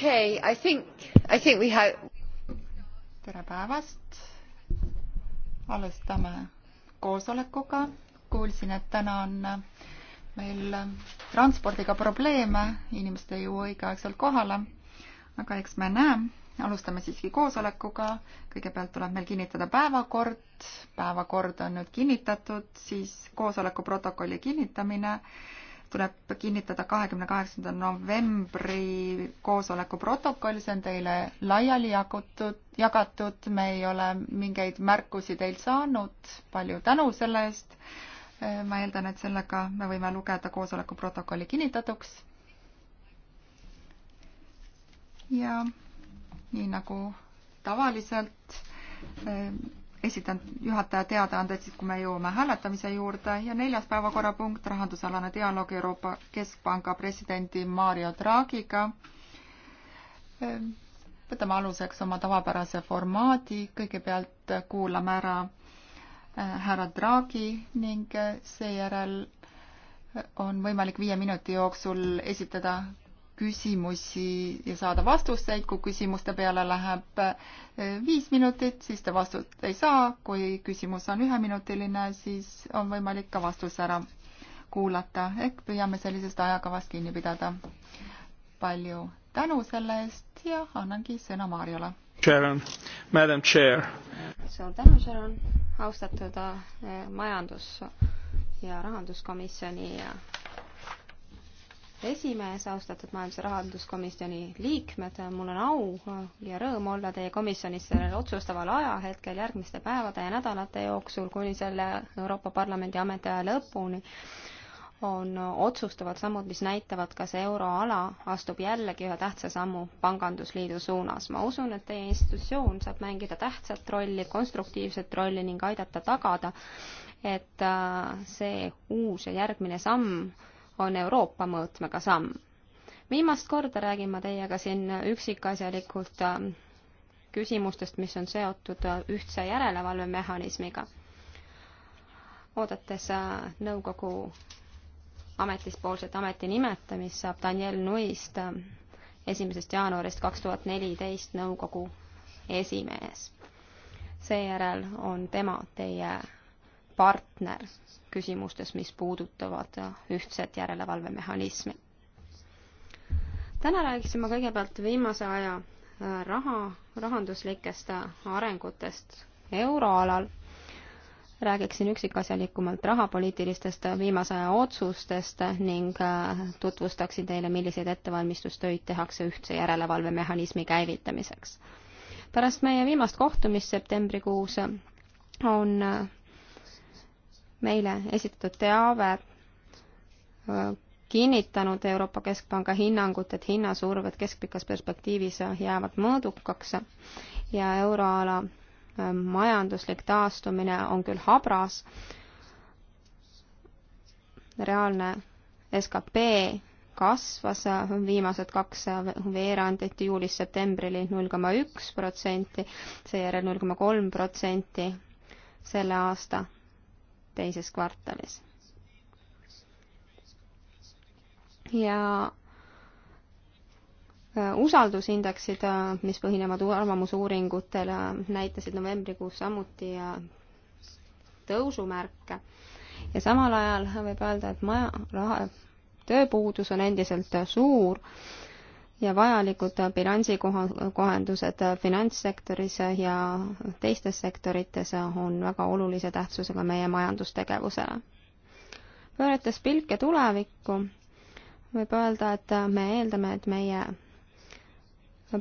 Okay, I think, I think we have... tere päevast. alustame koosolekuga. kuulsin, et täna on meil transpordiga probleeme, inimesed ei jõua õigeaegselt kohale. aga eks me näe, alustame siiski koosolekuga. kõigepealt tuleb meil kinnitada päevakord. päevakord on nüüd kinnitatud, siis koosoleku protokolli kinnitamine tuleb kinnitada kahekümne kaheksanda novembri koosoleku protokoll, see on teile laiali jagutud, jagatud, me ei ole mingeid märkusi teilt saanud, palju tänu selle eest. ma eeldan, et sellega me võime lugeda koosoleku protokolli kinnitatuks. ja nii nagu tavaliselt esitan juhataja teadaanded siis, kui me jõuame hääletamise juurde ja neljas päevakorrapunkt, rahandusalane dialoog Euroopa Keskpanga presidendi Mario Draghiga. Ehm, võtame aluseks oma tavapärase formaadi, kõigepealt kuulame ära eh, härra Draghi ning eh, seejärel eh, on võimalik viie minuti jooksul esitada küsimusi ja saada vastuseid, kui küsimuste peale läheb eh, viis minutit, siis te vastust ei saa, kui küsimus on üheminutiline, siis on võimalik ka vastus ära kuulata, ehk püüame sellisest ajakavast kinni pidada. palju tänu selle eest ja annangi sõna Marjole. Sharon, madam chair. suur tänu, Sharon, austatud eh, majandus- ja rahanduskomisjoni ja esimees, austatud Majandus- ja Rahanduskomisjoni liikmed, mul on au ja rõõm olla teie komisjonis sellel otsustaval ajahetkel järgmiste päevade ja nädalate jooksul kuni selle Euroopa Parlamendi ametiaja lõpuni on otsustavad sammud, mis näitavad, kas euroala astub jällegi ühe tähtsa sammu pangandusliidu suunas. ma usun, et teie institutsioon saab mängida tähtsat rolli, konstruktiivset rolli ning aidata tagada, et äh, see uus ja järgmine samm on Euroopa mõõtmega samm. viimast korda räägin ma teiega siin üksikasjalikult ähm, küsimustest, mis on seotud äh, ühtse järelevalvemehhanismiga, oodates äh, nõukogu ametispoolset ameti nimetamist, saab Daniel Nuist ähm, esimesest jaanuarist kaks tuhat neliteist nõukogu esimees. seejärel on tema teie partner küsimustes, mis puudutavad ühtset järelevalvemehhanismi. täna rääkisime kõigepealt viimase aja äh, raha, rahanduslikest arengutest euroalal. räägiksin üksikasjalikumalt rahapoliitilistest viimase aja otsustest ning äh, tutvustaksin teile, milliseid ettevalmistustöid tehakse ühtse järelevalvemehhanismi käivitamiseks. pärast meie viimast kohtumist septembrikuus on äh, meile esitatud teave äh, kinnitanud Euroopa Keskpanga hinnangut, et hinnasurved keskpikas perspektiivis jäävad mõõdukaks ja euroala äh, majanduslik taastumine on küll habras, reaalne skp kasvas äh, viimased kaks veerandit juulis-septembrini null koma üks protsenti, seejärel null koma kolm protsenti selle aasta teises kvartalis. ja äh, usaldusindeksid, äh, mis põhinevad arvamusuuringutel, äh, näitasid novembrikuus samuti tõusumärke ja samal ajal võib öelda, et maja, raha, tööpuudus on endiselt suur ja vajalikud bilansi kohendused finantssektoris ja teistes sektorites on väga olulise tähtsusega meie majandustegevusele. pöörates pilke tulevikku, võib öelda, et me eeldame, et meie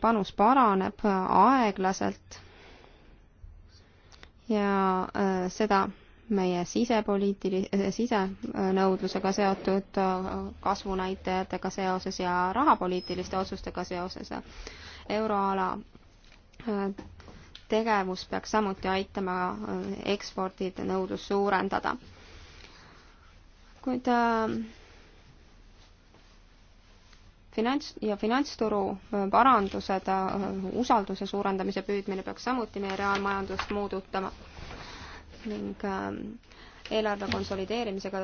panus paraneb aeglaselt ja äh, seda meie sisepoliitilise, eh, sisenõudlusega seotud eh, kasvunäitajatega seoses ja rahapoliitiliste otsustega seoses. euroala eh, tegevus peaks samuti aitama ekspordide nõudlust suurendada. kuid finants ja finantsturu parandused, usalduse suurendamise püüdmine peaks samuti meie reaalmajandust muudutama ning ähm, eelarve konsolideerimisega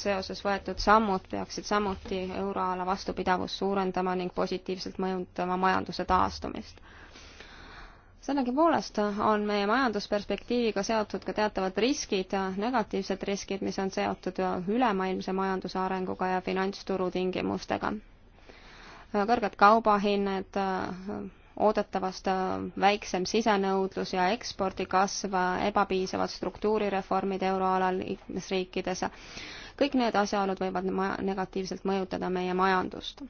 seoses võetud sammud peaksid samuti euroala vastupidavust suurendama ning positiivselt mõjutama majanduse taastumist. sellegipoolest on meie majandusperspektiiviga seotud ka teatavad riskid, negatiivsed riskid, mis on seotud ülemaailmse majanduse arenguga ja finantsturu tingimustega. kõrged kaubahinnad oodatavast äh, väiksem sisenõudlus ja ekspordi kasv, äh, ebapiisavad struktuurireformid euroalal liikmesriikides, kõik need asjaolud võivad negatiivselt mõjutada meie majandust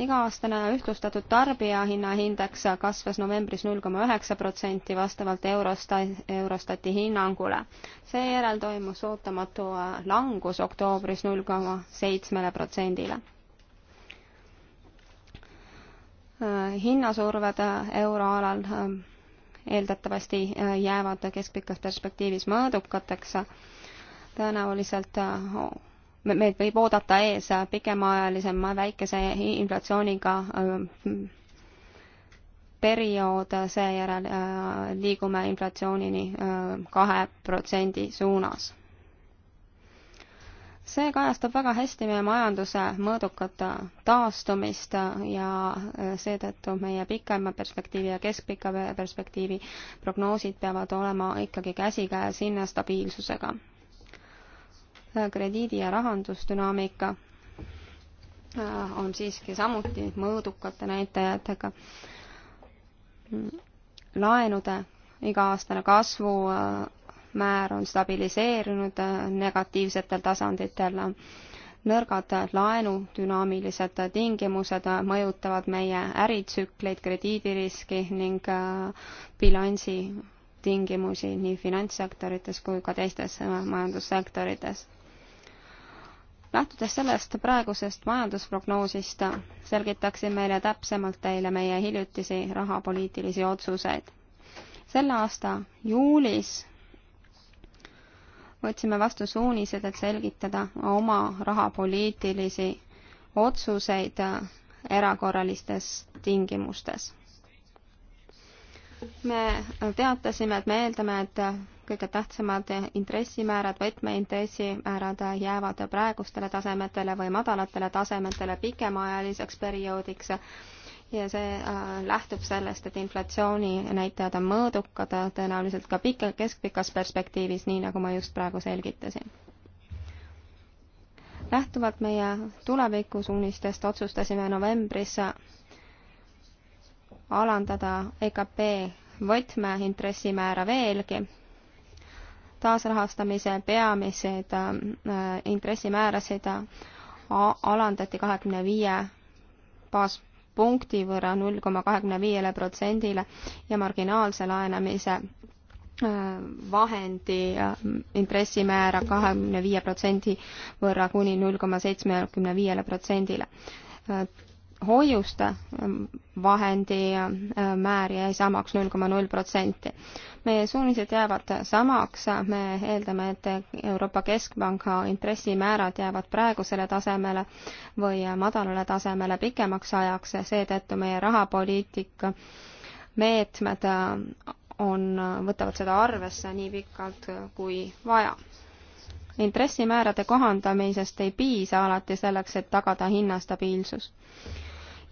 iga-aastane ühtlustatud tarbijahinnaindeks kasvas novembris null koma üheksa protsenti vastavalt Eurosta-, Eurostati hinnangule. seejärel toimus ootamatu äh, langus oktoobris null koma seitsmele protsendile. Äh, hinnasurved äh, euroalal äh, eeldatavasti jäävad keskpikas perspektiivis mõõdukateks. tõenäoliselt meid võib oodata ees pikemaajalisema väikese inflatsiooniga periood, seejärel liigume inflatsioonini kahe protsendi suunas see kajastab väga hästi meie majanduse mõõdukat taastumist ja äh, seetõttu meie pikema perspektiivi ja keskpika perspektiivi prognoosid peavad olema ikkagi käsikäes hinnastabiilsusega. Äh, krediidi- ja rahandusdünaamika äh, on siiski samuti mõõdukate näitajatega. Mm, laenude iga-aastane kasvu määr on stabiliseerunud negatiivsetel tasanditel. nõrgad laenu dünaamilised tingimused mõjutavad meie äritsükleid, krediidiriski ning äh, bilansi tingimusi nii finantssektorites kui ka teistes äh, majandussektorites lähtudes sellest praegusest majandusprognoosist, selgitaksin meile täpsemalt teile meie hiljutisi rahapoliitilisi otsuseid. selle aasta juulis võtsime vastu suunised, et selgitada oma rahapoliitilisi otsuseid erakorralistes tingimustes. me teatasime, et me eeldame, et kõige tähtsamad intressimäärad, võtmeintressimäärad jäävad praegustele tasemetele või madalatele tasemetele pikemaajaliseks perioodiks ja see äh, lähtub sellest, et inflatsiooninäitajad on mõõdukad, äh, tõenäoliselt ka pika, keskpikas perspektiivis, nii nagu ma just praegu selgitasin. lähtuvalt meie tulevikusuunistest otsustasime novembris äh, alandada EKP võtmeintressimäära veelgi. taasrahastamise peamised intressimäärasid alandati kahekümne viie baas, punkti võrra null koma kahekümne viiele protsendile ja marginaalse laenamise äh, vahendi äh, intressimäära kahekümne viie protsendi võrra kuni null koma seitsmekümne viiele protsendile äh, hoiuste vahendi äh, määr jäi samaks null koma null protsenti. meie suunised jäävad samaks, me eeldame, et Euroopa Keskpanga intressimäärad jäävad praegusele tasemele või madalale tasemele pikemaks ajaks ja seetõttu meie rahapoliitika meetmed on, võtavad seda arvesse nii pikalt kui vaja intressimäärade kohandamisest ei piisa alati selleks, et tagada hinnastabiilsus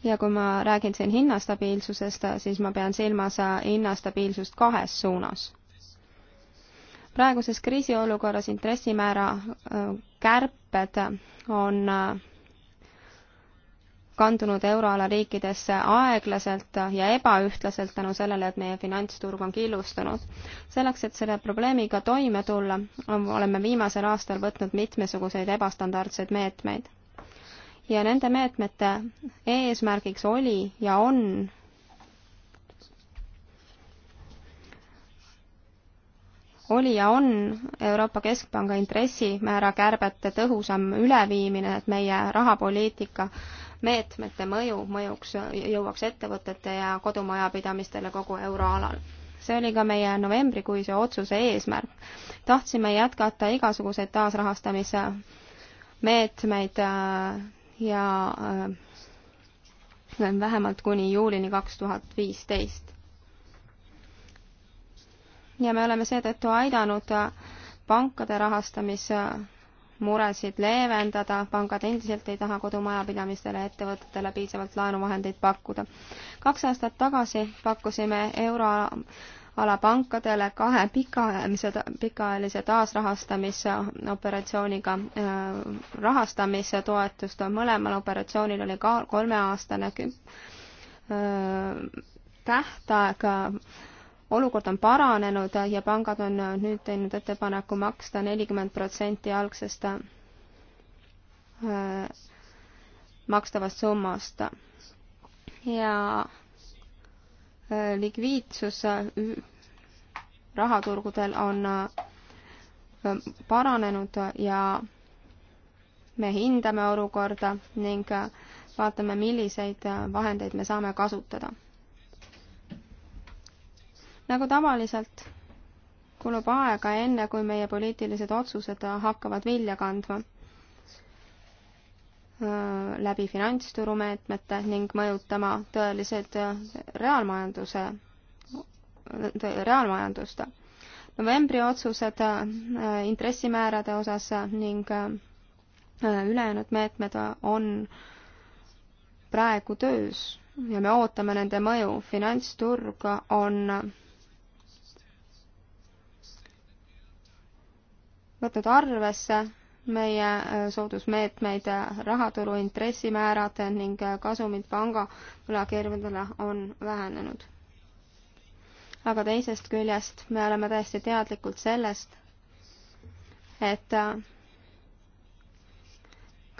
ja kui ma räägin siin hinnastabiilsusest, siis ma pean silmas hinnastabiilsust kahes suunas. praeguses kriisiolukorras intressimäära kärped on kandunud euroala riikidesse aeglaselt ja ebaühtlaselt tänu sellele, et meie finantsturg on killustunud. selleks, et selle probleemiga toime tulla, oleme viimasel aastal võtnud mitmesuguseid ebastandardseid meetmeid ja nende meetmete eesmärgiks oli ja on oli ja on Euroopa Keskpanga intressimäära kärbete tõhusam üleviimine, et meie rahapoliitika meetmete mõju mõjuks, jõuaks ettevõtete ja kodumajapidamistele kogu euroalal. see oli ka meie novembrikuise otsuse eesmärk. tahtsime jätkata igasuguseid taasrahastamise meetmeid äh, ja äh, vähemalt kuni juulini kaks tuhat viisteist. ja me oleme seetõttu aidanud pankade rahastamismuresid leevendada, pangad endiselt ei taha kodumajapidamistele ja ettevõtetele piisavalt laenuvahendeid pakkuda. kaks aastat tagasi pakkusime euro alapankadele kahe pikaajalise, pikaajalise taasrahastamise operatsiooniga äh, rahastamise toetust. mõlemal operatsioonil oli ka kolmeaastane äh, tähtaeg olukord on paranenud ja pangad on nüüd teinud ettepaneku maksta nelikümmend protsenti algsest äh, makstavast summast. ja likviidsus rahaturgudel on äh, paranenud ja me hindame olukorda ning äh, vaatame, milliseid äh, vahendeid me saame kasutada. nagu tavaliselt, kulub aega enne, kui meie poliitilised otsused hakkavad vilja kandma Äh, läbi finantsturumeetmete ning mõjutama tõeliselt äh, reaalmajanduse, reaalmajandust. novembri otsused äh, intressimäärade osas ning ülejäänud meetmed on praegu töös ja me ootame nende mõju. finantsturg on võtnud arvesse meie äh, soodusmeetmeid, äh, rahaturu intressimäärad ning äh, kasumid panga võlakirjadele on vähenenud. aga teisest küljest me oleme täiesti teadlikud sellest, et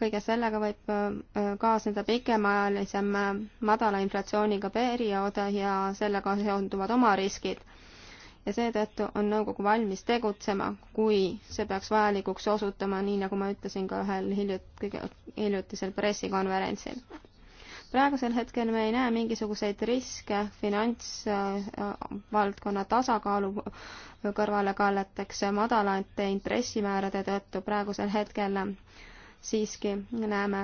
kõige sellega võib kaasneda pikemaajalisem madala inflatsiooniga periood ja sellega seonduvad oma riskid ja seetõttu on nõukogu valmis tegutsema, kui see peaks vajalikuks osutuma, nii nagu ma ütlesin ka ühel hiljut-, kõige hiljutisel pressikonverentsil. praegusel hetkel me ei näe mingisuguseid riske finantsvaldkonna tasakaalu kõrvalekalleteks madalate intressimäärade tõttu praegusel hetkel siiski näeme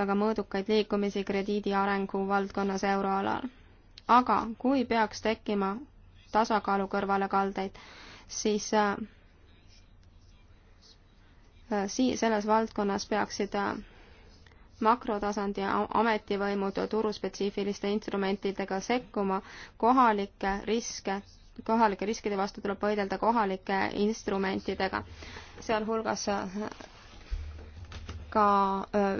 väga mõõdukaid liikumisi krediidi arengu valdkonnas euroalal aga kui peaks tekkima tasakaalu kõrvalekaldeid, siis äh, äh, sii-, selles valdkonnas peaksid äh, makrotasandi ametivõimud turuspetsiifiliste instrumentidega sekkuma, kohalikke riske, kohalike riskide vastu tuleb võidelda kohalike instrumentidega, sealhulgas äh, ka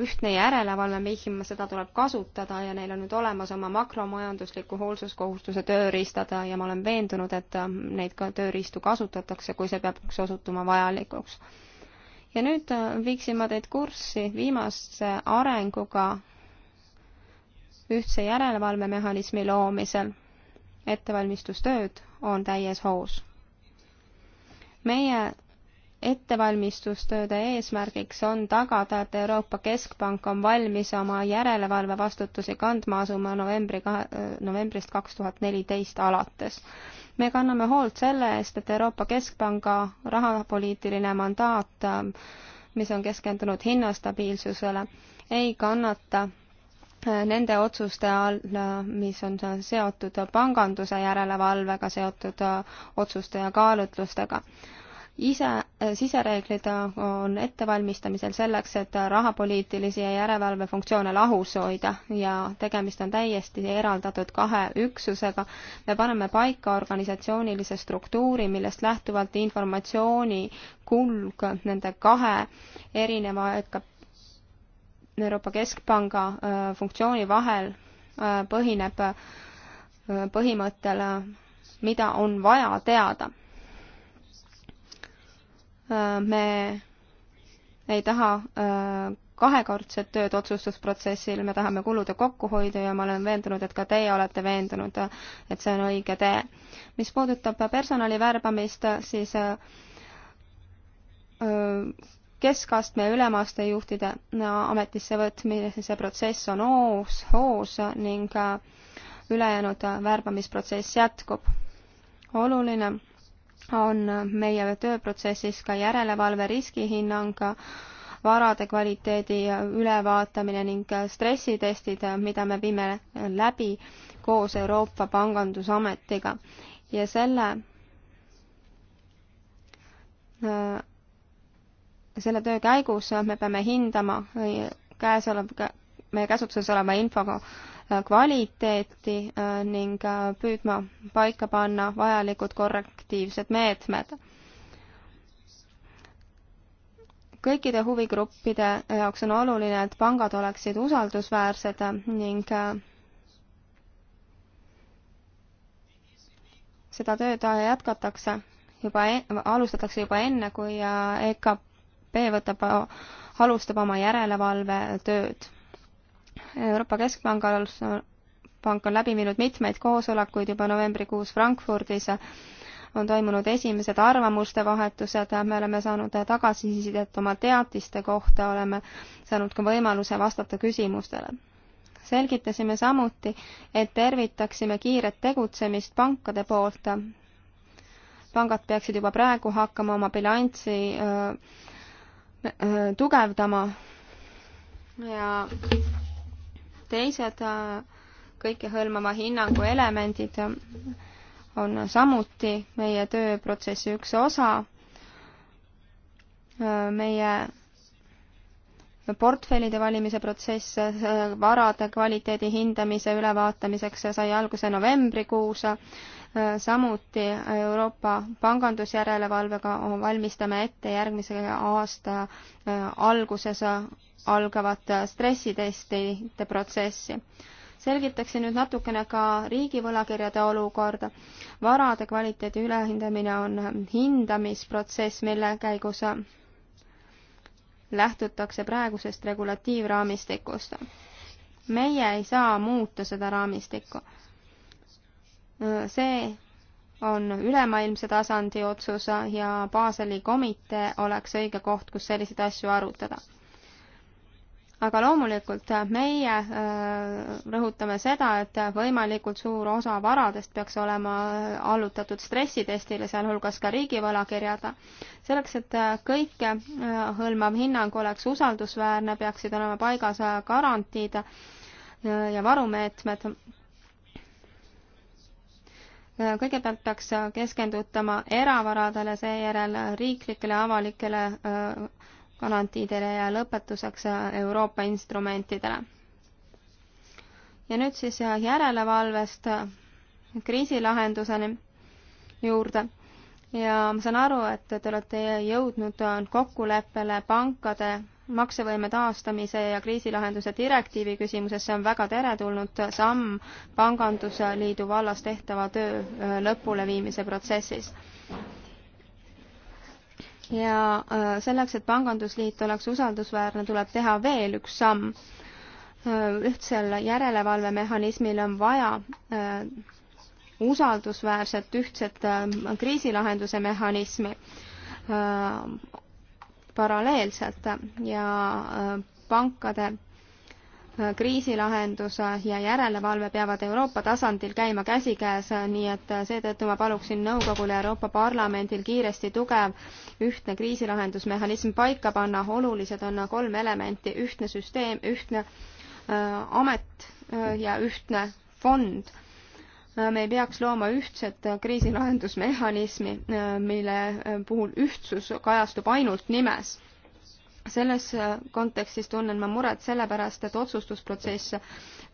ühtne järelevalve mehhism, seda tuleb kasutada ja neil on nüüd olemas oma makromajandusliku hoolsuskohustuse tööriistad ja ma olen veendunud, et neid ka tööriistu kasutatakse, kui see peaks osutuma vajalikuks. ja nüüd viiksin ma teid kurssi viimase arenguga ühtse järelevalvemehhanismi loomisel. ettevalmistustööd on täies hoos. meie ettevalmistustööde eesmärgiks on tagada, et Euroopa Keskpank on valmis oma järelevalvevastutusi kandma asuma novembri, novembrist kaks tuhat neliteist alates. me kanname hoolt selle eest, et Euroopa Keskpanga rahapoliitiline mandaat, mis on keskendunud hinnastabiilsusele, ei kannata äh, nende otsuste all, äh, mis on seotud panganduse järelevalvega seotud äh, otsuste ja kaalutlustega ise, äh, sisereeglid äh, on ettevalmistamisel selleks, et äh, rahapoliitilisi ja järelevalvefunktsioone lahus hoida ja tegemist on täiesti eraldatud kahe üksusega. me paneme paika organisatsioonilise struktuuri, millest lähtuvalt informatsiooni kulg nende kahe erineva Euroopa Keskpanga funktsiooni vahel põhineb põhimõttele, mida on vaja teada Äh, me ei taha äh, kahekordset tööd otsustusprotsessil, me tahame kulude kokkuhoidu ja ma olen veendunud, et ka teie olete veendunud, et see on õige tee. mis puudutab personali värbamist, siis äh, keskastme ja ülemaste juhtide ametisse võtmise protsess on hoos, hoos ning ülejäänud värbamisprotsess jätkub. oluline on meie tööprotsessis ka järelevalve riskihinnang, varade kvaliteedi ülevaatamine ning stressitestid, mida me viime läbi koos Euroopa Pangandusametiga ja selle äh, selle töö käigus me peame hindama äh, käesolev, meie käsutuses oleva infoga Äh, kvaliteeti äh, ning äh, püüdma paika panna vajalikud korrektiivsed meetmed. kõikide huvigruppide jaoks on oluline, et pangad oleksid usaldusväärsed ning seda tööd jätkatakse juba, e-, alustatakse juba enne, kui EKP võtab, alustab oma järelevalvetööd Euroopa Keskpangal pank on läbi viinud mitmeid koosolekuid juba novembrikuus Frankfurdis, on toimunud esimesed arvamuste vahetused, me oleme saanud tagasisidet oma teatiste kohta, oleme saanud ka võimaluse vastata küsimustele. selgitasime samuti, et tervitaksime kiiret tegutsemist pankade poolt. pangad peaksid juba praegu hakkama oma bilanssi öö, äh, öö, äh, tugevdama ja teised äh, kõikehõlmava hinnangu elemendid äh, on samuti meie tööprotsessi üks osa. Äh, meie portfellide valimise protsess varade kvaliteedi hindamise ülevaatamiseks sai alguse novembrikuus. samuti Euroopa pangandusjärelevalvega valmistame ette järgmise aasta alguses algavat stressitestide protsessi. selgitaksin nüüd natukene ka riigivõlakirjade olukorda. varade kvaliteedi ülehindamine on hindamisprotsess, mille käigus lähtutakse praegusest regulatiivraamistikust. meie ei saa muuta seda raamistikku. see on ülemaailmse tasandi otsus ja Baseli komitee oleks õige koht, kus selliseid asju arutada aga loomulikult äh, meie äh, rõhutame seda, et võimalikult suur osa varadest peaks olema äh, allutatud stressitestile, sealhulgas ka riigivõlakirjad. selleks, et kõike hõlmav hinnang oleks usaldusväärne, peaksid olema paigas garantiid ja varumeetmed. kõigepealt peaks keskendutama eravaradele, seejärel riiklikele avalikele garantiidele ja lõpetuseks äh, Euroopa instrumentidele. ja nüüd siis äh, järelevalvest äh, kriisilahenduseni juurde ja ma saan aru, et te olete jõudnud kokkuleppele pankade maksevõime taastamise ja kriisilahenduse direktiivi küsimuses, see on väga teretulnud samm Pangandusliidu vallas tehtava töö lõpuleviimise protsessis ja äh, selleks, et pangandusliit oleks usaldusväärne, tuleb teha veel üks samm. Äh, ühtsel järelevalvemehhanismil on vaja äh, usaldusväärset ühtset kriisilahenduse mehhanismi paralleelselt ja pankade kriisilahendus ja järelevalve peavad Euroopa tasandil käima käsikäes, nii et seetõttu ma paluksin Nõukogul ja Euroopa Parlamendil kiiresti tugev ühtne kriisilahendusmehhanism paika panna, olulised on kolm elementi, ühtne süsteem, ühtne äh, amet äh, ja ühtne fond äh, me ei peaks looma ühtset kriisilahendusmehhanismi, mille puhul ühtsus kajastub ainult nimes selles äh, kontekstis tunnen ma muret sellepärast, et otsustusprotsess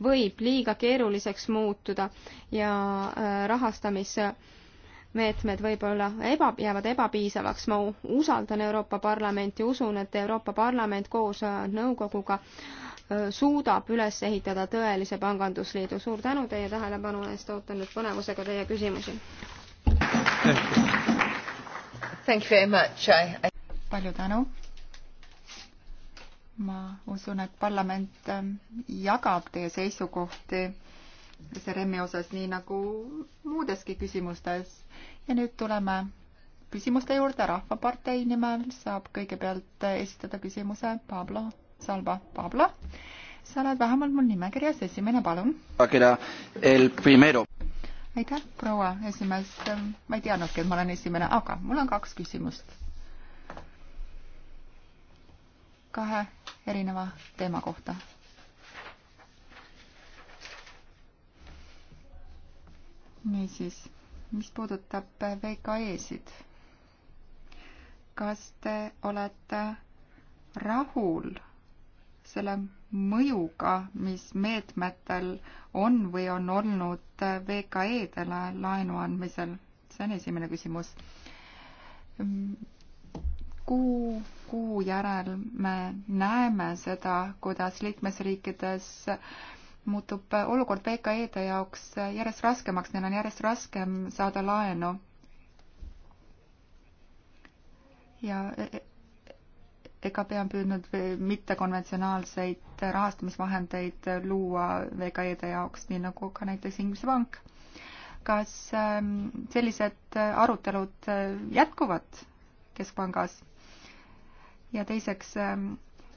võib liiga keeruliseks muutuda ja äh, rahastamismeetmed võib-olla eba, jäävad ebapiisavaks. ma usaldan Euroopa Parlamenti, usun, et Euroopa Parlament koos äh, nõukoguga suudab üles ehitada tõelise pangandusliidu. suur tänu teie tähelepanu eest, ootan nüüd põnevusega teie küsimusi. palju tänu ma usun, et parlament ähm, jagab teie seisukohti SRM-i osas, nii nagu muudeski küsimustes. ja nüüd tuleme küsimuste juurde. rahvapartei nimel saab kõigepealt esitada küsimuse Pablo Salva. Pablo, sa oled vähemalt mul nimekirjas esimene, palun. aitäh, proua esimees. ma ei teadnudki, et ma olen esimene, aga mul on kaks küsimust kahe erineva teema kohta. niisiis, mis puudutab VKE-sid, kas te olete rahul selle mõjuga, mis meetmetel on või on olnud VKE-dele laenu andmisel? see on esimene küsimus kuu, kuu järel me näeme seda, kuidas liikmesriikides muutub olukord VKE-de jaoks järjest raskemaks, neil on järjest raskem saada laenu. ja EKP e, on püüdnud mittekonventsionaalseid rahastamisvahendeid luua VKE-de jaoks, nii nagu ka näiteks Inglise Pank. kas ähm, sellised arutelud äh, jätkuvad Keskpangas? ja teiseks ähm,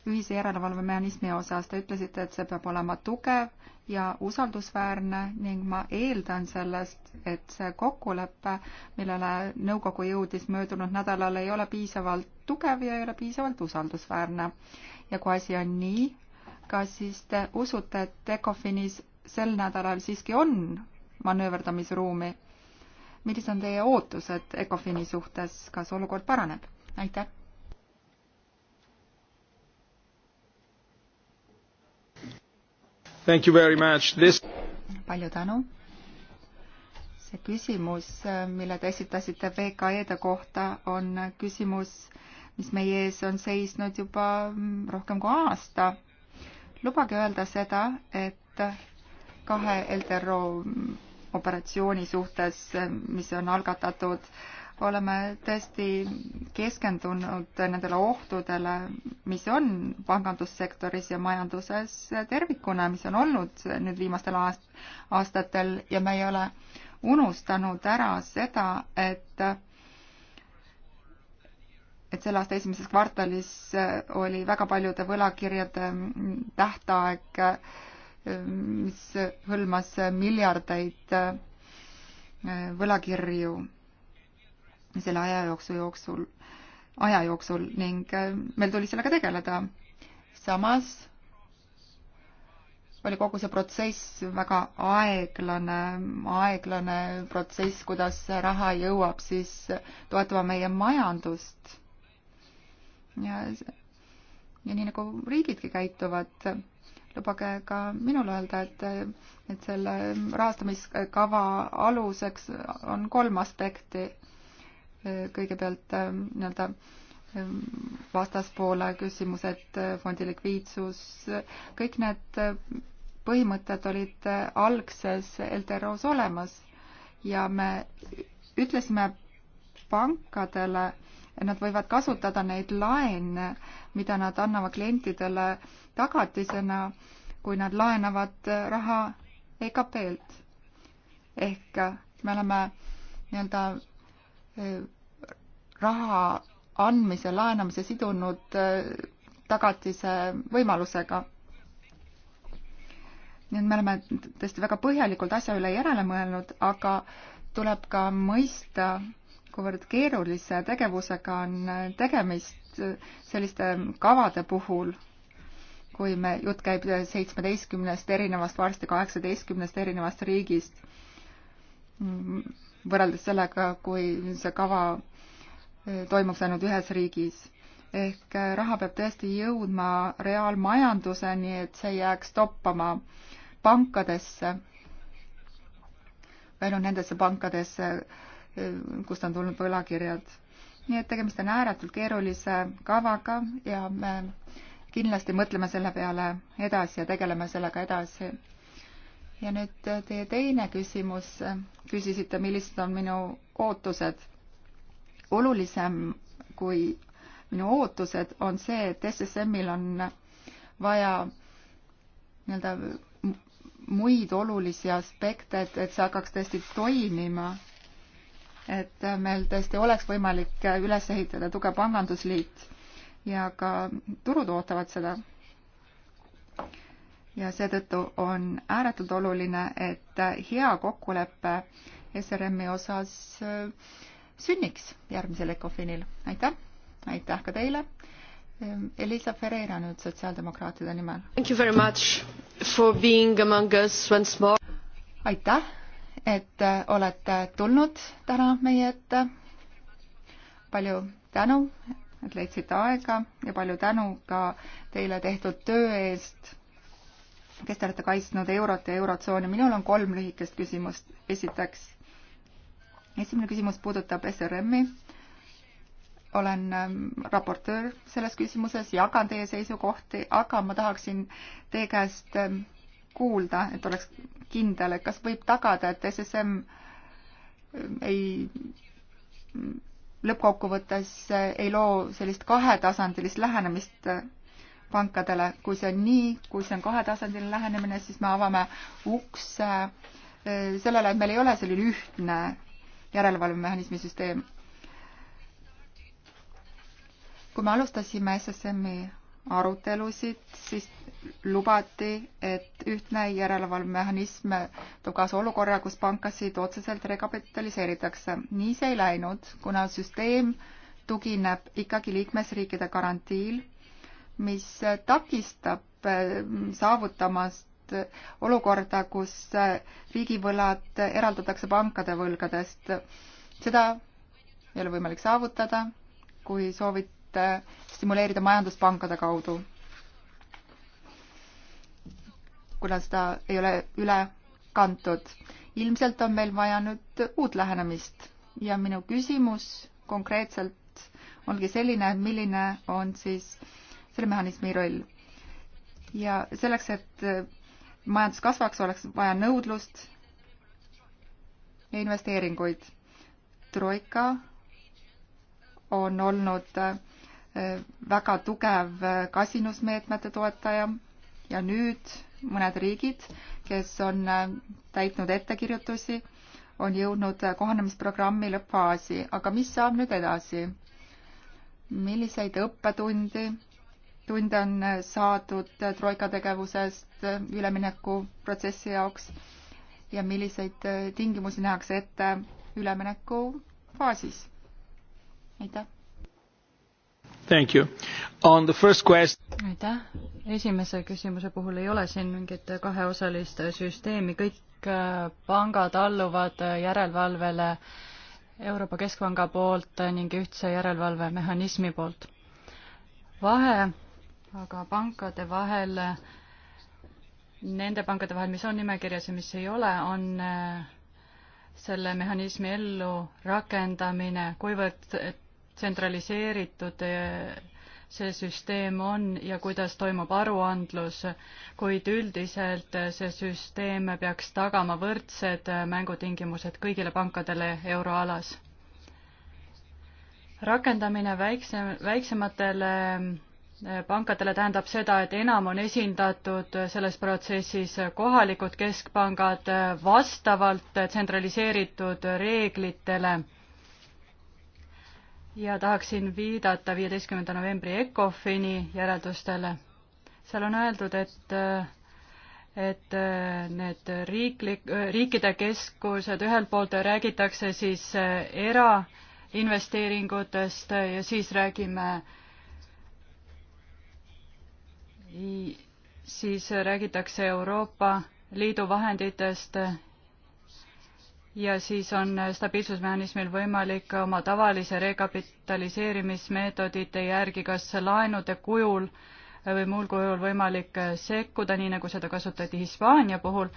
ühise järelevalvemehhanismi osas te ütlesite, et see peab olema tugev ja usaldusväärne ning ma eeldan sellest, et see kokkulepe, millele nõukogu jõudis möödunud nädalal, ei ole piisavalt tugev ja ei ole piisavalt usaldusväärne. ja kui asi on nii, kas siis te usute, et ECOFINis sel nädalal siiski on manööverdamisruumi? millised on teie ootused ECOFINi suhtes, kas olukord paraneb? aitäh! This... palju tänu. see küsimus, mille te esitasite VKE-de kohta, on küsimus, mis meie ees on seisnud juba rohkem kui aasta. lubage öelda seda, et kahe LTRO operatsiooni suhtes, mis on algatatud äh, oleme tõesti keskendunud nendele ohtudele, mis on pangandussektoris ja majanduses tervikuna, mis on olnud nüüd viimastel aast-, aastatel ja me ei ole unustanud ära seda, et et selle aasta esimeses kvartalis oli väga paljude võlakirjade tähtaeg, mis hõlmas miljardeid võlakirju selle aja jooksul, jooksul, aja jooksul ning äh, meil tuli sellega tegeleda. samas oli kogu see protsess väga aeglane, aeglane protsess, kuidas see raha jõuab siis toetama meie majandust. ja, ja nii nagu riigidki käituvad, lubage ka minul öelda, et, et selle rahastamiskava aluseks on kolm aspekti kõigepealt ähm, nii-öelda ähm, vastaspoole küsimused, äh, fondi likviidsus, kõik need äh, põhimõtted olid äh, algses LTRO-s olemas ja me ütlesime pankadele, et nad võivad kasutada neid laene, mida nad annavad klientidele tagatisena, kui nad laenavad raha EKP-lt. ehk me oleme nii-öelda raha andmise, laenamise sidunud äh, tagatise võimalusega. nii et me oleme tõesti väga põhjalikult asja üle järele mõelnud, aga tuleb ka mõista, kuivõrd keerulise tegevusega on äh, tegemist äh, selliste kavade puhul, kui me, jutt käib seitsmeteistkümnest erinevast, varsti kaheksateistkümnest erinevast riigist mm, võrreldes sellega, kui see kava äh, toimuks ainult ühes riigis. ehk äh, raha peab tõesti jõudma reaalmajanduseni, et see ei jääks toppama pankadesse, või noh, nendesse pankadesse, äh, kust on tulnud võlakirjad. nii et tegemist on ääretult keerulise kavaga ja me kindlasti mõtleme selle peale edasi ja tegeleme sellega edasi ja nüüd äh, teie teine küsimus, küsisite, millised on minu ootused. olulisem kui minu ootused on see, et SSM-il on vaja nii-öelda muid olulisi aspekte, et, et see hakkaks tõesti toimima. et äh, meil tõesti oleks võimalik äh, üles ehitada tugev pangandusliit ja ka turud ootavad seda ja seetõttu on ääretult oluline, et hea kokkulepe SRM-i osas äh, sünniks järgmisel ECOFINil. aitäh, aitäh ka teile. Ähm, Elisa Ferreira nüüd sotsiaaldemokraatide nimel. aitäh, et äh, olete tulnud täna meie ette. palju tänu, et leidsite aega ja palju tänu ka teile tehtud töö eest kes te olete kaitsnud eurot ja eurotsooni. minul on kolm lühikest küsimust. esiteks, esimene küsimus puudutab SRM-i. olen ähm, raportöör selles küsimuses, jagan teie seisukohti, aga ma tahaksin teie käest ähm, kuulda, et oleks kindel, et kas võib tagada, et SSM ähm, ei mm, lõppkokkuvõttes äh, ei loo sellist kahetasandilist lähenemist äh, pankadele. kui see on nii, kui see on kahetasandiline lähenemine, siis me avame ukse eh, sellele, et meil ei ole selline ühtne järelevalvemehhanismi süsteem. kui me alustasime SSM-i arutelusid, siis lubati, et ühtne järelevalvemehhanism toob kaasa olukorra, kus pankasid otseselt rekapitaliseeritakse. nii see ei läinud, kuna süsteem tugineb ikkagi liikmesriikide garantiil mis takistab äh, saavutamast olukorda, kus äh, riigivõlad eraldatakse pankade võlgadest. seda ei ole võimalik saavutada, kui soovite stimuleerida majandust pankade kaudu. kuna seda ei ole üle kantud. ilmselt on meil vaja nüüd uut lähenemist ja minu küsimus konkreetselt ongi selline, et milline on siis äh, selle mehhanismi roll. ja selleks, et äh, majandus kasvaks, oleks vaja nõudlust ja investeeringuid. troika on olnud äh, väga tugev äh, kasinusmeetmete toetaja ja nüüd mõned riigid, kes on täitnud ettekirjutusi, on jõudnud kohanemisprogrammi lõppfaasi, aga mis saab nüüd edasi? milliseid õppetundi tunde on saadud Troika tegevusest üleminekuprotsessi jaoks ja milliseid tingimusi nähakse ette ülemineku faasis? aitäh. Thank you. On the first quest-. aitäh. esimese küsimuse puhul ei ole siin mingit kaheosalist süsteemi, kõik äh, pangad alluvad järelevalvele Euroopa Keskpanga poolt ning ühtse järelevalvemehhanismi poolt. vahe aga pankade vahel, nende pankade vahel, mis on nimekirjas ja mis ei ole, on äh, selle mehhanismi ellurakendamine, kuivõrd tsentraliseeritud äh, see süsteem on ja kuidas toimub aruandlus, kuid üldiselt äh, see süsteem peaks tagama võrdsed mängutingimused kõigile pankadele euroalas. rakendamine väiksem, väiksematele pankadele tähendab seda, et enam on esindatud selles protsessis kohalikud keskpangad vastavalt tsentraliseeritud reeglitele. ja tahaksin viidata viieteistkümnenda novembri ECOFIN-i järeldustele. seal on öeldud, et et need riiklik, riikide keskused, ühelt poolt räägitakse siis erainvesteeringutest ja siis räägime äh, siis räägitakse Euroopa Liidu vahenditest ja siis on stabiilsusmehhanismil võimalik oma tavalise rekapitaliseerimismeetodite järgi kas laenude kujul või muul kujul võimalik sekkuda, nii nagu seda kasutati Hispaania puhul.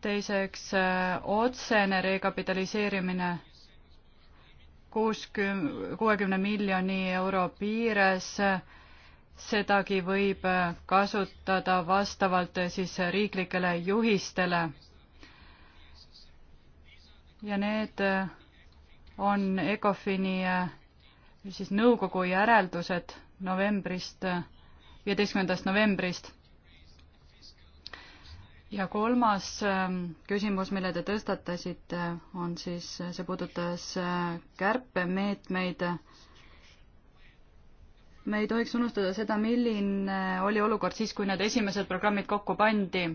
teiseks, otsene rekapitaliseerimine kuuskümmend, kuuekümne miljoni euro piires sedagi võib äh, kasutada vastavalt äh, siis äh, riiklikele juhistele. ja need on ECOFIN-i siis nõukogu järeldused novembrist, viieteistkümnendast novembrist. ja kolmas ähm, küsimus, mille te tõstatasite, on siis, see puudutas kärpemeetmeid me ei tohiks unustada seda, milline oli olukord siis, kui need esimesed programmid kokku pandi.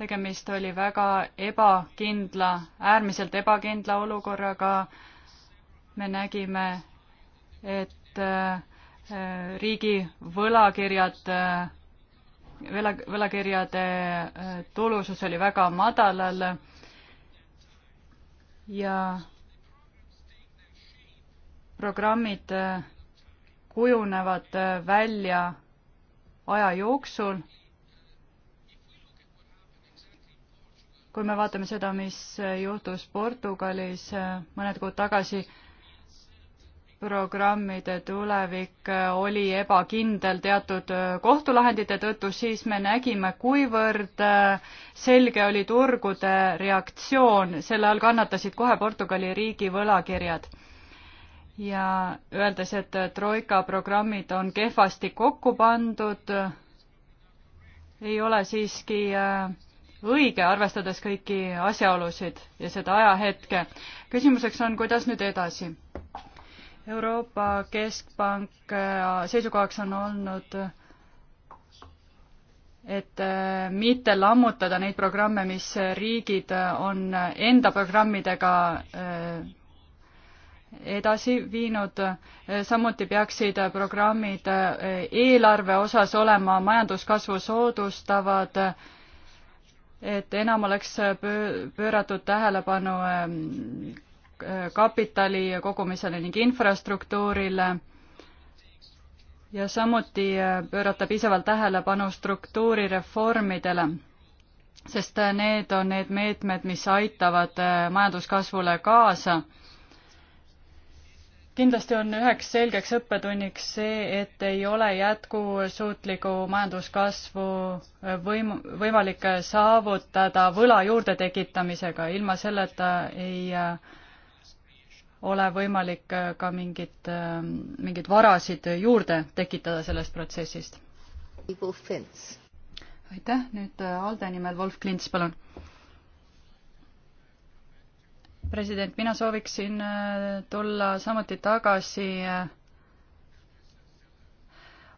tegemist oli väga ebakindla, äärmiselt ebakindla olukorraga. me nägime, et äh, riigi võlakirjad, äh, võla, võlakirjade äh, tulusus oli väga madalal ja programmid kujunevad äh, välja aja jooksul. kui me vaatame seda, mis äh, juhtus Portugalis äh, mõned kuud tagasi, programmide tulevik oli ebakindel teatud kohtulahendite tõttu, siis me nägime, kuivõrd selge oli turgude reaktsioon, selle all kannatasid kohe Portugali riigi võlakirjad ja öeldes, et Troika programmid on kehvasti kokku pandud, ei ole siiski äh, õige, arvestades kõiki asjaolusid ja seda ajahetke. küsimuseks on, kuidas nüüd edasi? Euroopa Keskpank äh, seisukohaks on olnud, et äh, mitte lammutada neid programme, mis riigid on enda programmidega edasi viinud. samuti peaksid programmid eelarve osas olema majanduskasvu soodustavad, et enam oleks pööratud tähelepanu eh, kapitali kogumisele ning infrastruktuurile ja samuti eh, pöörata piisavalt tähelepanu struktuurireformidele, sest need on need meetmed, mis aitavad eh, majanduskasvule kaasa kindlasti on üheks selgeks õppetunniks see, et ei ole jätkusuutlikku majanduskasvu võim-, võimalik saavutada võla juurde tekitamisega, ilma selleta ei äh, ole võimalik äh, ka mingit, äh, mingeid varasid juurde tekitada sellest protsessist. aitäh, nüüd Alde nimel Wolf Klints, palun president, mina sooviksin äh, tulla samuti tagasi äh,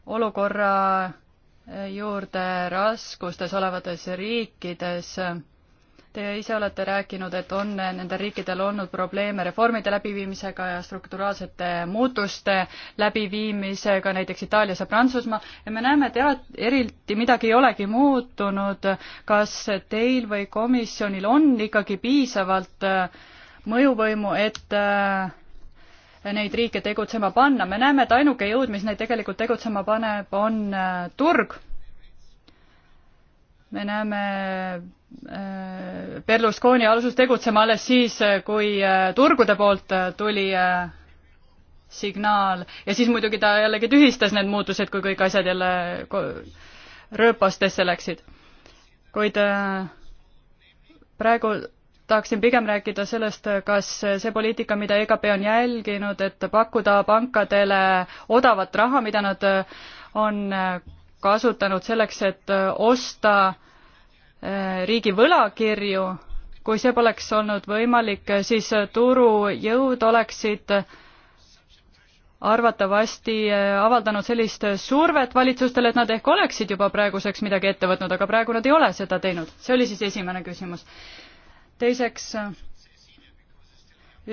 olukorra äh, juurde raskustes olevates riikides. Te ise olete rääkinud, et on nendel riikidel olnud probleeme reformide läbiviimisega ja strukturaalsete muutuste läbiviimisega, näiteks Itaalias ja Prantsusmaa, ja me näeme, et era-, eriti midagi ei olegi muutunud. kas teil või komisjonil on ikkagi piisavalt äh, mõjuvõimu, et äh, neid riike tegutsema panna. me näeme, et ainuke jõud, mis neid tegelikult tegutsema paneb, on äh, turg. me näeme äh, Berlusconi alusus tegutsema alles siis, kui turgude poolt tuli signaal ja siis muidugi ta jällegi tühistas need muutused, kui kõik asjad jälle rööpastesse läksid. kuid praegu tahaksin pigem rääkida sellest, kas see poliitika, mida EKP on jälginud, et pakkuda pankadele odavat raha, mida nad on kasutanud selleks, et osta eh, riigi võlakirju, kui see poleks olnud võimalik, siis turujõud oleksid arvatavasti eh, avaldanud sellist survet valitsustele, et nad ehk oleksid juba praeguseks midagi ette võtnud, aga praegu nad ei ole seda teinud. see oli siis esimene küsimus teiseks,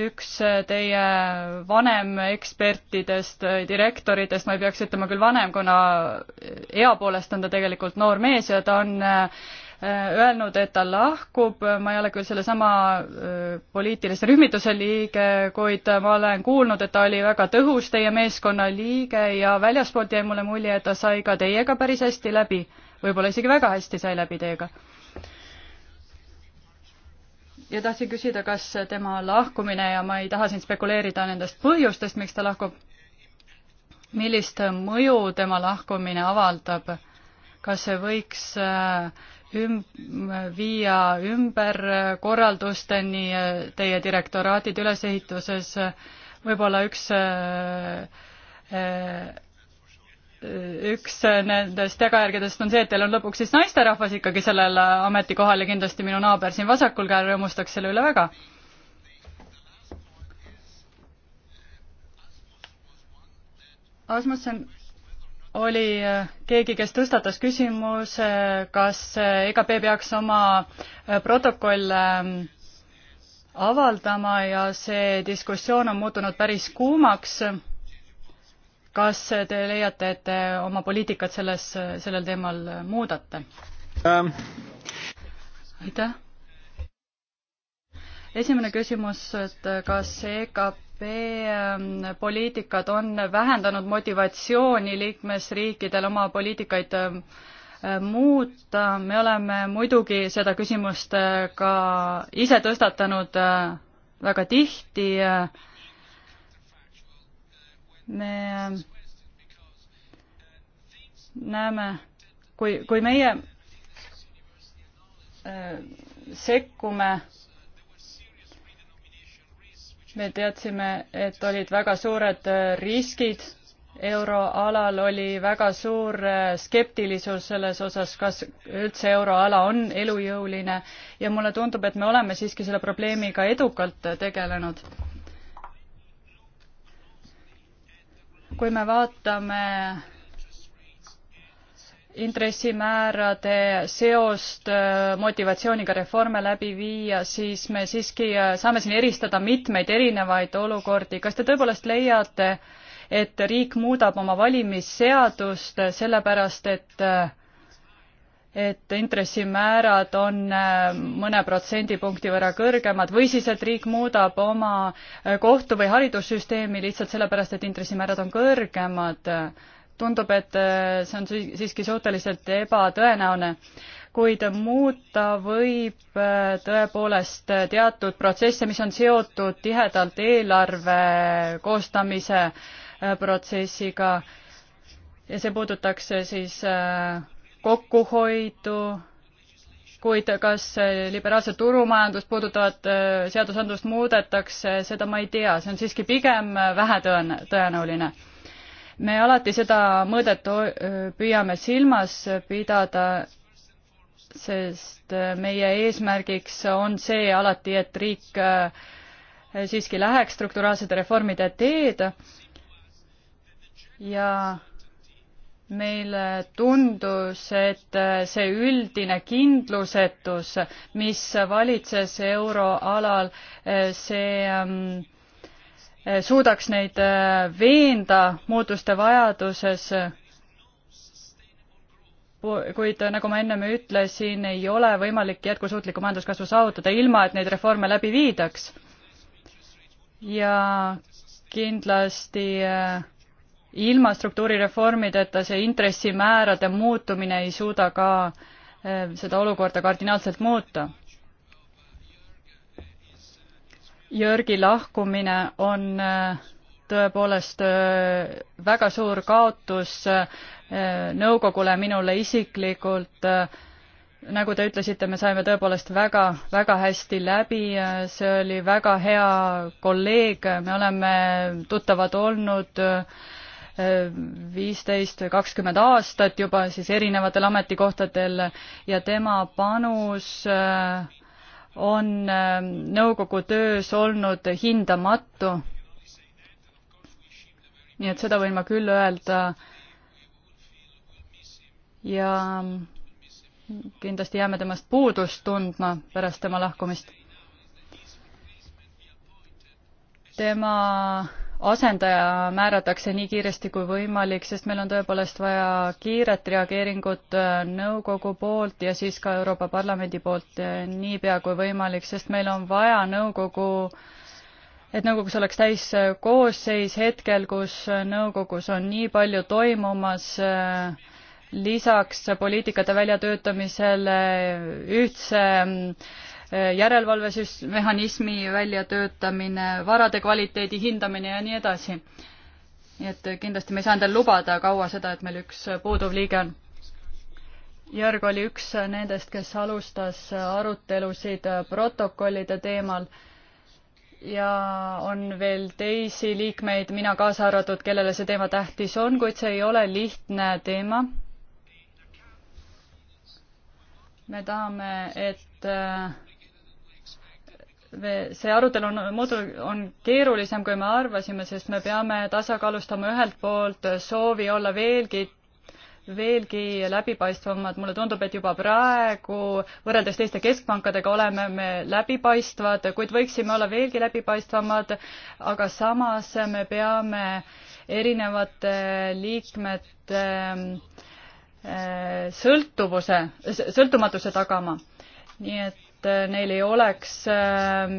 üks teie vanem ekspertidest, direktoritest, ma ei peaks ütlema küll vanem, kuna ea poolest on ta tegelikult noor mees ja ta on äh, öelnud, et ta lahkub, ma ei ole küll sellesama äh, poliitilise rühmituse liige, kuid ma olen kuulnud, et ta oli väga tõhus teie meeskonna liige ja väljaspoolt jäi mulle mulje, et ta sai ka teiega päris hästi läbi. võib-olla isegi väga hästi sai läbi teiega ja tahtsin küsida, kas tema lahkumine ja ma ei taha siin spekuleerida nendest põhjustest, miks ta lahkub, millist mõju tema lahkumine avaldab, kas see võiks äh, üm-, viia ümberkorraldusteni äh, teie direktoraatide ülesehituses, võib-olla üks äh, äh, üks nendest tagajärgedest on see, et teil on lõpuks siis naisterahvas ikkagi sellel ametikohal ja kindlasti minu naaber siin vasakul käel rõõmustaks selle üle väga. Asmussen oli äh, keegi, kes tõstatas küsimuse, kas äh, EKP peaks oma äh, protokolle ähm, avaldama ja see diskussioon on muutunud päris kuumaks kas te leiate, et te oma poliitikat selles, sellel teemal muudate um.? aitäh. esimene küsimus, et kas EKP ähm, poliitikad on vähendanud motivatsiooni liikmesriikidel oma poliitikaid ähm, äh, muuta, me oleme muidugi seda küsimust äh, ka ise tõstatanud äh, väga tihti äh, me näeme, kui, kui meie äh, sekkume, me teadsime, et olid väga suured äh, riskid, euroalal oli väga suur äh, skeptilisus selles osas, kas üldse euroala on elujõuline ja mulle tundub, et me oleme siiski selle probleemiga edukalt tegelenud kui me vaatame intressimäärade seost äh, motivatsiooniga reforme läbi viia, siis me siiski äh, saame siin eristada mitmeid erinevaid olukordi. kas te tõepoolest leiate, et riik muudab oma valimisseadust äh, sellepärast, et et intressimäärad on äh, mõne protsendipunkti võrra kõrgemad või siis, et riik muudab oma äh, kohtu- või haridussüsteemi lihtsalt sellepärast, et intressimäärad on kõrgemad. tundub, et äh, see on siiski suhteliselt ebatõenäone, kuid muuta võib tõepoolest teatud protsesse, mis on seotud tihedalt eelarve koostamise protsessiga ja see puudutaks siis äh, kokkuhoidu, kuid kas liberaalset turumajandust puudutavat äh, seadusandlust muudetakse, seda ma ei tea, see on siiski pigem äh, vähetõen-, tõenäoline. me alati seda mõõdet äh, püüame silmas pidada, sest meie eesmärgiks on see alati, et riik siiski läheks strukturaalsete reformide teed ja meile tundus, et see üldine kindlusetus, mis valitses euroalal, see ähm, suudaks neid äh, veenda muutuste vajaduses. kuid nagu ma ennem ütlesin, ei ole võimalik jätkusuutlikku majanduskasvu saavutada ilma, et neid reforme läbi viidaks. ja kindlasti äh, ilma struktuurireformideta see intressimäärade muutumine ei suuda ka eh, seda olukorda kardinaalselt muuta. Jörgi lahkumine on eh, tõepoolest eh, väga suur kaotus nõukogule, minule isiklikult. nagu te ütlesite, me saime tõepoolest väga, väga hästi läbi, see oli väga hea kolleeg, me oleme tuttavad olnud äh, viisteist või kakskümmend aastat juba siis erinevatel ametikohtadel ja tema panus äh, on äh, nõukogu töös olnud hindamatu. nii et seda võin ma küll öelda. ja kindlasti jääme temast puudust tundma pärast tema lahkumist. tema asendaja määratakse nii kiiresti kui võimalik, sest meil on tõepoolest vaja kiiret reageeringut äh, nõukogu poolt ja siis ka Euroopa Parlamendi poolt äh, niipea kui võimalik, sest meil on vaja nõukogu, et nõukogus oleks täis äh, koosseis hetkel, kus nõukogus on nii palju toimumas lisaks poliitikate väljatöötamisele ühtse mm, järelevalvemehhanismi väljatöötamine, varade kvaliteedi hindamine ja nii edasi. nii et kindlasti me ei saa endale lubada kaua seda, et meil üks puuduv liige on. Jörg oli üks nendest, kes alustas arutelusid protokollide teemal ja on veel teisi liikmeid, mina kaasa arvatud, kellele see teema tähtis on, kuid see ei ole lihtne teema me tahame, et äh, see arutelu on muidu, on keerulisem, kui me arvasime, sest me peame tasakaalustama ühelt poolt soovi olla veelgi veelgi läbipaistvamad, mulle tundub, et juba praegu võrreldes teiste keskpankadega oleme me läbipaistvad, kuid võiksime olla veelgi läbipaistvamad, aga samas me peame erinevate liikmete eh, sõltuvuse, sõltumatuse tagama. nii et et äh, neil ei oleks ähm,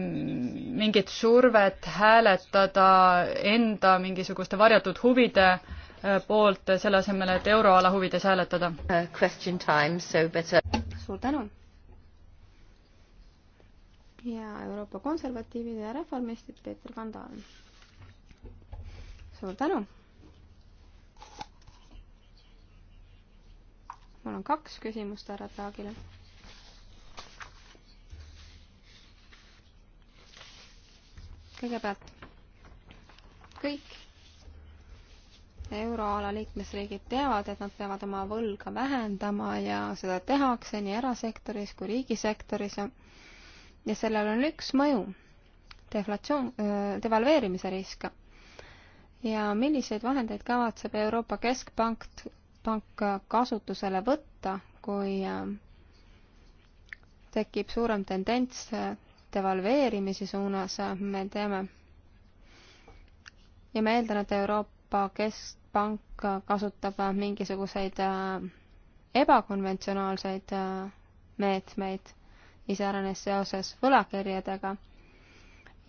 mingit survet hääletada enda mingisuguste varjatud huvide äh, poolt, selle asemel, et euroala huvides hääletada. Uh, suur tänu! ja Euroopa konservatiivide ja reformistid Peeter Van Dalen. suur tänu! mul on kaks küsimust härra Draagile kõigepealt kõik euroala liikmesriigid teavad, et nad peavad oma võlga vähendama ja seda tehakse nii erasektoris kui riigisektoris ja ja sellel on üks mõju, deflatsioon, devalveerimise risk. ja milliseid vahendeid kavatseb Euroopa Keskpank, pank kasutusele võtta, kui tekib suurem tendents devalveerimise suunas, me teame. ja ma eeldan, et Euroopa Keskpank kasutab mingisuguseid äh, ebakonventsionaalseid äh, meetmeid, iseäranis seoses võlakirjadega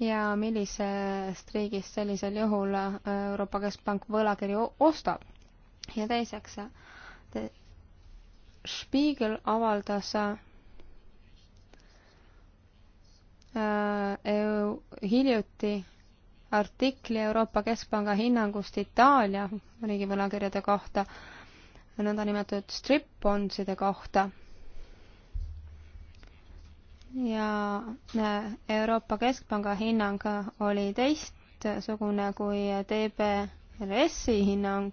ja millisest riigist sellisel juhul äh, Euroopa Keskpank võlakirju ostab. ja teiseks, Spiegel avaldas Äh, hiljuti artikli Euroopa Keskpanga hinnangust Itaalia riigivõlakirjade kohta, nõndanimetatud strip-bondside kohta. ja äh, Euroopa Keskpanga hinnang oli teistsugune kui DBRS-i hinnang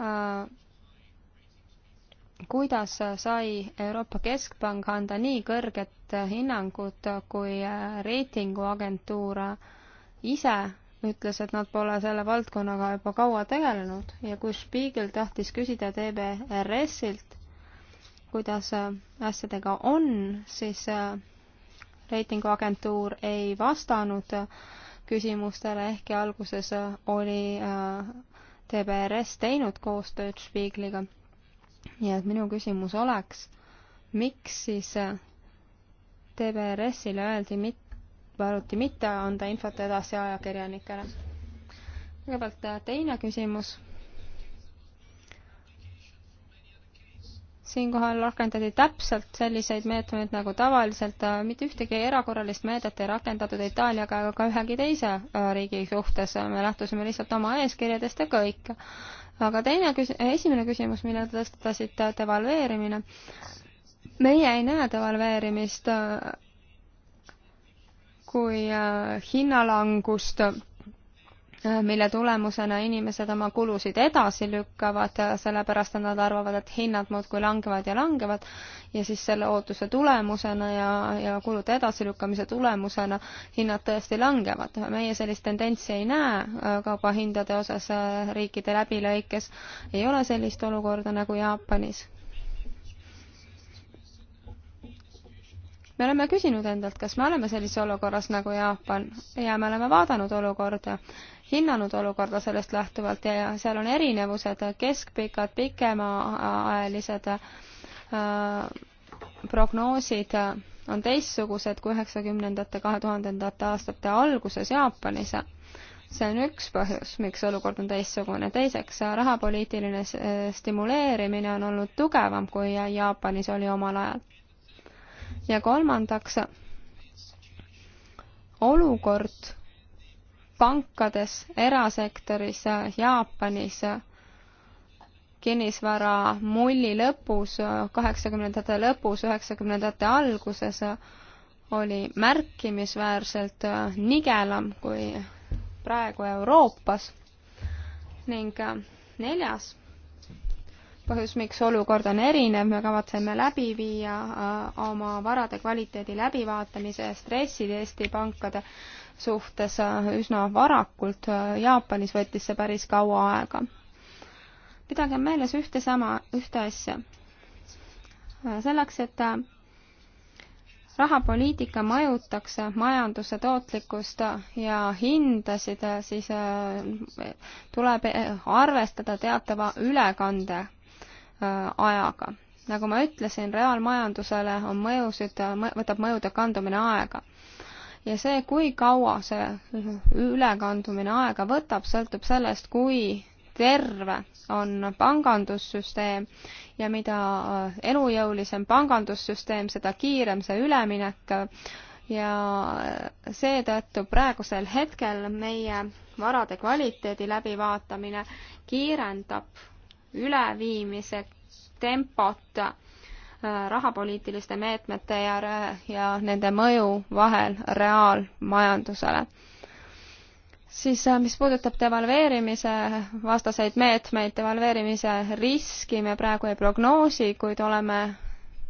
äh, kuidas sai Euroopa Keskpank anda nii kõrget hinnangut, kui reitinguagentuur ise ütles, et nad pole selle valdkonnaga juba kaua tegelenud ja kui Spiegel tahtis küsida DBRS-ilt, kuidas asjadega on, siis reitinguagentuur ei vastanud küsimustele, ehkki alguses oli TBRS äh, teinud koostööd Spiegliga nii et minu küsimus oleks, miks siis äh, TBRS-ile öeldi mit-, paluti mitte anda infot edasi ajakirjanikele? kõigepealt äh, teine küsimus. siinkohal rakendati täpselt selliseid meetmeid nagu tavaliselt, äh, mitte ühtegi erakorralist meedet ei rakendatud Itaaliaga ega ka ühegi teise riigi suhtes, me lähtusime lihtsalt oma eeskirjadest ja kõik aga teine küs-, esimene küsimus, mille te tõstatasite, devalveerimine. meie ei näe devalveerimist äh, kui äh, hinnalangust Äh, mille tulemusena inimesed oma kulusid edasi lükkavad, äh, sellepärast et nad arvavad, et hinnad muudkui langevad ja langevad ja siis selle ootuse tulemusena ja, ja kulude edasilükkamise tulemusena hinnad tõesti langevad. meie sellist tendentsi ei näe äh, kaubahindade osas riikide läbilõikes, ei ole sellist olukorda nagu Jaapanis me oleme küsinud endalt, kas me oleme sellises olukorras nagu Jaapan ja me oleme vaadanud olukorda, hinnanud olukorda sellest lähtuvalt ja seal on erinevused, keskpikad, pikemaajalised äh, prognoosid on teistsugused kui üheksakümnendate, kahe tuhandendate aastate alguses Jaapanis. see on üks põhjus, miks olukord on teistsugune. teiseks, rahapoliitiline stimuleerimine on olnud tugevam, kui Jaapanis oli omal ajal ja kolmandaks, olukord pankades, erasektoris, Jaapanis, kinnisvara mulli lõpus, kaheksakümnendate lõpus, üheksakümnendate alguses oli märkimisväärselt nigelam kui praegu Euroopas ning neljas põhjus, miks olukord on erinev, me kavatseme läbi viia äh, oma varade kvaliteedi läbivaatamise ja stressitesti pankade suhtes äh, üsna varakult. Äh, Jaapanis võttis see päris kaua aega. pidagem meeles ühte sama, ühte asja. selleks, et rahapoliitika mõjutaks majanduse tootlikkust ja hindasid, siis tuleb arvestada teatava ülekande Äh, ajaga. nagu ma ütlesin, reaalmajandusele on mõjusid, võtab mõjude kandumine aega. ja see, kui kaua see ülekandumine aega võtab, sõltub sellest, kui terve on pangandussüsteem ja mida äh, elujõulisem pangandussüsteem, seda kiirem see üleminek äh, ja seetõttu praegusel hetkel meie varade kvaliteedi läbivaatamine kiirendab üleviimise tempot äh, rahapoliitiliste meetmete ja, ja nende mõju vahel reaalmajandusele. siis äh, mis puudutab devalveerimise vastaseid meetmeid, devalveerimise riski me praegu ei prognoosi, kuid oleme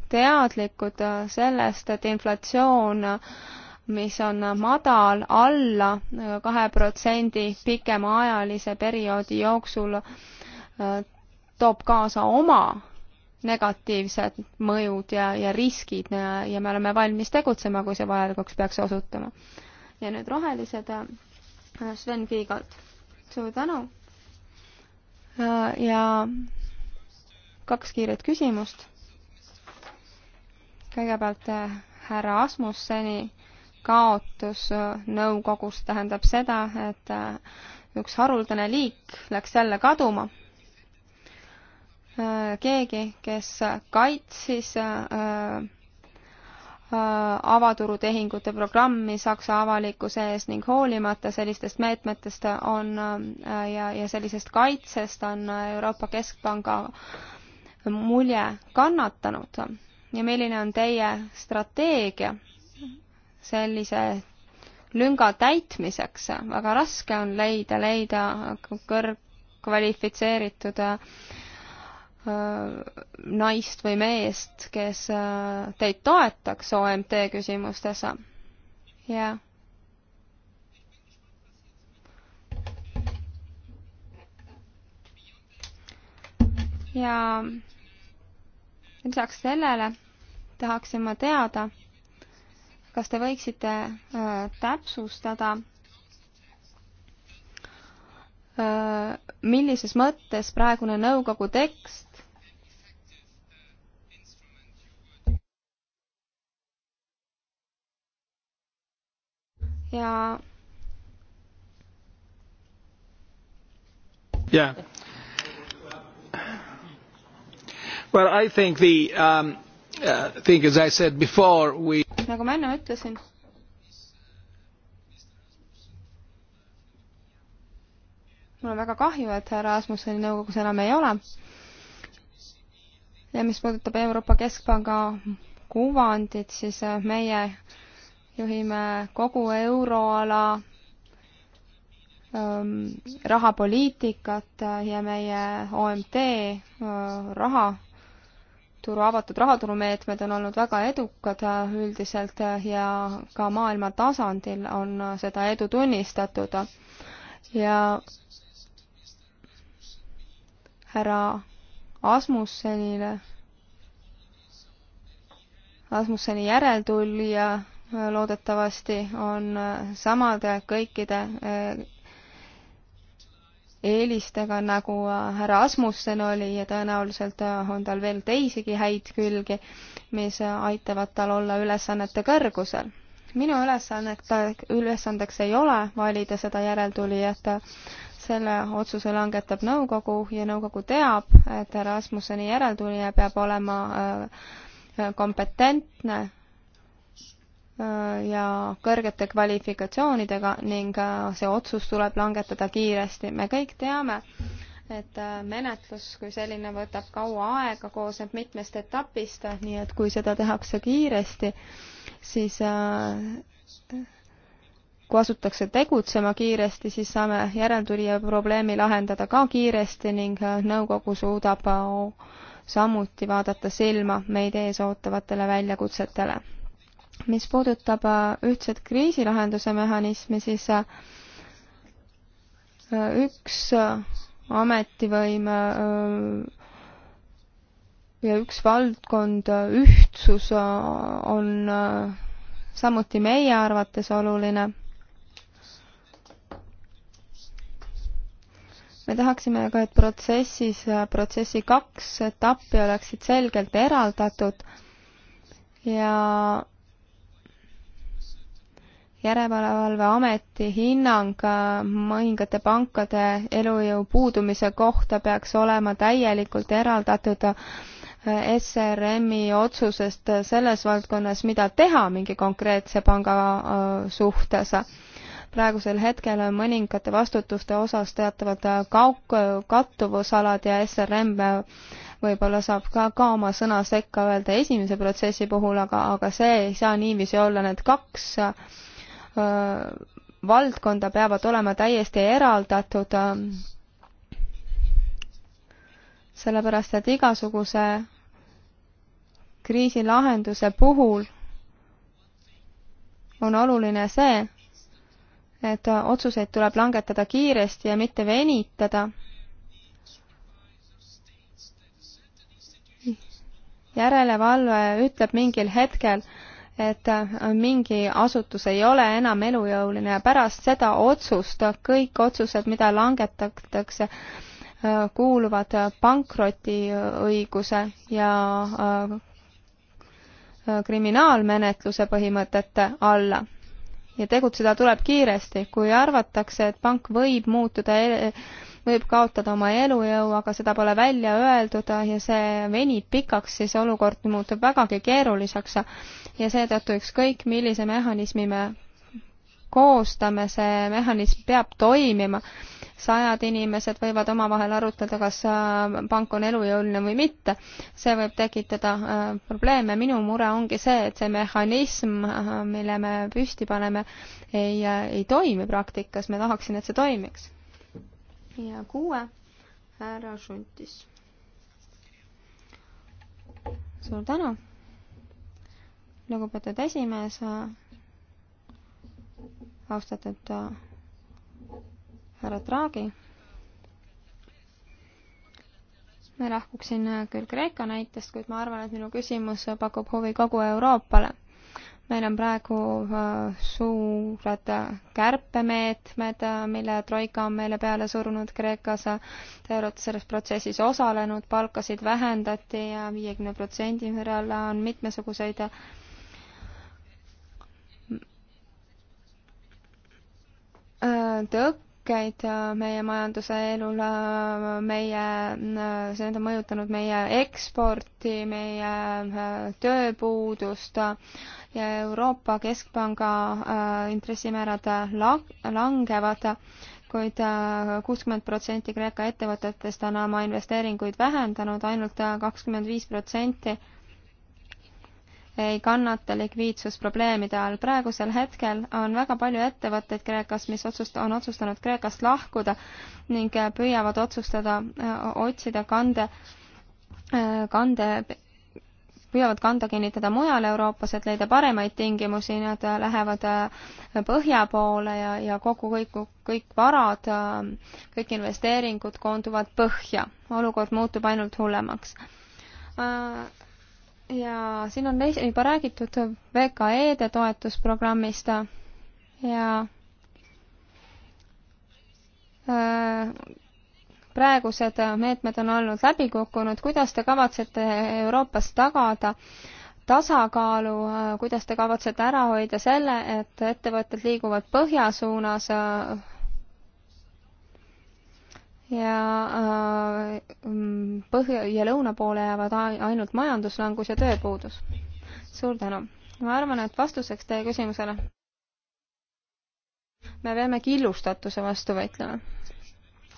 teadlikud äh, sellest, et inflatsioon mis on madal alla kahe protsendi pikemaajalise perioodi jooksul toob kaasa oma negatiivsed mõjud ja, ja riskid ja, ja me oleme valmis tegutsema, kui see vajalikuks peaks osutuma. ja nüüd rohelised, äh, Sven Kiigalt, suur tänu! Äh, ja kaks kiiret küsimust. kõigepealt äh, härra Asmusseni kaotus nõukogus tähendab seda, et üks haruldane liik läks jälle kaduma Äh, keegi, kes kaitsis äh, äh, avaturutehingute programmi Saksa avalikkuse ees ning hoolimata sellistest meetmetest on ja, ja sellisest kaitsest on Euroopa Keskpanga mulje kannatanud. ja milline on teie strateegia sellise lünga täitmiseks? väga raske on leida, leida kõrgkvalifitseeritud äh, Äh, naist või meest, kes äh, teid toetaks OMT küsimustes. ja ja lisaks sellele tahaksin ma teada, kas te võiksite äh, täpsustada millises mõttes praegune nõukogu tekst ja. jah. Well, I think the um, uh, thing, as I said before, we. nagu ma enne ütlesin. mul on väga kahju, et härra Asmusseni nõukogus enam ei ole. ja mis puudutab Euroopa Keskpanga kuvandit, siis äh, meie äh, juhime kogu euroala ähm, rahapoliitikat ja meie OMT äh, raha turu, avatud rahaturumeetmed on olnud väga edukad äh, üldiselt äh, ja ka maailma tasandil on seda edu tunnistatud. ja härra Asmussenile, Asmusseni järeltulija loodetavasti on samade kõikide eh, eelistega, nagu härra Asmussen oli ja tõenäoliselt on tal veel teisigi häid külgi, mis aitavad tal olla ülesannete kõrgusel. minu ülesannet, ülesandeks ei ole valida seda järeltulijat, selle otsuse langetab nõukogu ja nõukogu teab, et härra Asmusseni järeltulija peab olema eh, kompetentne Äh, ja kõrgete kvalifikatsioonidega ning äh, see otsus tuleb langetada kiiresti. me kõik teame, et äh, menetlus kui selline võtab kaua aega, koosneb mitmest etapist, nii et kui seda tehakse kiiresti, siis kui asutakse tegutsema kiiresti, siis saame järeltulija probleemi lahendada ka kiiresti ning nõukogu suudab samuti vaadata silma meid ees ootavatele väljakutsetele mis puudutab äh, ühtset kriisilahenduse mehhanismi, siis äh, üks äh, ametivõim ja üks valdkond, ühtsus on samuti meie arvates oluline. me tahaksime ka, et protsessis, protsessi kaks etappi oleksid selgelt eraldatud ja järelevalveameti hinnang äh, mõningate pankade elujõu puudumise kohta peaks olema täielikult eraldatud äh, SRM-i otsusest selles valdkonnas, mida teha mingi konkreetse panga äh, suhtes. praegusel hetkel on mõningate vastutuste osas teatavad kauk-, kattuvusalad ja SRM võib-olla saab ka, ka oma sõna sekka öelda esimese protsessi puhul, aga, aga see ei saa niiviisi olla, need kaks valdkonda peavad olema täiesti eraldatud, sellepärast et igasuguse kriisilahenduse puhul on oluline see, et otsuseid tuleb langetada kiiresti ja mitte venitada. järelevalve ütleb mingil hetkel, et äh, mingi asutus ei ole enam elujõuline ja pärast seda otsust kõik otsused, mida langetatakse, äh, kuuluvad äh, pankrotiõiguse ja kriminaalmenetluse põhimõtete alla. ja tegutseda tuleb kiiresti, kui arvatakse, et pank võib muutuda e-, võib kaotada oma elujõu, aga seda pole välja öeldud ja see venib pikaks, siis olukord muutub vägagi keeruliseks ja seetõttu ükskõik, millise mehhanismi me koostame, see mehhanism peab toimima. sajad inimesed võivad omavahel arutleda, kas äh, pank on elujõuline või mitte. see võib tekitada äh, probleeme. minu mure ongi see, et see mehhanism, äh, mille me püsti paneme, ei, ei toimi praktikas. ma tahaksin, et see toimiks. ja kuue, härra Šuntis. suur tänu lugupeetud esimees, austatud härra Draghi. ma lahkuksin küll Kreeka näitest, kuid ma arvan, et minu küsimus pakub huvi kogu Euroopale. meil on praegu äh, suured kärpemeetmed, mille Troika on meile peale surunud Kreekas. Te olete selles protsessis osalenud, palkasid vähendati viiekümne protsendi võrra, on mitmesuguseid Äh, tõkkeid äh, meie majanduse elule, äh, meie, see on mõjutanud meie eksporti, meie tööpuudust ja Euroopa Keskpanga intressimäärad langevad kuid kuuskümmend protsenti Kreeka ettevõtetest on oma investeeringuid vähendanud ainult, ainult kakskümmend viis protsenti ei kannata likviidsusprobleemide all. praegusel hetkel on väga palju ettevõtteid Kreekas, mis otsust-, on otsustanud Kreekast lahkuda ning äh, püüavad otsustada, äh, otsida kande, äh, kande, püüavad kanda kinnitada mujal Euroopas, et leida paremaid tingimusi, nad lähevad põhja poole ja, ja kogu kõik, kõik varad, kõik investeeringud koonduvad põhja. olukord muutub ainult hullemaks ja siin on juba räägitud VKE-de toetusprogrammist ja äh, praegused meetmed on olnud läbi kukkunud, kuidas te kavatsete Euroopas tagada tasakaalu, äh, kuidas te kavatsete ära hoida selle, et ettevõtted liiguvad põhja suunas äh, ja äh, põhja ja lõuna poole jäävad ainult majanduslangus ja tööpuudus. suur tänu. ma arvan, et vastuseks teie küsimusele me peame killustatuse vastu võitlema.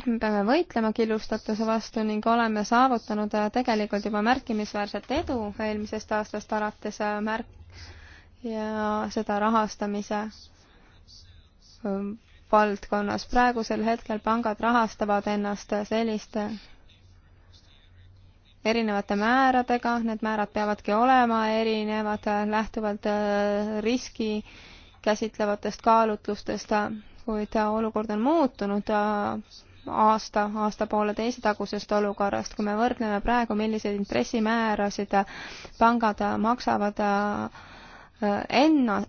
me peame võitlema killustatuse vastu ning oleme saavutanud äh, tegelikult juba märkimisväärset edu eelmisest aastast alates äh, märk- ja seda rahastamise valdkonnas. praegusel hetkel pangad rahastavad ennast selliste erinevate määradega, need määrad peavadki olema erinevad lähtuvalt äh, riski käsitlevatest kaalutlustest, kuid olukord on muutunud äh, aasta, aasta-pooleteise tagusest olukorrast, kui me võrdleme praegu, milliseid intressimäärasid pangad maksavad äh, enna,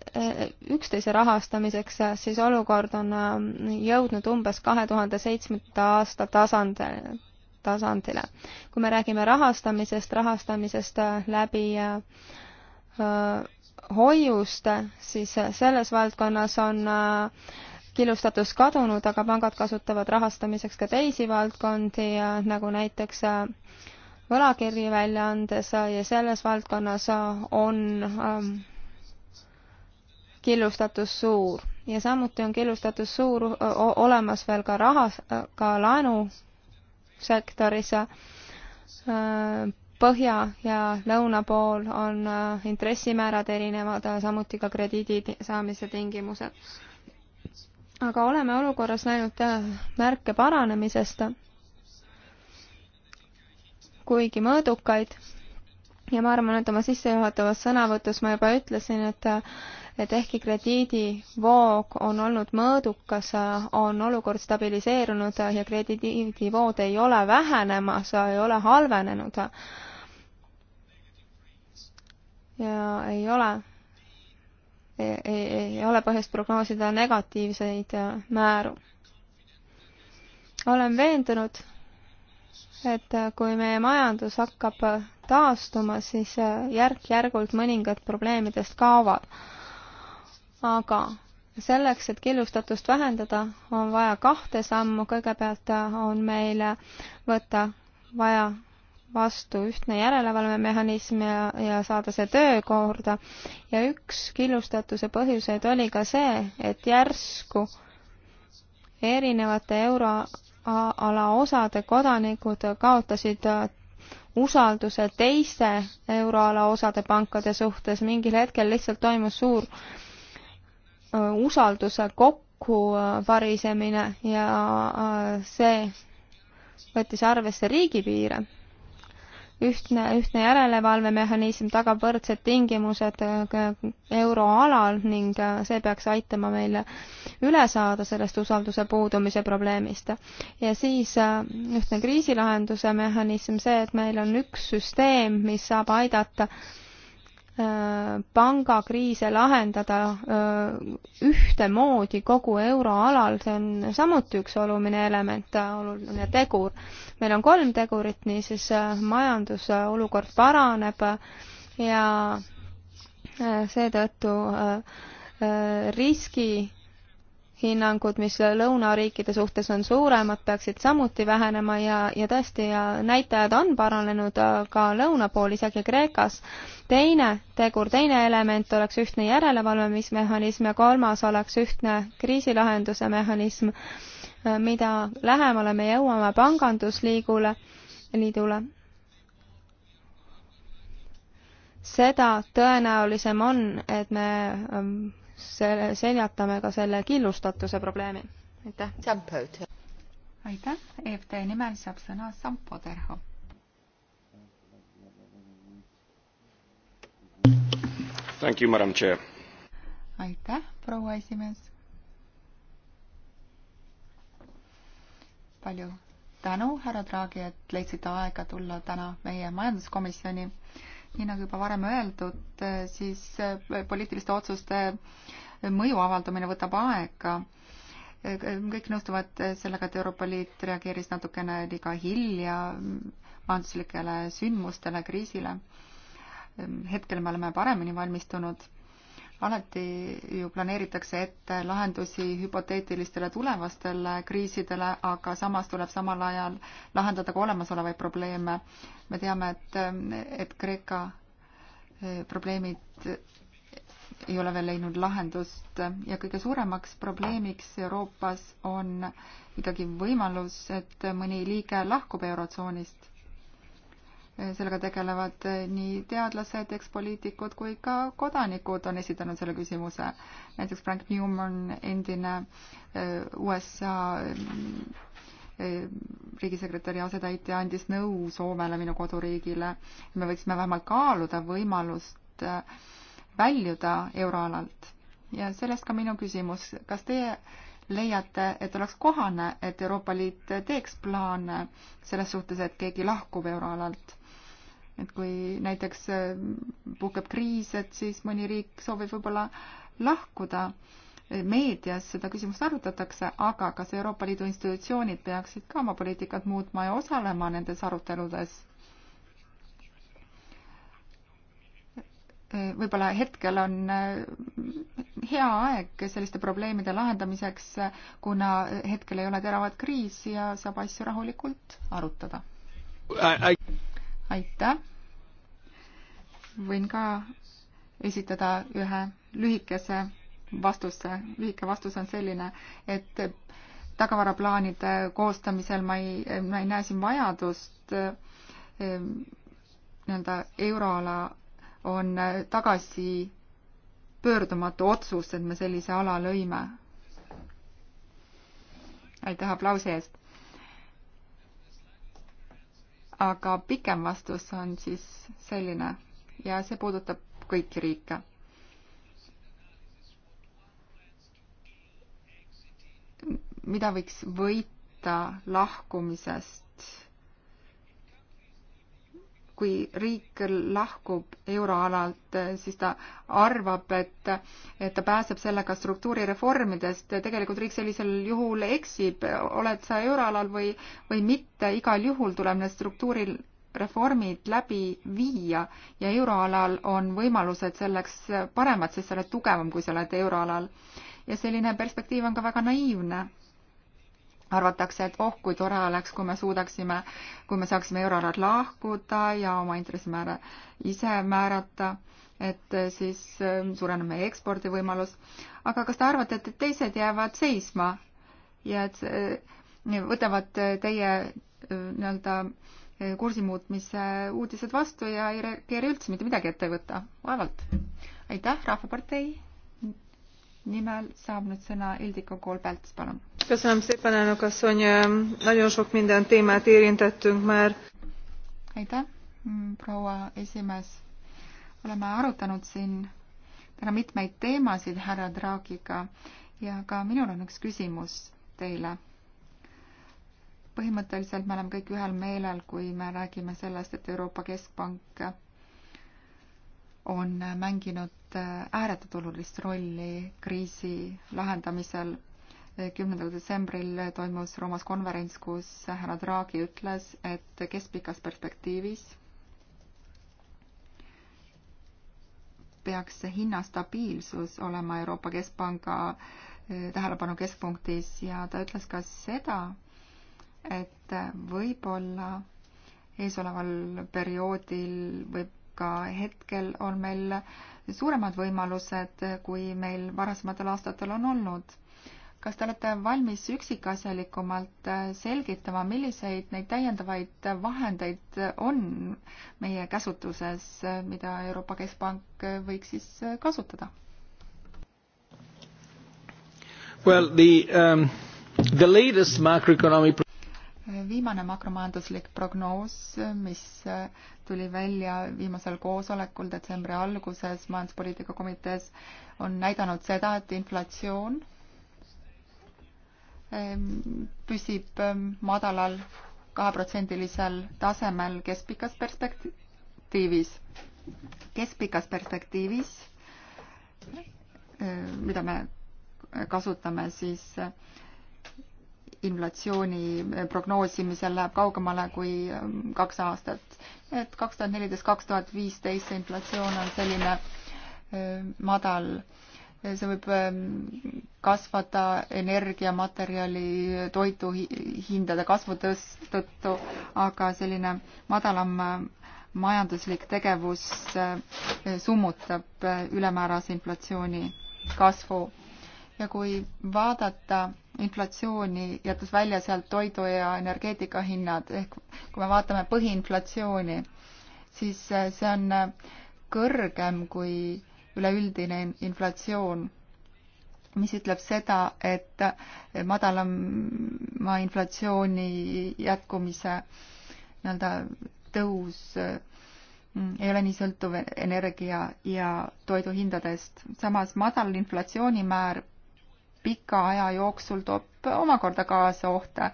üksteise rahastamiseks, siis olukord on ähm, jõudnud umbes kahe tuhande seitsmenda aasta tasandile, tasandile. kui me räägime rahastamisest, rahastamisest äh, läbi äh, äh, hoiuste, siis selles valdkonnas on killustatus kadunud, aga pangad kasutavad rahastamiseks ka teisi valdkondi, nagu näiteks võlakirju välja andes ja selles valdkonnas on ähm, killustatus suur ja samuti on killustatus suur olemas veel ka raha, ka laenusektoris. Põhja ja lõuna pool on intressimäärad erinevad, samuti ka krediidi saamise tingimused. aga oleme olukorras näinud märke paranemisest, kuigi mõõdukaid ja ma arvan, et oma sissejuhatavas sõnavõtus ma juba ütlesin, et et ehkki krediidivoog on olnud mõõdukas, on olukord stabiliseerunud ja krediidivood ei ole vähenemas, ei ole halvenenud. ja ei ole, ei, ei, ei ole põhjust prognoosida negatiivseid määru. olen veendunud, et kui meie majandus hakkab taastuma, siis järk-järgult mõningad probleemidest kaovad aga selleks, et killustatust vähendada, on vaja kahte sammu, kõigepealt on meil võtta vaja vastu ühtne järelevalvemehhanism ja, ja saada see töökorda ja üks killustatuse põhjuseid oli ka see, et järsku erinevate euroala osade kodanikud kaotasid usalduse teiste euroala osade pankade suhtes, mingil hetkel lihtsalt toimus suur Äh, usalduse kokkuvarisemine äh, ja äh, see võttis arvesse riigipiire. ühtne, ühtne järelevalvemehhanism tagab võrdsed tingimused euroalal ning see peaks aitama meil üle saada sellest usalduse puudumise probleemist. ja siis ühtne kriisilahenduse mehhanism, see, et meil on üks süsteem, mis saab aidata äh, pangakriise lahendada ühtemoodi kogu euroalal, see on samuti üks oluline element, oluline tegur. meil on kolm tegurit, niisiis majanduse olukord paraneb ja seetõttu riski hinnangud, mis lõunariikide suhtes on suuremad, peaksid samuti vähenema ja, ja tõesti, ja näitajad on paranenud äh, ka lõuna pool, isegi Kreekas. teine tegur, teine element oleks ühtne järelevalvamismehhanism ja kolmas oleks ühtne kriisilahenduse mehhanism, äh, mida lähemale me jõuame pangandusliigule, liidule seda tõenäolisem on, et me ähm, selle, seljatame ka selle killustatuse probleemi. aitäh. aitäh, EFT nimel saab sõna Sampo Terho. Thank you, madam chair. aitäh, proua esimees. palju tänu, härra Draagi, et leidsite aega tulla täna meie majanduskomisjoni nii nagu juba varem öeldud, eh, siis eh, poliitiliste otsuste eh, mõju avaldamine võtab aega. kõik nõustuvad sellega, et Euroopa Liit reageeris natukene liiga hilja mm, majanduslikele sündmustele, kriisile. hetkel me oleme paremini valmistunud alati ju planeeritakse ette lahendusi hüpoteetilistele tulevastele kriisidele, aga samas tuleb samal ajal lahendada ka olemasolevaid probleeme. me teame, et, et Kreeka eh, probleemid ei ole veel leidnud lahendust ja kõige suuremaks probleemiks Euroopas on ikkagi võimalus, et mõni liige lahkub Eurotsoonist Eh, sellega tegelevad eh, nii teadlased, ekspoliitikud kui ka kodanikud on esitanud selle küsimuse. näiteks Frank Newman, endine eh, USA riigisekretäri asetäitja, andis nõu Soomele, minu koduriigile. me võiksime vähemalt kaaluda võimalust väljuda euroalalt ja sellest ka minu küsimus, kas teie leiate, et oleks kohane, et Euroopa Liit teeks plaane selles suhtes, et keegi lahkub euroalalt? et kui näiteks äh, puhkeb kriis, et siis mõni riik soovib võib-olla lahkuda. meedias seda küsimust arutatakse, aga kas Euroopa Liidu institutsioonid peaksid ka oma poliitikat muutma ja osalema nendes aruteludes? Äh, võib-olla hetkel on äh, hea aeg selliste probleemide lahendamiseks, kuna hetkel ei ole teravat kriisi ja saab asju rahulikult arutada I. I aitäh. võin ka esitada ühe lühikese vastuse. lühike vastus on selline, et tagavaraplaanide koostamisel ma ei, ma ei näe siin vajadust ehm, nii-öelda euroala on tagasi pöördumatu otsus, et me sellise ala lõime. aitäh aplausi eest! aga pikem vastus on siis selline ja see puudutab kõiki riike. mida võiks võita lahkumisest kui riik lahkub euroalalt, siis ta arvab, et, et ta pääseb sellega struktuurireformidest. tegelikult riik sellisel juhul eksib, oled sa euroalal või, või mitte, igal juhul tuleb need struktuurireformid läbi viia ja euroalal on võimalused selleks paremad, sest sa oled tugevam, kui sa oled euroalal. ja selline perspektiiv on ka väga naiivne arvatakse, et oh, kui tore oleks, kui me suudaksime, kui me saaksime eurorad lahkuda ja oma intressimäära ise määrata, et siis äh, suureneb meie ekspordivõimalus. aga kas te arvate, et teised jäävad seisma ja et äh, võtavad teie äh, nii-öelda kursi muutmise uudised vastu ja ei reageeri üldse mitte midagi ette ei võta? vaevalt. aitäh, Rahvapartei nimel saab nüüd sõna Ildiko Kolbelts, palun. köszönöm szépen, elnök asszony, nagyon sok minden témát érintettünk már. aitäh, mm, proua esimees. oleme arutanud siin täna mitmeid teemasid härra Draagiga ja ka minul on üks küsimus teile. põhimõtteliselt me oleme kõik ühel meelel, kui me räägime sellest, et Euroopa Keskpank on mänginud ääretult olulist rolli kriisi lahendamisel. kümnendal detsembril toimus Roomas konverents, kus härra Draghi ütles, et keskpikas perspektiivis peaks hinnastabiilsus olema Euroopa Keskpanga eh, tähelepanu keskpunktis ja ta ütles ka seda, et võib-olla eesoleval perioodil võib aga hetkel on meil suuremad võimalused, kui meil varasematel aastatel on olnud. kas te olete valmis üksikasjalikumalt selgitama, milliseid neid täiendavaid vahendeid on meie käsutuses, mida Euroopa Keskpank võiks siis kasutada? Well, the, um, the latest macroeconomic viimane makromajanduslik prognoos, mis tuli välja viimasel koosolekul detsembri alguses Majanduspoliitika Komitees, on näidanud seda, et inflatsioon ehm, püsib ehm, madalal kaheprotsendilisel tasemel keskpikas perspektiivis. keskpikas perspektiivis, ehm, mida me kasutame siis inflatsiooni eh, prognoosimisel läheb kaugemale kui eh, kaks aastat. et kaks tuhat neliteist, kaks tuhat viisteist see inflatsioon on selline eh, madal. see võib kasvada energia, materjali, toidu hindade kasvu tõttu, aga selline madalam majanduslik tegevus summutab ülemäärase inflatsiooni kasvu ja kui vaadata inflatsiooni, jättes välja sealt toidu ja energeetika hinnad, ehk kui me vaatame põhiinflatsiooni, siis eh, see on eh, kõrgem kui üleüldine inflatsioon, mis ütleb seda, et madalama inflatsiooni jätkumise nii-öelda tõus mm, ei ole nii sõltuv energia ja toiduhindadest. samas madal inflatsioonimäär pika aja jooksul toob omakorda kaasa ohte. ja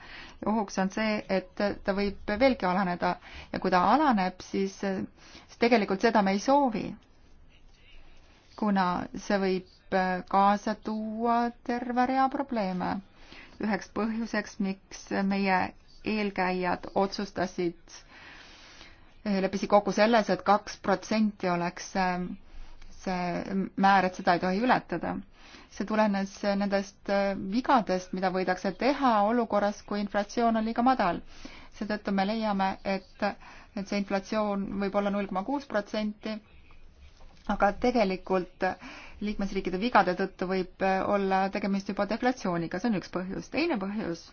ohuks on see, et ta võib veelgi alaneda ja kui ta alaneb, siis, siis tegelikult seda me ei soovi. kuna see võib kaasa tuua terve rea probleeme. üheks põhjuseks, miks meie eelkäijad otsustasid, leppisid kokku selles et, et kaks protsenti oleks see määr, et seda ei tohi ületada see tulenes nendest äh, vigadest, mida võidakse teha olukorras, kui inflatsioon on liiga madal. seetõttu me leiame, et, et see inflatsioon võib olla null koma kuus protsenti, aga tegelikult liikmesriikide vigade tõttu võib äh, olla tegemist juba deflatsiooniga, see on üks põhjus. teine põhjus,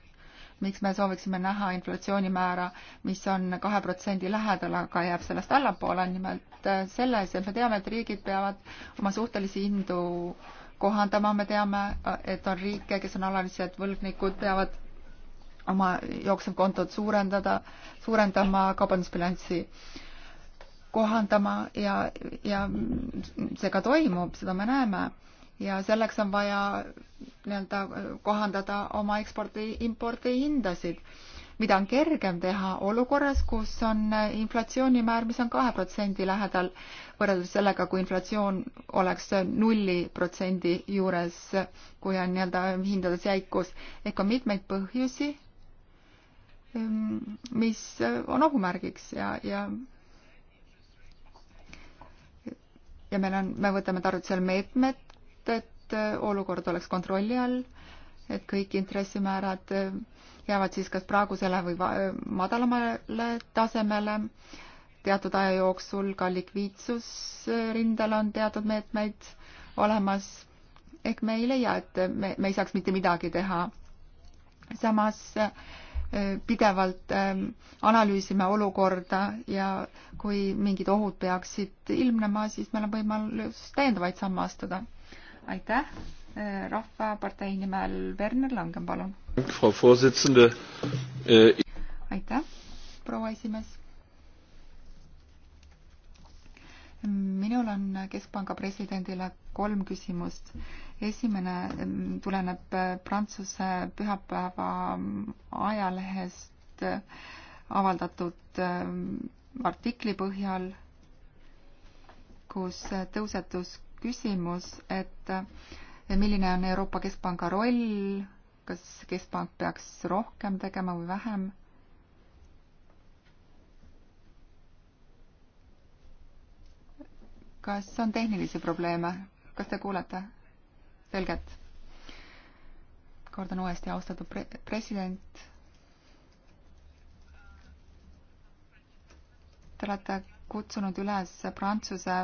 miks me sooviksime näha inflatsioonimäära, mis on kahe protsendi lähedal, aga jääb sellest allapoole, on nimelt äh, selles, et me teame, et riigid peavad oma suhtelisi hindu äh, kohandama, me teame, et on riike, kes on alalised võlgnikud, peavad oma jooksevkontot suurendada, suurendama kaubandusbilanssi kohandama ja, ja see ka toimub, seda me näeme. ja selleks on vaja nii-öelda kohandada oma ekspordi, impordi hindasid mida on kergem teha olukorras, kus on äh, inflatsioonimäär, mis on kahe protsendi lähedal, võrreldes sellega, kui inflatsioon oleks äh, nulli protsendi juures, kui on nii-öelda hindades jäikus. ehk on mitmeid põhjusi, ehm, mis äh, on ohumärgiks ja, ja ja meil on, me võtame tarvitusele meetmed, et olukord oleks kontrolli all, et kõik intressimäärad jäävad siis kas praegusele või madalamale tasemele. teatud aja jooksul ka likviidsusrindel on teatud meetmeid olemas. ehk me ei leia, et me, me ei saaks mitte midagi teha. samas eh, pidevalt eh, analüüsime olukorda ja kui mingid ohud peaksid ilmnema, siis meil on võimalus täiendavaid samme astuda. aitäh! Rahvapartei nimel Werner Langen, palun. Äh, aitäh, proua esimees. minul on Keskpanga presidendile kolm küsimust. esimene mm, tuleneb äh, Prantsuse pühapäeva ajalehest äh, avaldatud artikli põhjal, kus tõusetus küsimus, et milline on Euroopa Keskpanga roll, kas keskpank peaks rohkem tegema või vähem? kas on tehnilisi probleeme, kas te kuulete selgelt? kordan uuesti, austatud pre-, president. Te olete kutsunud üles Prantsuse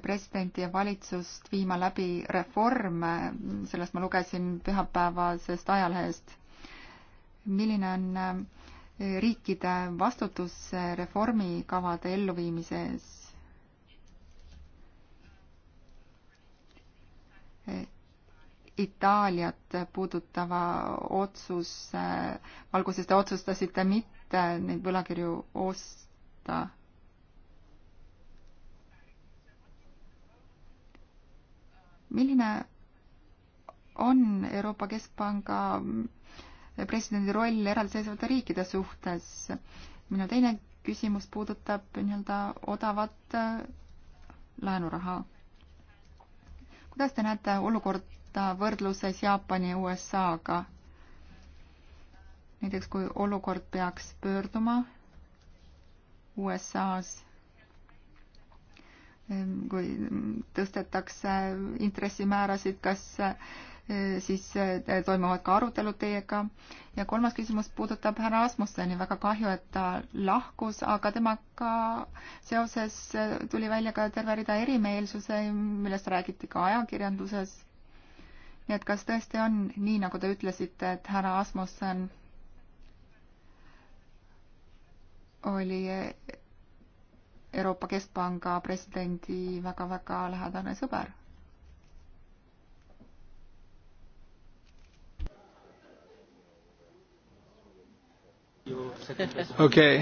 presidenti ja valitsust viima läbi reforme, sellest ma lugesin pühapäevasest ajalehest. milline on eh, riikide vastutus reformikavade elluviimise ees? Eh, Itaaliat puudutava otsuse valguses te otsustasite mitte neid võlakirju osta milline on Euroopa Keskpanga presidendi roll eraldiseisvate riikide suhtes? minu teine küsimus puudutab nii-öelda odavat äh, laenuraha. kuidas te näete olukorda võrdluses Jaapani ja USA-ga? näiteks kui olukord peaks pöörduma USA-s Ehm, kui tõstetakse intressimäärasid, kas eh, siis eh, toimuvad ka arutelud teiega. ja kolmas küsimus puudutab härra Asmusseni, väga kahju, et ta lahkus, aga temaga seoses eh, tuli välja ka terve rida erimeelsuse, millest räägiti ka ajakirjanduses. nii et kas tõesti on nii, nagu te ütlesite, et härra Asmussen oli Euroopa Keskpanga presidendi väga-väga lähedane sõber. okei okay.,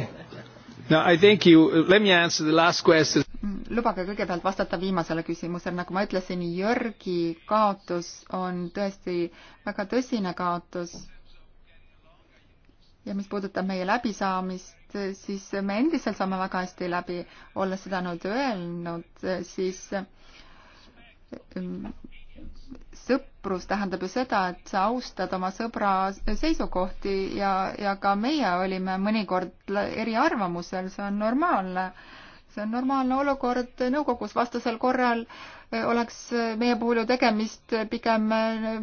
no I think you, let me answer the last question. Mm, lubage kõigepealt vastata viimasele küsimusele, nagu ma ütlesin, Jörgi kaotus on tõesti väga tõsine kaotus ja mis puudutab meie läbisaamist, siis me endiselt saame väga hästi läbi, olles seda nüüd öelnud, siis ähm, sõprus tähendab ju seda, et sa austad oma sõbra seisukohti ja, ja ka meie olime mõnikord eriarvamusel, see on normaalne. see on normaalne olukord nõukogus, vastasel korral äh, oleks äh, meie puhul ju tegemist pigem äh,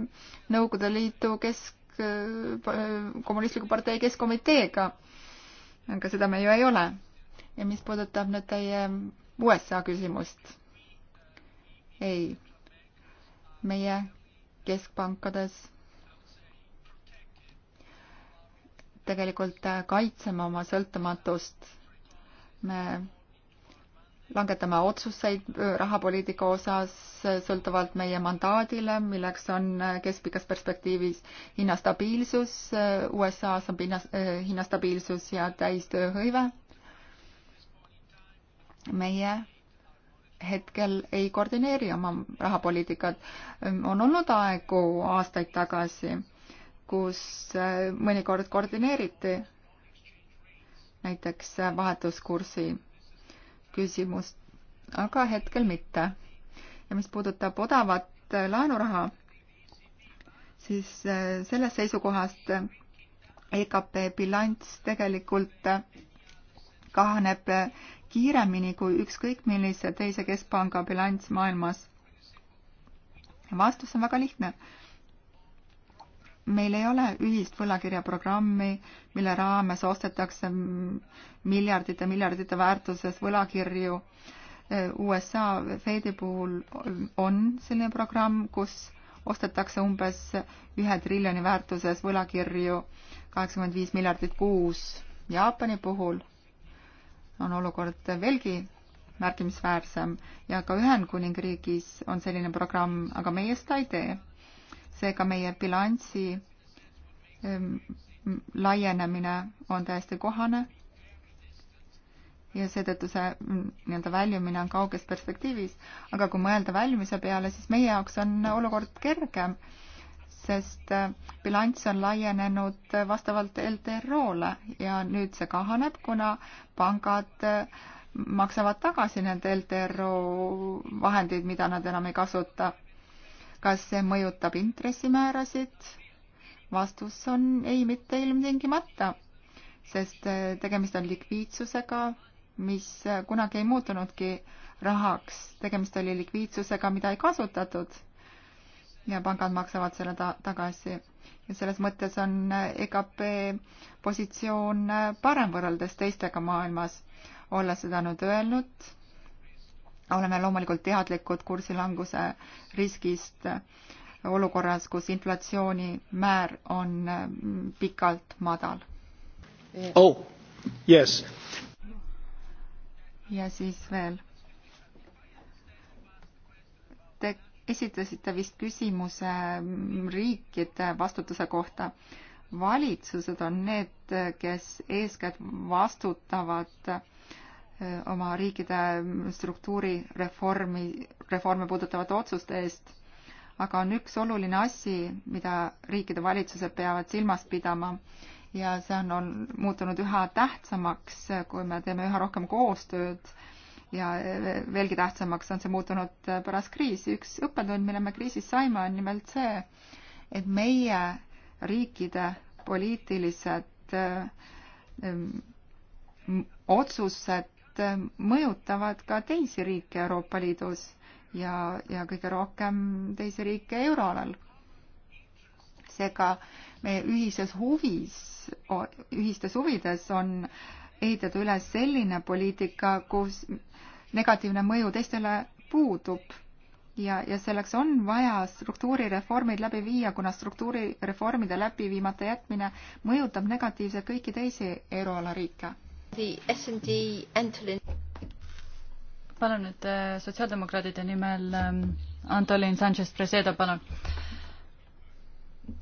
Nõukogude Liidu kesk, Äh, äh, kommunistliku partei keskkomiteega. aga seda me ju ei ole. ja mis puudutab nüüd teie USA küsimust. ei, meie keskpankades tegelikult kaitseme oma sõltumatust. me langetama otsuseid äh, rahapoliitika osas äh, sõltuvalt meie mandaadile, milleks on äh, keskpikas perspektiivis hinnastabiilsus, USA-s on pinnas, hinnastabiilsus ja täistööhõive. meie hetkel ei koordineeri oma rahapoliitikat. Ähm, on olnud aegu aastaid tagasi, kus mõnikord koordineeriti näiteks vahetuskursi küsimust, aga hetkel mitte. ja mis puudutab odavat laenuraha, siis äh, sellest seisukohast äh, EKP bilanss tegelikult äh, kahaneb kiiremini kui ükskõik millise teise keskpanga bilanss maailmas. vastus on väga lihtne meil ei ole ühist võlakirjaprogrammi, mille raames ostetakse miljardite, miljardite väärtuses võlakirju. USA Fedi puhul on selline programm, kus ostetakse umbes ühe triljoni väärtuses võlakirju kaheksakümmend viis miljardit kuus. Jaapani puhul on olukord veelgi märkimisväärsem ja ka Ühendkuningriigis on selline programm, aga meie seda ei tee seega meie bilansi ehm, laienemine on täiesti kohane ja seetõttu see mm, nii-öelda väljumine on kauges perspektiivis. aga kui mõelda väljumise peale, siis meie jaoks on olukord kergem, sest äh, bilanss on laienenud äh, vastavalt LTRO-le ja nüüd see kahaneb, kuna pangad äh, maksavad tagasi need LTRO vahendid, mida nad enam ei kasuta kas see mõjutab intressimäärasid? vastus on ei, mitte ilmtingimata, sest äh, tegemist on likviidsusega, mis äh, kunagi ei muutunudki rahaks, tegemist oli likviidsusega, mida ei kasutatud ja pangad maksavad selle ta tagasi. ja selles mõttes on äh, EKP positsioon parem võrreldes teistega maailmas. olles seda nüüd öelnud, oleme loomulikult teadlikud kursilanguse riskist olukorras, kus inflatsiooni määr on mm, pikalt madal. oh, yes. ja siis veel. Te esitasite vist küsimuse mm, riikide vastutuse kohta. valitsused on need, kes eeskätt vastutavad Äh, oma riikide struktuurireformi, reforme puudutavate otsuste eest. aga on üks oluline asi, mida riikide valitsused peavad silmas pidama ja see on, on muutunud üha tähtsamaks, kui me teeme üha rohkem koostööd ja veelgi tähtsamaks on see muutunud pärast kriisi. üks õppetund, mille me kriisis saime, on nimelt see, et meie riikide poliitilised öö, äh, öö, otsused need äh, mõjutavad ka teisi riike Euroopa Liidus ja, ja kõige rohkem teisi riike euroalal. seega meie ühises huvis, ühistes huvides on ehitada üles selline poliitika, kus negatiivne mõju teistele puudub ja, ja selleks on vaja struktuurireformid läbi viia, kuna struktuurireformide läbi viimata jätmine mõjutab negatiivselt kõiki teisi euroala riike palun nüüd äh, sotsiaaldemokraadide nimel ähm, Antolin Sanchez Preseda, palun.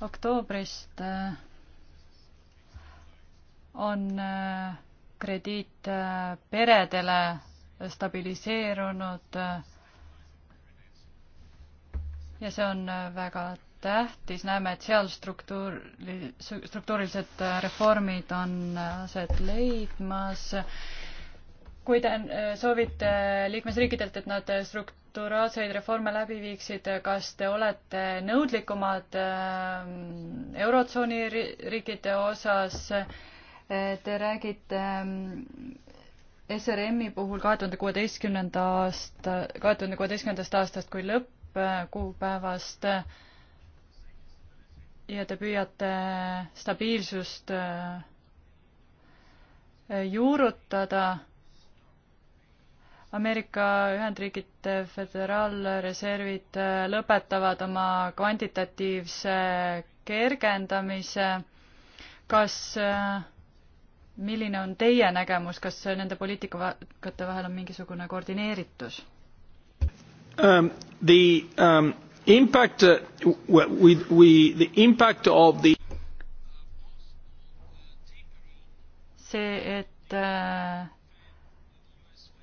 oktoobrist äh, on äh, krediit peredele stabiliseerunud ja see on väga tähtis, näeme, et seal struktuur, struktuurilised äh, reformid on äh, aset leidmas. kui te äh, soovite liikmesriikidelt, et nad strukturaalseid reforme läbi viiksid, kas te olete nõudlikumad Eurotsooni riikide osas? Te räägite SRM-i puhul kahe tuhande kuueteistkümnenda aasta, kahe tuhande kuueteistkümnendast aastast kui lõppkuupäevast äh, ja te püüate stabiilsust äh, juurutada. Ameerika Ühendriigid föderaalreservid äh, lõpetavad oma kvantitatiivse kergendamise. kas, äh, milline on teie nägemus, kas nende poliitikate vahel on mingisugune koordineeritus um,? The um impact uh, we, we, the impact of the see, et äh,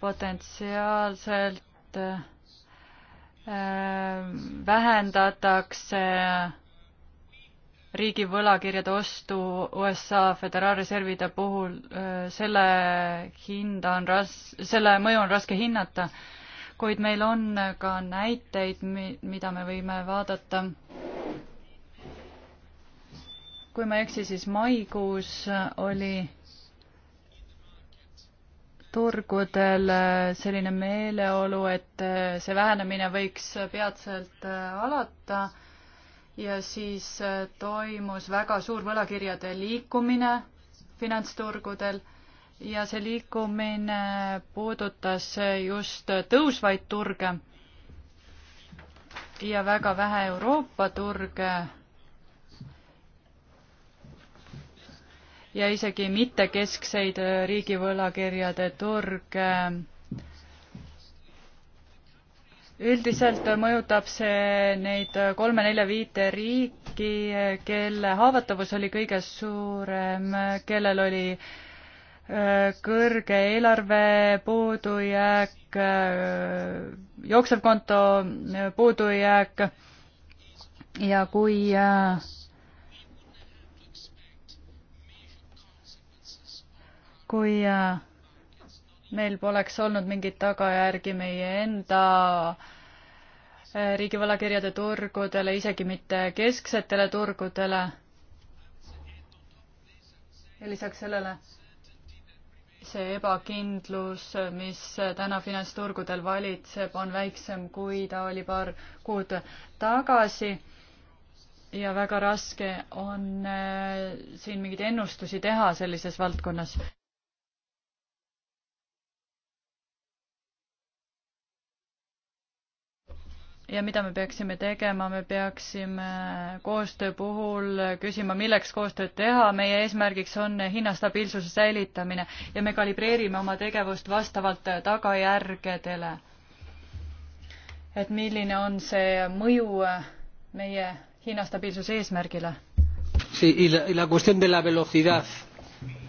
potentsiaalselt äh, vähendatakse riigi võlakirjade ostu USA föderaalreservide puhul äh,, selle hinda on ras-, selle mõju on raske hinnata äh, kuid meil on ka näiteid, mida me võime vaadata. kui ma ei eksi, siis maikuus oli turgudel selline meeleolu, et see vähenemine võiks peatselt alata ja siis toimus väga suur võlakirjade liikumine finantsturgudel ja see liikumine puudutas just tõusvaid turge ja väga vähe Euroopa turge ja isegi mittekeskseid riigivõlakirjade turge. üldiselt mõjutab see neid kolme-nelja-viite riiki, kelle haavatavus oli kõige suurem, kellel oli äh, kõrge eelarve puudujääk, jooksev konto puudujääk ja kui kui meil poleks olnud mingit tagajärgi meie enda riigi võlakirjade turgudele, isegi mitte kesksetele turgudele. ja lisaks sellele see ebakindlus, mis täna finantsturgudel valitseb, on väiksem, kui ta oli paar kuud tagasi. ja väga raske on äh, siin mingeid ennustusi teha sellises valdkonnas. ja mida me peaksime tegema, me peaksime koostöö puhul küsima, milleks koostööd teha, meie eesmärgiks on hinnastabiilsuse säilitamine ja me kalibreerime oma tegevust vastavalt tagajärgedele. et milline on see mõju meie hinnastabiilsuse eesmärgile? Sí, y la, y la cuestión de la velocidad.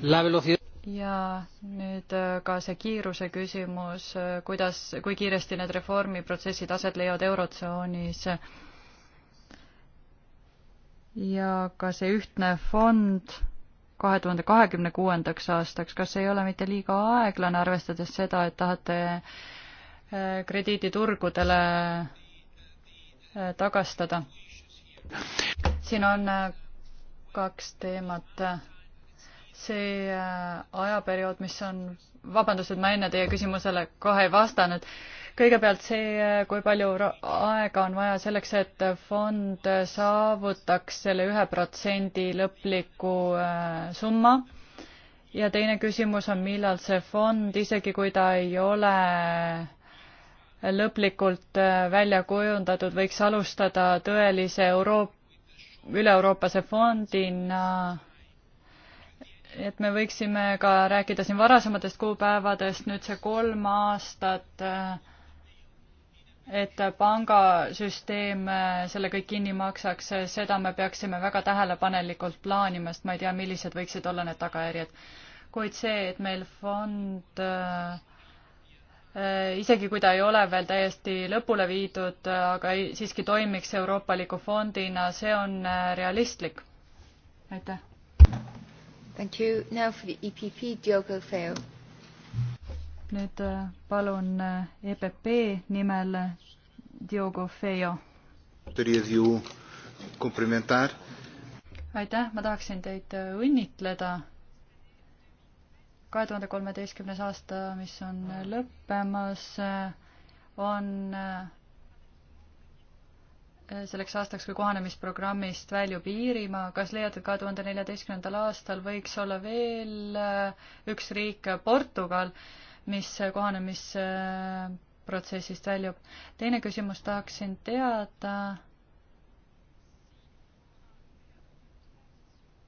La velocidad ja nüüd äh, ka see kiiruse küsimus, äh, kuidas, kui kiiresti need reformiprotsessid aset leiavad Eurotsoonis ja ka see ühtne fond kahe tuhande kahekümne kuuendaks aastaks, kas ei ole mitte liiga aeglane, arvestades seda, et tahate äh, krediiditurgudele tagastada? siin on kaks teemat see äh, ajaperiood, mis on, vabandust, et ma enne teie küsimusele kohe ei vastanud, kõigepealt see, äh, kui palju aega on vaja selleks, et fond saavutaks selle ühe protsendi lõpliku äh, summa ja teine küsimus on, millal see fond, isegi kui ta ei ole lõplikult välja kujundatud, võiks alustada tõelise Euroop-, üle-Euroopase fondina no et me võiksime ka rääkida siin varasematest kuupäevadest, nüüd see kolm aastat, et pangasüsteem äh, selle kõik kinni maksaks, äh, seda me peaksime väga tähelepanelikult plaanima, sest ma ei tea, millised võiksid olla need tagajärjed. kuid see, et meil fond äh, isegi kui ta ei ole veel täiesti lõpule viidud, aga siiski toimiks euroopaliku fondina, see on realistlik. aitäh. Thank you. Now for the EPP, Diogo Feo. nüüd äh, palun äh, EPP nimel äh, Diogo Feo. aitäh, ma tahaksin teid õnnitleda. kahe tuhande kolmeteistkümnes aasta, mis on lõppemas, on selleks aastaks, kui kohanemisprogrammist väljub Iirimaa, kas leiate, et kahe tuhande neljateistkümnendal aastal võiks olla veel äh, üks riik, äh, Portugal, mis äh, kohanemisprotsessist väljub? teine küsimus tahaksin teada,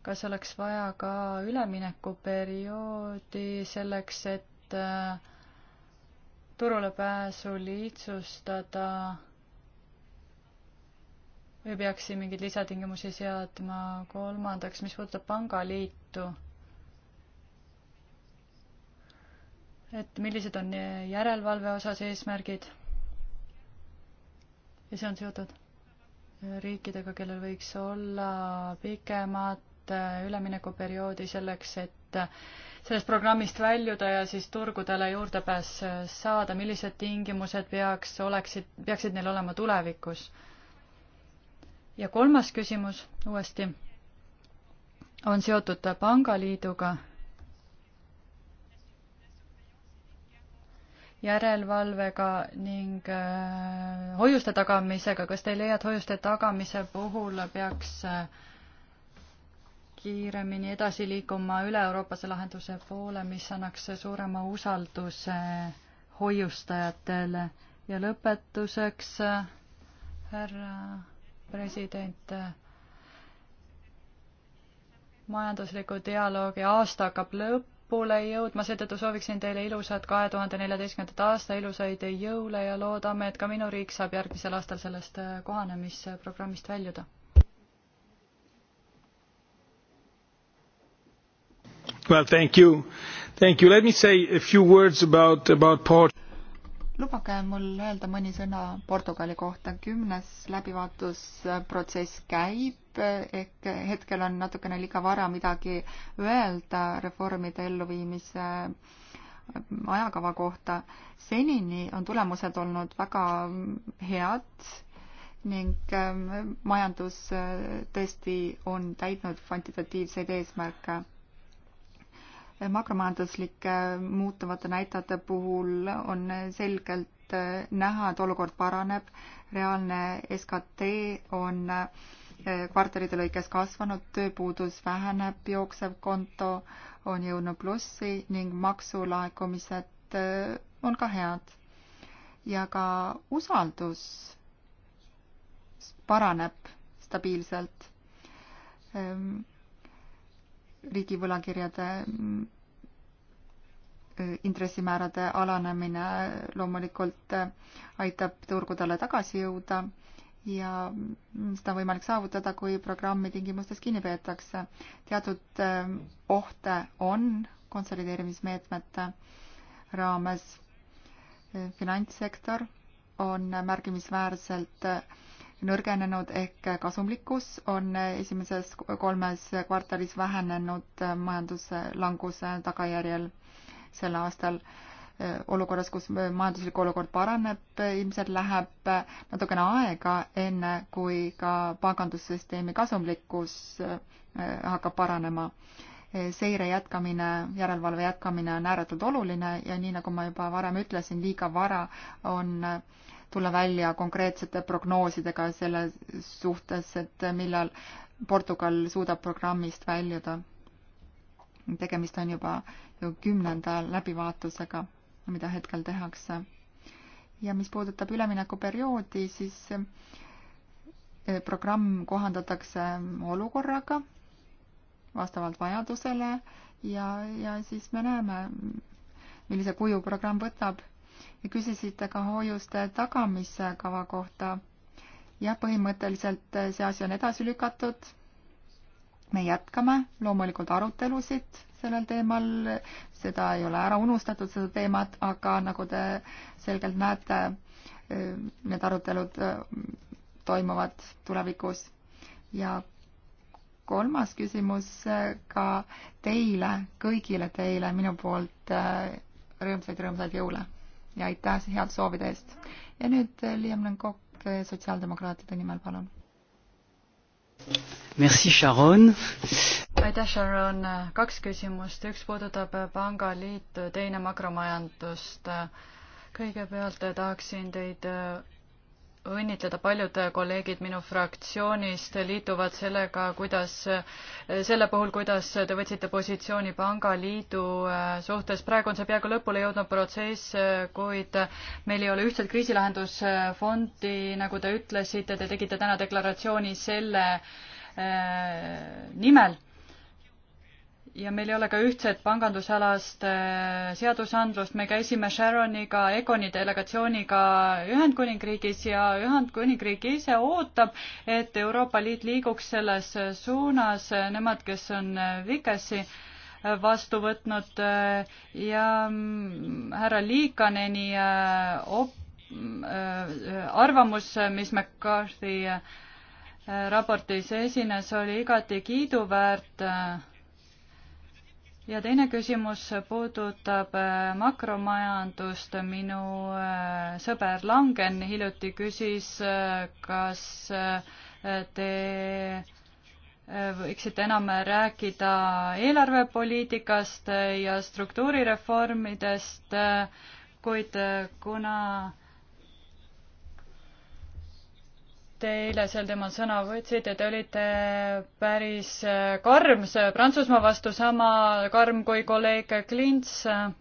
kas oleks vaja ka üleminekuperioodi selleks, et turule pääsu lihtsustada või peaks siin mingeid lisatingimusi seadma. kolmandaks, mis puudutab pangaliitu, et millised on järelevalve osas eesmärgid ja see on seotud riikidega, kellel võiks olla pikemat üleminekuperioodi selleks, et sellest programmist väljuda ja siis turgudele juurdepääs saada, millised tingimused peaks, oleksid, peaksid neil olema tulevikus? ja kolmas küsimus uuesti on seotud pangaliiduga. järelevalvega ning äh, hoiuste tagamisega, kas te ei leia, et hoiuste tagamise puhul peaks äh, kiiremini edasi liikuma üle-Euroopase lahenduse poole, mis annaks suurema usalduse äh, hoiustajatele ja lõpetuseks äh, härra äh, president. majandusliku dialoogi aasta hakkab lõpule jõudma, seetõttu sooviksin teile ilusat kahe tuhande neljateistkümnendat aasta, ilusaid jõule ja loodame, et ka minu riik saab järgmisel aastal sellest äh, kohanemisprogrammist väljuda. Well, thank you. Thank you. Let me say a few words about, about Portugal lubage mul öelda mõni sõna Portugali kohta. kümnes läbivaatusprotsess käib ehk hetkel on natukene liiga vara midagi öelda reformide elluviimise ajakava kohta. senini on tulemused olnud väga head ning ähm, majandus äh, tõesti on täitnud kvantitatiivseid eesmärke makromajanduslike muutuvate näitajate puhul on selgelt äh, näha, et olukord paraneb, reaalne SKT on äh, kvartalide lõikes kasvanud, tööpuudus väheneb, jooksev konto on jõudnud plussi ning maksulaekumised äh, on ka head. ja ka usaldus paraneb stabiilselt. Ehm, riigi võlakirjade mm, äh, intressimäärade alanemine loomulikult äh, aitab turgudele tagasi jõuda ja mm, seda on võimalik saavutada, kui programmi tingimustest kinni peetakse. teatud äh, ohte on konsolideerimismeetmete raames. finantssektor on märkimisväärselt nõrgenenud ehk kasumlikkus on esimeses kolmes kvartalis vähenenud majanduslanguse tagajärjel sel aastal. olukorras, kus majanduslik olukord paraneb, ilmselt läheb natukene aega, enne kui ka pangandussüsteemi kasumlikkus eh, hakkab paranema seire jätkamine, järelevalve jätkamine on ääretult oluline ja nii, nagu ma juba varem ütlesin, liiga vara on tulla välja konkreetsete prognoosidega selle suhtes, et millal Portugal suudab programmist väljuda. tegemist on juba ju kümnenda läbivaatusega, mida hetkel tehakse. ja mis puudutab üleminekuperioodi, siis eh, programm kohandatakse olukorraga vastavalt vajadusele ja, ja siis me näeme, millise kuju programm võtab ja küsisite ka hoiuste tagamise kava kohta. jah, põhimõtteliselt äh, see asi on edasi lükatud. me jätkame loomulikult arutelusid sellel teemal, seda ei ole ära unustatud, seda teemat, aga nagu te selgelt näete, äh, need arutelud äh, toimuvad tulevikus ja kolmas küsimus ka teile, kõigile teile minu poolt rõõmsaid-rõõmsaid jõule ja aitäh head soovide eest. ja nüüd eh, Liam Lenkok eh, sotsiaaldemokraatide nimel, palun. Merci, Sharon. aitäh, Sharon. kaks küsimust, üks puudutab eh, pangaliitu, teine makromajandust. kõigepealt tahaksin teid õnnitleda, paljud kolleegid minu fraktsioonist liituvad sellega, kuidas, selle puhul, kuidas te võtsite positsiooni pangaliidu äh, suhtes. praegu on see peaaegu lõpule jõudnud protsess, äh, kuid meil ei ole ühtset kriisilahendusfondi, nagu te ütlesite, te tegite täna deklaratsiooni selle äh, nimel ja meil ei ole ka ühtset pangandusalast äh, seadusandlust, me käisime Sharoniga, Egoni delegatsiooniga Ühendkuningriigis ja Ühendkuningriik ise ootab, et Euroopa Liit liiguks selles suunas, nemad, kes on äh, Vikesi äh, vastu võtnud ja mm, härra Liikaneni op-, arvamus, mis McCarthy raportis esines, oli igati kiiduväärt ja teine küsimus puudutab äh, makromajandust. minu äh, sõber Langen hiljuti küsis, äh, kas te võiksite enam rääkida eelarvepoliitikast ja struktuurireformidest, kuid kuna teile sel teemal sõna võtsite, te olite päris äh, karm Prantsusmaa vastu, sama karm kui kolleeg Klints. Äh,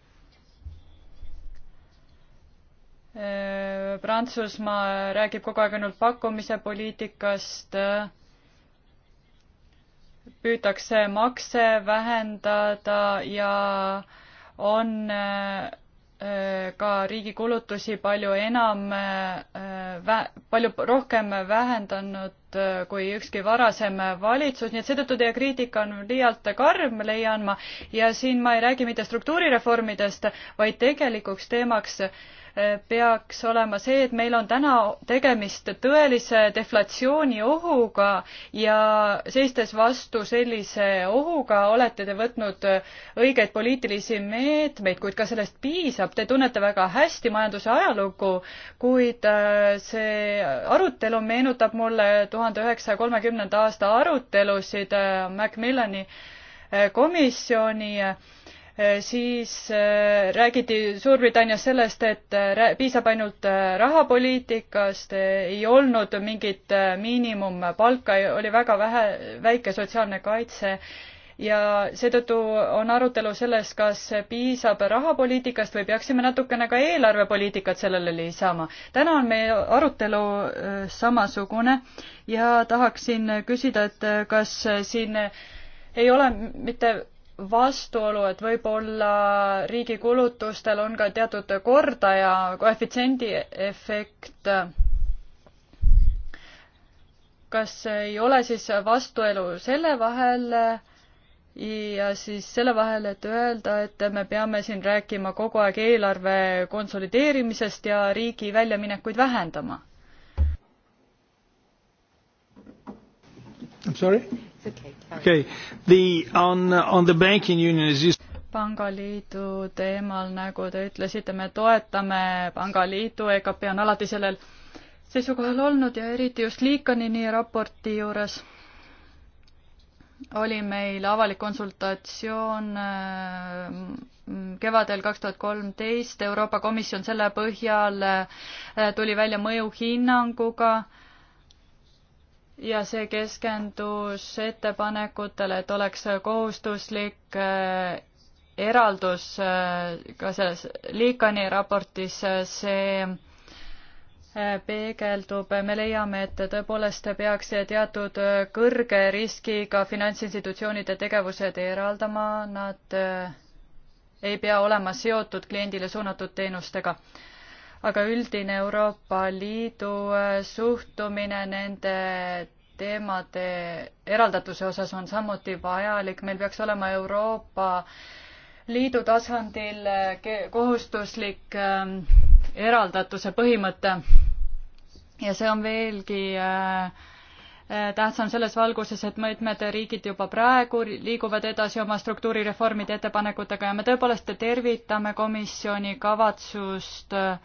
Prantsusmaa räägib kogu aeg ainult pakkumise poliitikast, püütakse makse vähendada ja on äh, Äh, ka riigi kulutusi palju enam, äh, palju rohkem vähendanud äh, kui ükski varasem valitsus, nii et seetõttu teie kriitika on liialt karm, leian ma, ja siin ma ei räägi mitte struktuurireformidest, vaid tegelikuks teemaks äh, peaks olema see, et meil on täna tegemist tõelise deflatsiooniohuga ja seistes vastu sellise ohuga olete te võtnud õigeid poliitilisi meetmeid, kuid ka sellest piisab, te tunnete väga hästi majanduse ajalugu, kuid äh, see arutelu meenutab mulle tuhande üheksasaja kolmekümnenda aasta arutelusid äh, Macmillani äh, komisjoni Äh, siis äh, räägiti Suurbritannias sellest, et äh, piisab ainult rahapoliitikast, ei olnud mingit miinimumpalka, oli väga vähe, väike sotsiaalne kaitse ja seetõttu on arutelu selles, kas piisab rahapoliitikast või peaksime natukene ka eelarvepoliitikat sellele lisama. täna on meie arutelu samasugune ja tahaksin küsida, et kas siin ei ole mitte vastuolu, et võib-olla riigi kulutustel on ka teatud kordaja koefitsiendi efekt. kas ei ole siis vastuelu selle vahel ja siis selle vahel, et öelda, et me peame siin rääkima kogu aeg eelarve konsolideerimisest ja riigi väljaminekuid vähendama? I am sorry? okay, okay. The, on, on the banking union is just pangaliidu teemal, nagu te ütlesite, me toetame pangaliitu, EKP on alati sellel seisukohal olnud ja eriti just Liikanini raporti juures oli meil avalik konsultatsioon äh, kevadel kaks tuhat kolmteist, Euroopa Komisjon selle põhjal äh, tuli välja mõjuhinnanguga ja see keskendus ettepanekutele, et oleks kohustuslik äh, eraldus äh, ka selles Liikani raportis, äh, see peegeldub, me leiame, et tõepoolest peaks teatud kõrge riskiga finantsinstitutsioonide tegevused eraldama, nad ei pea olema seotud kliendile suunatud teenustega aga üldine Euroopa Liidu äh, suhtumine nende teemade eraldatuse osas on samuti vajalik, meil peaks olema Euroopa Liidu tasandil äh, kohustuslik ähm, eraldatuse põhimõte. ja see on veelgi äh, äh tähtsam selles valguses, et mitmed riigid juba praegu liiguvad edasi oma struktuurireformide ettepanekutega ja me tõepoolest tervitame komisjoni kavatsust äh,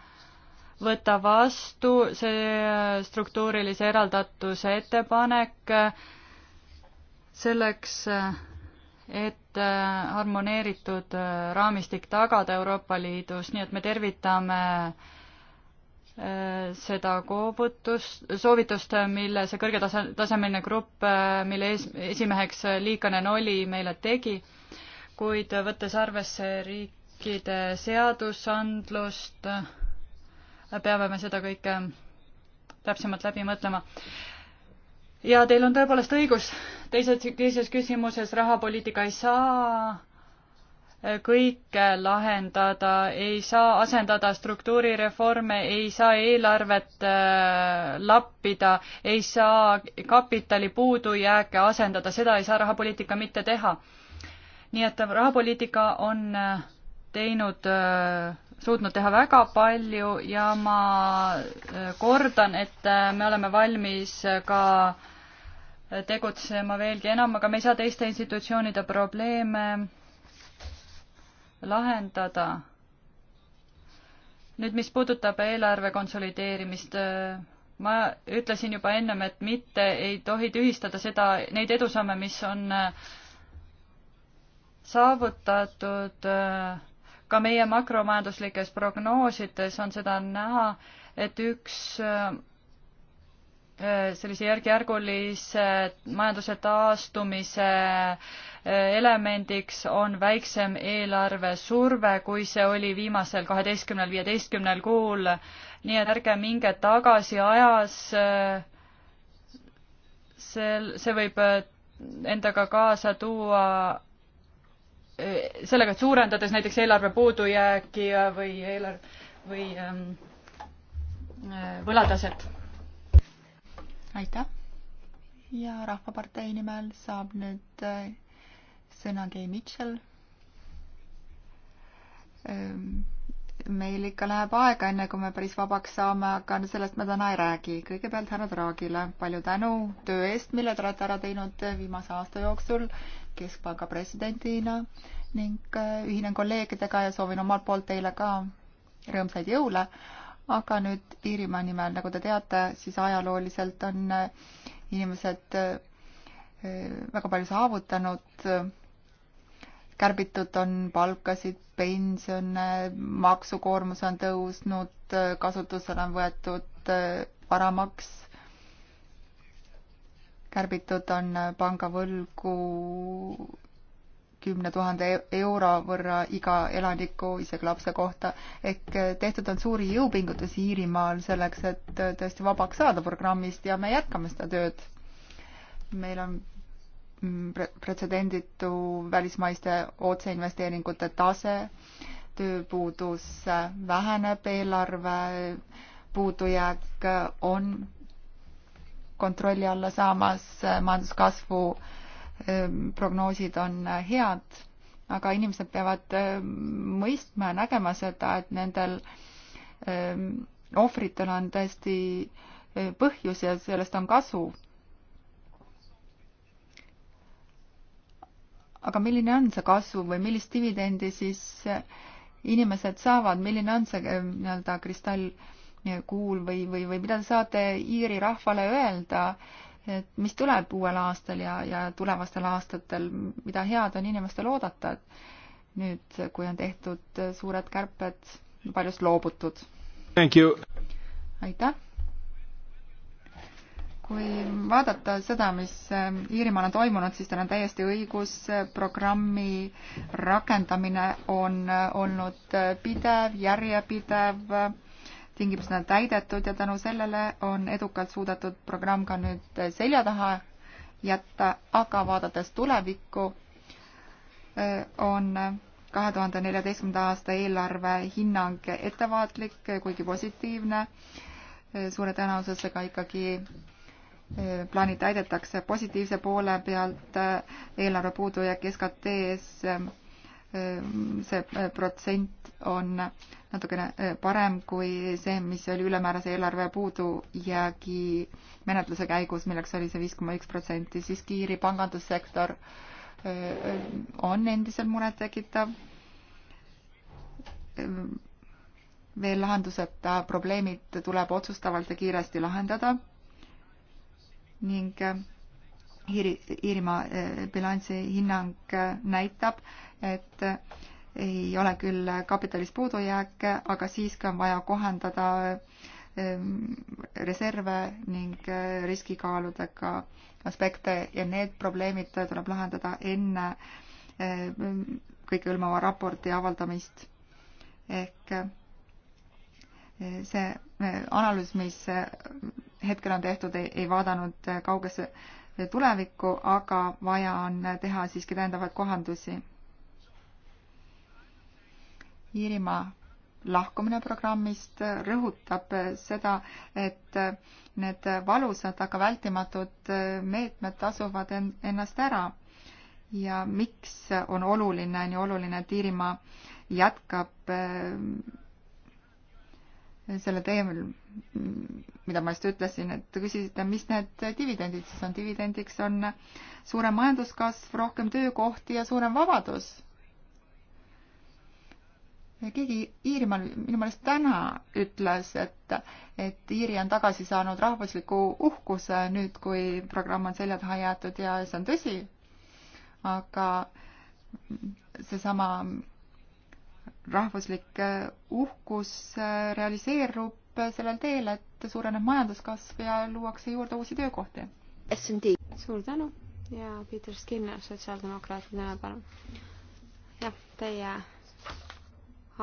võtta vastu see struktuurilise eraldatuse ettepanek selleks, et harmoneeritud raamistik tagada Euroopa Liidus, nii et me tervitame äh, seda koobutust, soovitust, mille see kõrgetasemeline grupp, äh, mille ees, esimeheks Liikanen oli, meile tegi, kuid võttes arvesse riikide seadusandlust, peame me seda kõike täpsemalt läbi mõtlema. ja teil on tõepoolest õigus, teises, teises küsimuses rahapoliitika ei saa kõike lahendada, ei saa asendada struktuurireforme, ei saa eelarvet äh, lappida, ei saa kapitali puudujääke asendada, seda ei saa rahapoliitika mitte teha. nii et rahapoliitika on äh, teinud äh, suutnud teha väga palju ja ma äh, kordan, et äh, me oleme valmis äh, ka tegutsema veelgi enam, aga me ei saa teiste institutsioonide probleeme lahendada. nüüd, mis puudutab eelarve konsolideerimist, ma ütlesin juba ennem, et mitte ei tohi tühistada seda, neid edusamme, mis on saavutatud äh, ka meie makromajanduslikes prognoosides on seda näha, et üks äh, sellise järk-järgulise majanduse taastumise äh, elemendiks on väiksem eelarvesurve, kui see oli viimasel kaheteistkümnel, viieteistkümnel kuul. nii et ärge minge tagasi ajas. Äh, see, see võib endaga kaasa tuua sellega, et suurendades näiteks eelarve puudujääki või eelarve või ähm, äh, võlataset. aitäh ja Rahvapartei nimel saab nüüd äh, sõna Gay Mitchell. Ähm, meil ikka läheb aega, enne kui me päris vabaks saame, aga sellest me täna ei räägi. kõigepealt härra Draagile palju tänu töö eest, mille te olete ära teinud viimase aasta jooksul. Keskpanga presidendina ning äh, ühinen kolleegidega ja soovin omalt poolt teile ka rõõmsaid jõule. aga nüüd Iirimaa nimel, nagu te teate, siis ajalooliselt on äh, inimesed äh, väga palju saavutanud. kärbitud on palkasid, pensione, maksukoormus on tõusnud, kasutusele on võetud varamaks kärbitud on pangavõlgu kümne tuhande e-, euro võrra iga elaniku, isegi lapse kohta. ehk eh, tehtud on suuri jõupingutusi Iirimaal selleks, et eh, tõesti vabaks saada programmist ja me jätkame seda tööd. meil on mm, pretsedenditu välismaiste otseinvesteeringute tase, tööpuudus eh, väheneb, eelarve puudujääk on kontrolli alla saamas, majanduskasvu ähm, prognoosid on äh, head, aga inimesed peavad ähm, mõistma ja nägema seda, et nendel ähm, ohvritel on tõesti äh, põhjus ja sellest on kasu. aga milline on see kasu või millist dividendi siis äh, inimesed saavad, milline on see nii-öelda kristall kuul või, või, või mida te saate Iiri rahvale öelda, et mis tuleb uuel aastal ja, ja tulevastel aastatel, mida head on inimestel oodata, et nüüd, kui on tehtud suured kärped, paljust loobutud? aitäh! kui vaadata seda, mis äh, Iirimaal on toimunud, siis teil on täiesti õigus, äh, programmi rakendamine on äh, olnud pidev, järjepidev tingimused on täidetud ja tänu sellele on edukalt suudetud programm ka nüüd selja taha jätta, aga vaadates tulevikku, äh, on kahe tuhande neljateistkümnenda aasta eelarve hinnang ettevaatlik, kuigi positiivne. Äh, suure tõenäosusega ikkagi äh, plaanid täidetakse positiivse poole pealt, eelarve puudujääk SKT-s see äh, protsent on natukene äh, parem kui see, mis oli ülemäärase eelarve puudujäägi menetluse käigus, milleks oli see viis koma üks protsenti, siiski Iiri pangandussektor äh, on endiselt murettekitav. veel lahenduseta probleemid tuleb otsustavalt ja kiiresti lahendada ning Iiri, Iirimaa bilansi hinnang näitab, et ei ole küll kapitalis puudujääke, aga siiski on vaja kohandada ehm, reserve ning eh, riskikaaludega aspekte ja need probleemid tuleb lahendada enne eh, kõikehõlmava raporti avaldamist. ehk eh, see analüüs, mis hetkel on tehtud, ei vaadanud kaugesse tulevikku, aga vaja on teha siiski täiendavaid kohandusi Iirimaa lahkumine programmist rõhutab seda, et need valusad, aga vältimatud meetmed tasuvad ennast ära. ja miks on oluline, nii oluline, et Iirimaa jätkab äh, selle teemal, mida ma just ütlesin, et küsisite, mis need dividendid siis on. dividendiks on suurem majanduskasv, rohkem töökohti ja suurem vabadus keegi Iirimaal minu meelest täna ütles, et, et Iiri on tagasi saanud rahvusliku uhkuse nüüd, kui programm on selja taha jäetud ja see on tõsi. aga seesama rahvuslik uhkus realiseerub sellel teel, et suureneb majanduskasv ja luuakse juurde uusi töökohti. suur tänu ja Peeter Skinner, sotsiaaldemokraatide näo, palun. jah, teie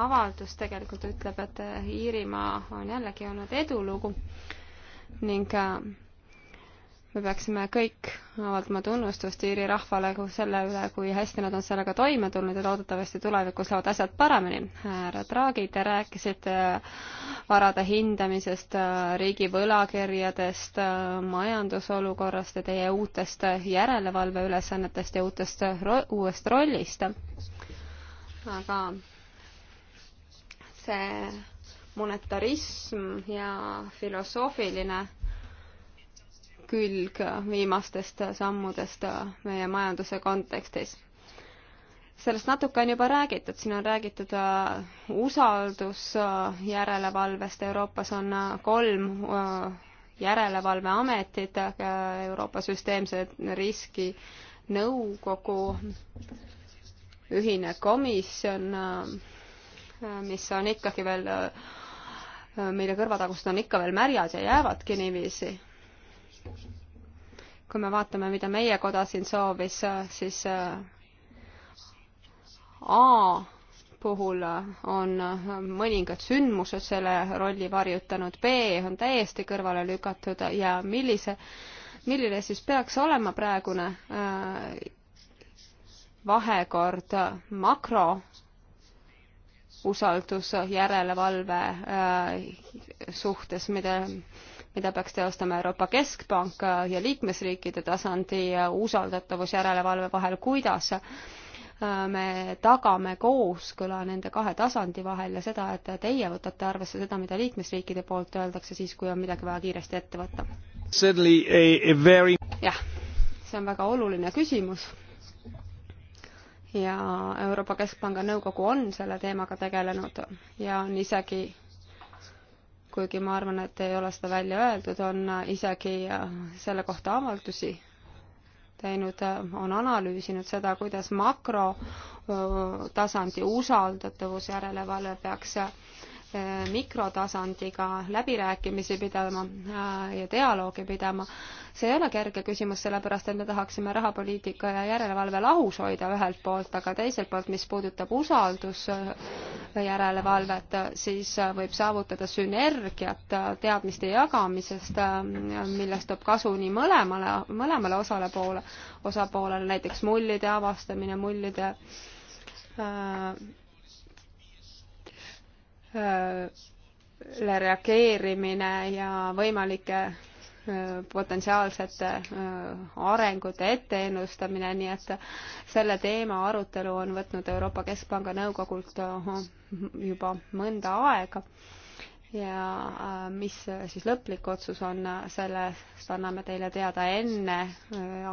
avaldus tegelikult ütleb, et Iirimaa on jällegi olnud edulugu ning äh, me peaksime kõik avaldama tunnustust Iiri rahvale selle üle, kui hästi nad on sellega toime tulnud ja loodetavasti tulevikus lähevad asjad paremini. härra Draghi, te rääkisite äh, varade hindamisest, äh, riigi võlakirjadest, majandusolukorrast ja teie uutest järelevalveülesannetest ja uutest ro, uuest rollist. aga see monetarism ja filosoofiline külg viimastest sammudest meie majanduse kontekstis. sellest natuke on juba räägitud, siin on räägitud äh, usaldusjärelevalvest, Euroopas on äh, kolm äh, järelevalveametit, Euroopa süsteemse riski nõukogu, ühine komisjon mis on ikkagi veel, mille kõrvatagused on ikka veel märjad ja jäävadki niiviisi. kui me vaatame, mida meie koda siin soovis, siis A puhul on mõningad sündmused selle rolli varjutanud, B on täiesti kõrvale lükatud ja millise, milline siis peaks olema praegune äh, vahekord makro usaldus järelevalve äh, suhtes, mida, mida peaks teostama Euroopa Keskpank äh, ja liikmesriikide tasandi äh, usaldatavus järelevalve vahel, kuidas me tagame kooskõla nende kahe tasandi vahel ja seda, et teie võtate arvesse seda, mida liikmesriikide poolt öeldakse siis, kui on midagi vaja kiiresti ette võtta? jah, see on väga oluline küsimus ja Euroopa Keskpanga nõukogu on selle teemaga tegelenud ja on isegi kuigi ma arvan, et ei ole seda välja öeldud, on isegi äh, selle kohta avaldusi teinud, äh, on analüüsinud seda, kuidas makrotasandi usaldatavus järelevalve peaks äh, mikrotasandiga läbirääkimisi pidama äh, ja dialoogi pidama. see ei ole kerge küsimus, sellepärast et me tahaksime rahapoliitika ja järelevalve lahus hoida ühelt poolt, aga teiselt poolt, mis puudutab usaldusjärelevalvet, äh, siis äh, võib saavutada sünergiat teadmiste jagamisest, millest toob kasu nii mõlemale, mõlemale osale poole, osapoolele, näiteks mullide avastamine, mullide äh, reageerimine ja võimalike potentsiaalsete arengute etteennustamine, nii et selle teema arutelu on võtnud Euroopa Keskpanga nõukogult juba mõnda aega ja mis siis lõplik otsus on, sellest anname teile teada enne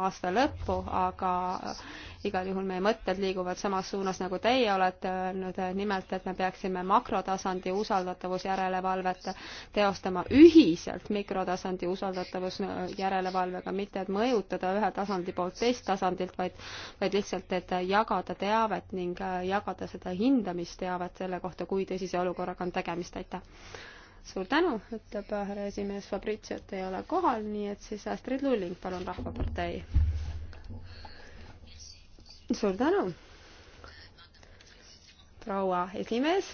aasta lõppu, aga igal juhul meie mõtted liiguvad samas suunas, nagu teie olete öelnud, nimelt et me peaksime makrotasandi usaldatavusjärelevalvet teostama ühiselt mikrotasandi usaldatavusjärelevalvega, mitte et mõjutada ühe tasandi poolt teist tasandilt, vaid, vaid lihtsalt, et jagada teavet ning jagada seda hindamisteavet selle kohta, kui tõsise olukorraga on tegemist, aitäh! suur tänu, ütleb härra esimees Fabritsiot ei ole kohal, nii et siis Astrid Lulling, palun, Rahvapartei suur tänu, proua esimees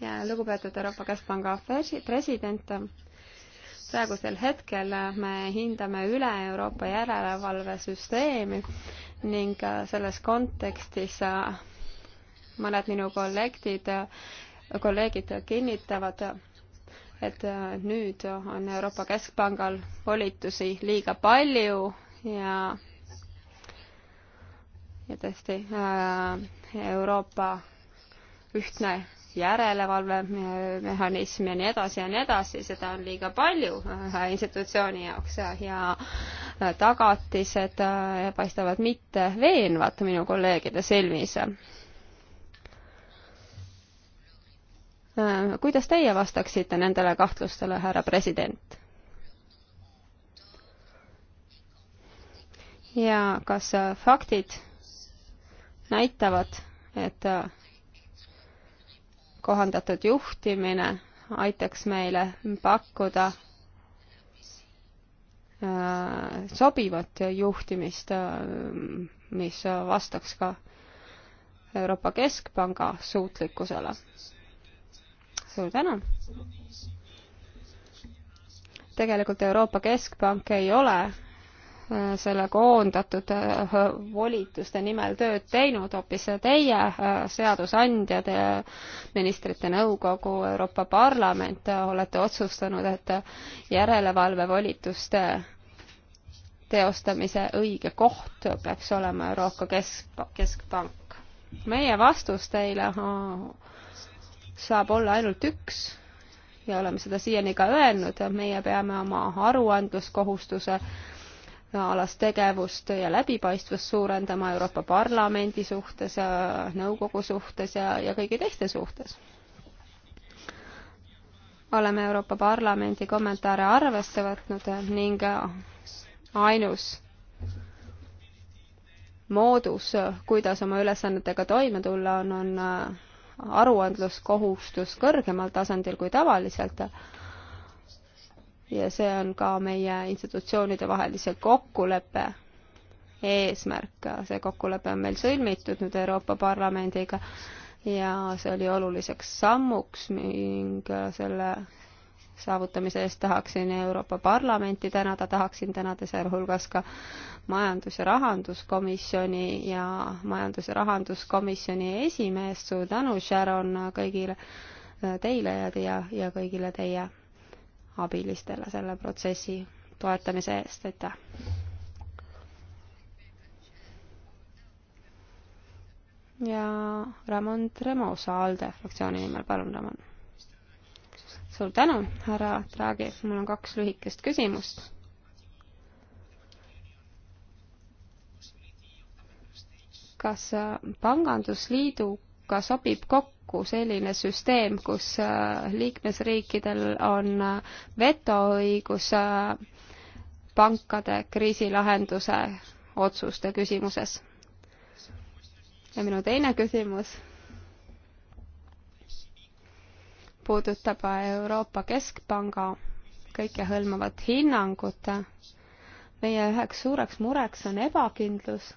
ja lugupeetud Euroopa Keskpanga president. praegusel hetkel me hindame üle Euroopa järelevalvesüsteemi ning selles kontekstis mõned minu kolleegid, kolleegid kinnitavad, et nüüd on Euroopa Keskpangal volitusi liiga palju ja ja tõesti äh, Euroopa ühtne järelevalvemehhanism äh, ja nii edasi ja nii edasi, seda on liiga palju ühe äh, institutsiooni jaoks ja tagatised paistavad mitte veenvad minu kolleegide silmis. kuidas teie vastaksite nendele kahtlustele, härra president? ja kas faktid näitavad, et äh, kohandatud juhtimine aitaks meile pakkuda äh, sobivat juhtimist, äh, mis vastaks ka Euroopa Keskpanga suutlikkusele. suur tänu! tegelikult Euroopa Keskpank ei ole Äh, selle koondatud äh, volituste nimel tööd teinud, hoopis teie, äh, seadusandjad, ministrite nõukogu, Euroopa Parlament, olete otsustanud, et järelevalvevolituste teostamise õige koht peaks olema Euroopa Kesk, Keskpank. meie vastus teile saab olla ainult üks ja oleme seda siiani ka öelnud, meie peame oma aruandluskohustuse alast tegevust ja läbipaistvust suurendama Euroopa Parlamendi suhtes ja nõukogu suhtes ja, ja kõigi teiste suhtes. oleme Euroopa Parlamendi kommentaare arvesse võtnud ning ainus moodus, kuidas oma ülesannetega toime tulla, on, on aruandluskohustus kõrgemal tasandil kui tavaliselt ja see on ka meie institutsioonide vahelise kokkuleppe eesmärk. see kokkulepe on meil sõlmitud nüüd Euroopa Parlamendiga ja see oli oluliseks sammuks ning selle saavutamise eest tahaksin Euroopa Parlamenti tänada, tahaksin tänada sealhulgas ka Majandus- ja Rahanduskomisjoni ja Majandus- ja Rahanduskomisjoni esimeest, suur tänu, Sharon, kõigile teile ja, ja, ja kõigile teie abilistele selle protsessi toetamise eest, aitäh! ja Ramon Tremosa ALDE fraktsiooni nimel, palun, Ramon! suur tänu, härra Draghi, mul on kaks lühikest küsimust kas pangandusliiduga sobib kokku kokku nagu selline süsteem, kus äh, liikmesriikidel on äh, vetoõigus äh, pankade kriisilahenduse otsuste küsimuses. ja minu teine küsimus puudutab Euroopa Keskpanga kõikehõlmavat hinnangut. meie üheks suureks mureks on ebakindlus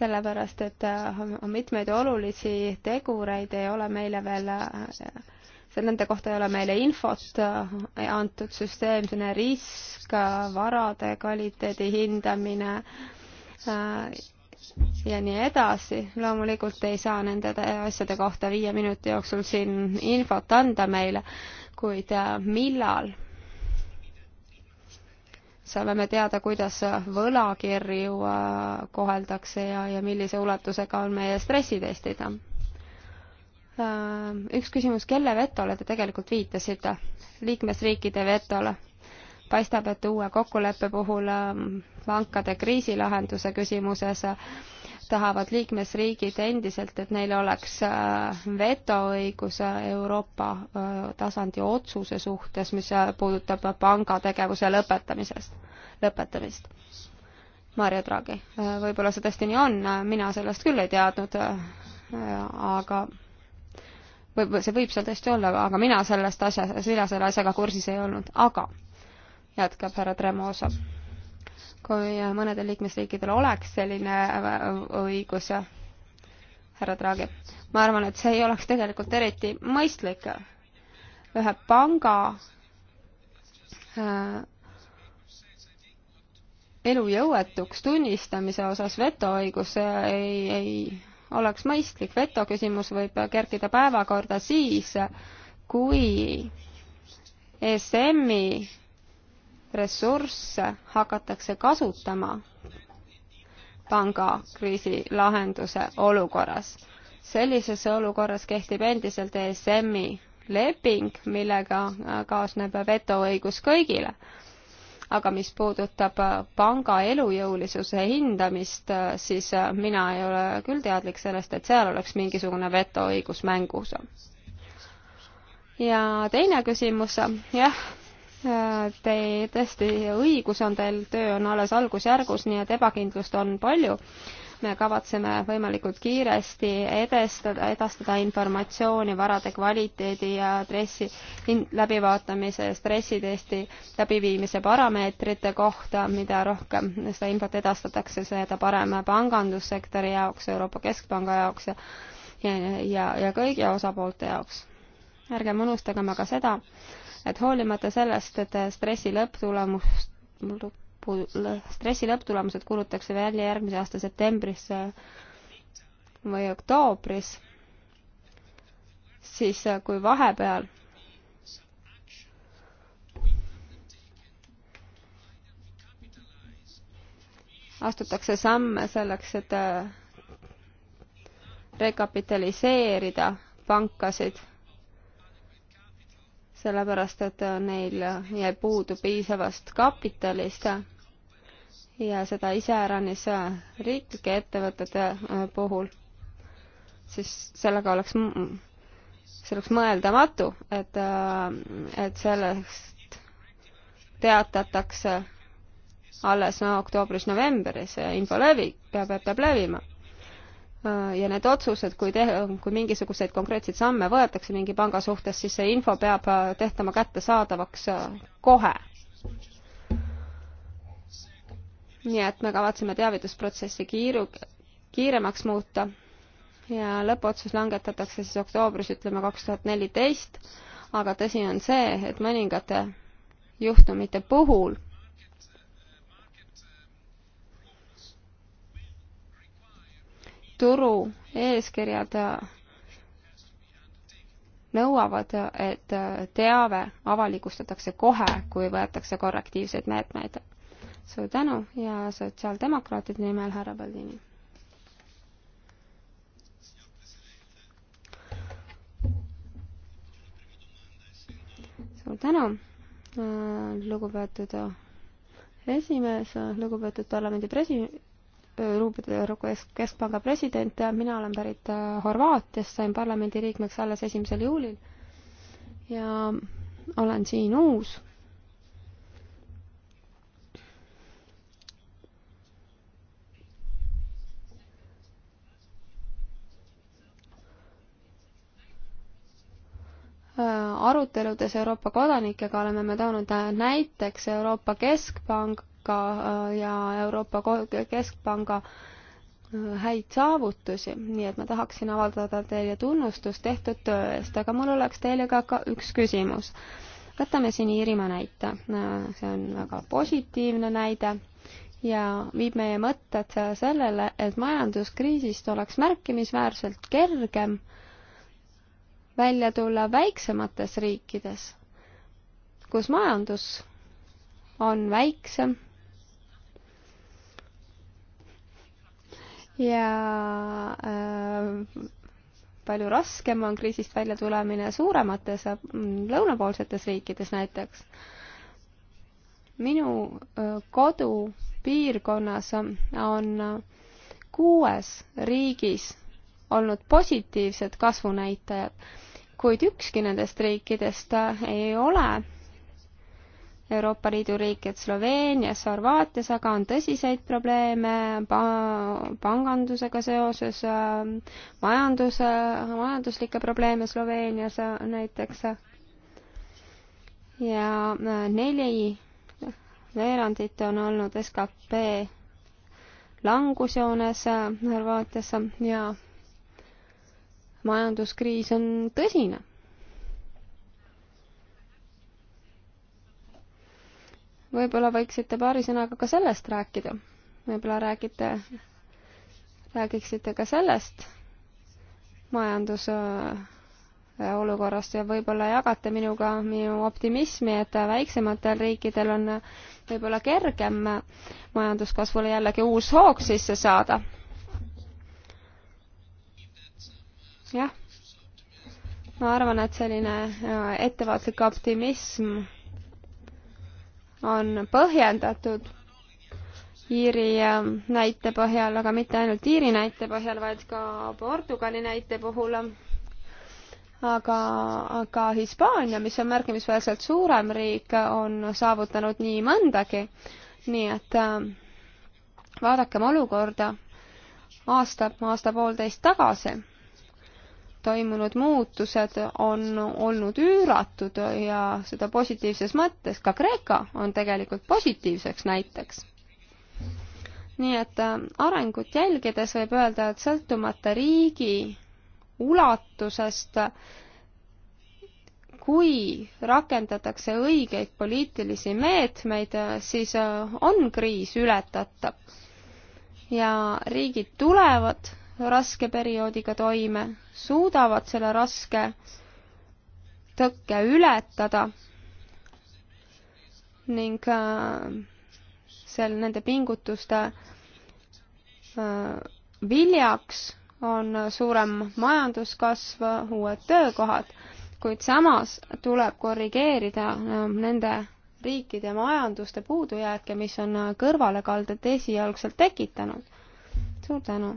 sellepärast et äh, mitmeid olulisi tegureid ei ole meile veel, äh, nende kohta ei ole meile infot äh, antud, süsteemsene risk, varade kvaliteedi hindamine ja nii edasi. loomulikult ei saa nende asjade kohta viie minuti jooksul siin infot anda meile, kuid millal saame me teada, kuidas võlakirju äh, koheldakse ja, ja millise ulatusega on meie stressitestid. Äh, üks küsimus, kelle vetole te tegelikult viitasite? liikmesriikide vetole? paistab, et uue kokkuleppe puhul äh, pankade kriisilahenduse küsimuses tahavad liikmesriigid endiselt, et neil oleks äh, vetoõigus äh, Euroopa äh, tasandi otsuse suhtes, mis puudutab panga tegevuse lõpetamisest, lõpetamist. Marja Draghi, võib-olla see tõesti nii on, mina sellest küll ei teadnud, aga võib, see võib seal tõesti olla, aga mina sellest asja, mina selle asjaga kursis ei olnud, aga jätkab härra Tremosa kui mõnedel liikmesriikidel oleks selline õigus, härra Draghi. ma arvan, et see ei oleks tegelikult eriti mõistlik. ühe panga äh, elujõuetuks tunnistamise osas vetoõigus äh, ei, ei oleks mõistlik. veto küsimus võib kerkida päevakorda siis, kui ESM-i ressursse hakatakse kasutama pangakriisi lahenduse olukorras. sellises olukorras kehtib endiselt ESM-i leping, millega kaasneb vetoõigus kõigile. aga mis puudutab panga elujõulisuse hindamist, siis mina ei ole küll teadlik sellest, et seal oleks mingisugune vetoõigus mängus. ja teine küsimus, jah Te tõesti, õigus on teil, töö on alles algusjärgus, nii et ebakindlust on palju. me kavatseme võimalikult kiiresti edestada, edastada informatsiooni varade kvaliteedi ja stressi läbivaatamise, stressitesti läbiviimise parameetrite kohta, mida rohkem seda infot edastatakse, seda parem pangandussektori jaoks, Euroopa Keskpanga jaoks ja, ja, ja kõigi osapoolte jaoks. ärgem unustagem aga seda, et hoolimata sellest, et stressi lõpptulemus, stressi lõpptulemused kuulutakse välja järgmise aasta septembris või oktoobris, siis kui vahepeal astutakse samme selleks, et rekapitaliseerida pankasid sellepärast et neil jäi puudu piisavast kapitalist ja seda iseäranis riiklike ettevõtete äh, puhul, siis sellega oleks, see oleks mõeldamatu, et, äh, et sellest teatatakse alles no, oktoobris-novembris, info levi, peab, peab levima Äh, ja need otsused, kui te-, kui mingisuguseid konkreetseid samme võetakse mingi panga suhtes, siis see info peab äh, tehtama kättesaadavaks äh, kohe. nii et me kavatseme teavitusprotsessi kiiru, kiiremaks muuta ja lõppotsus langetatakse siis oktoobris, ütleme kaks tuhat neliteist, aga tõsi on see, et mõningate juhtumite puhul turu eeskirjad äh, nõuavad, et äh, teave avalikustatakse kohe, kui võetakse korrektiivseid meetmeid. suur tänu ja sotsiaaldemokraatide nimel härra Baldini. suur tänu, äh, lugupeetud esimees, lugupeetud parlamendi presi-, Ruubide Keskpanga president, mina olen pärit äh, Horvaatiast, sain parlamendiliikmeks alles esimesel juulil ja olen siin uus. Äh, aruteludes Euroopa kodanikega oleme me toonud äh, näiteks Euroopa Keskpank, Keskpanga äh, ja Euroopa Keskpanga äh, häid saavutusi, nii et ma tahaksin avaldada teile tunnustust tehtud töö eest, aga mul oleks teile ka, ka üks küsimus. võtame siin Iirimaa näite, äh, see on väga positiivne näide ja viib meie mõtted sellele, et majanduskriisist oleks märkimisväärselt kergem välja tulla väiksemates riikides, kus majandus on väiksem ja äh, palju raskem on kriisist välja tulemine suuremates äh, lõunapoolsetes riikides näiteks. minu äh, kodupiirkonnas on äh, kuues riigis olnud positiivsed kasvunäitajad, kuid ükski nendest riikidest ei ole Euroopa Liidu riikid Sloveenias, Horvaatias, aga on tõsiseid probleeme pa-, pangandusega seoses, majanduse, majanduslikke probleeme Sloveenias näiteks. ja äh, neli veerandit on olnud skp langusjoones äh, Horvaatias ja majanduskriis on tõsine võib-olla võiksite paari sõnaga ka sellest rääkida. võib-olla räägite, räägiksite ka sellest majanduse äh, olukorrast ja võib-olla jagate minuga minu optimismi, et väiksematel riikidel on äh, võib-olla kergem äh, majanduskasvule jällegi uus hoog sisse saada. jah, ma arvan, et selline ettevaatlik optimism on põhjendatud Iiri ähm, näite põhjal, aga mitte ainult Iiri näite põhjal, vaid ka Portugali näite puhul. aga, aga Hispaania, mis on märkimisväärselt suurem riik, on saavutanud nii mõndagi. nii et ähm, vaadakem olukorda aasta, aasta-poolteist tagasi toimunud muutused on olnud üüratud ja seda positiivses mõttes, ka Kreeka on tegelikult positiivseks näiteks. nii et äh, arengut jälgides võib öelda, et sõltumata riigi ulatusest, kui rakendatakse õigeid poliitilisi meetmeid, äh, siis äh, on kriis ületatav. ja riigid tulevad raske perioodiga toime, suudavad selle raske tõkke ületada ning äh, seal nende pingutuste äh, viljaks on suurem majanduskasv, uued töökohad, kuid samas tuleb korrigeerida äh, nende riikide majanduste puudujääke, mis on kõrvalekalded esialgselt tekitanud. suur tänu!